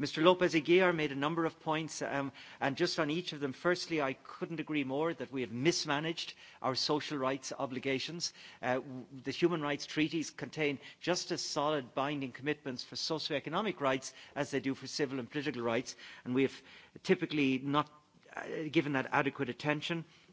Speaker 9: Mr. Lopez Aguiar made a number of points, um, and just on each of them, firstly, I couldn't agree more that we have mismanaged our social rights obligations. Uh, the human rights treaties contain just as solid binding commitments for socioeconomic rights as they do for civil and political rights, and we have typically not uh, given that adequate attention. Uh,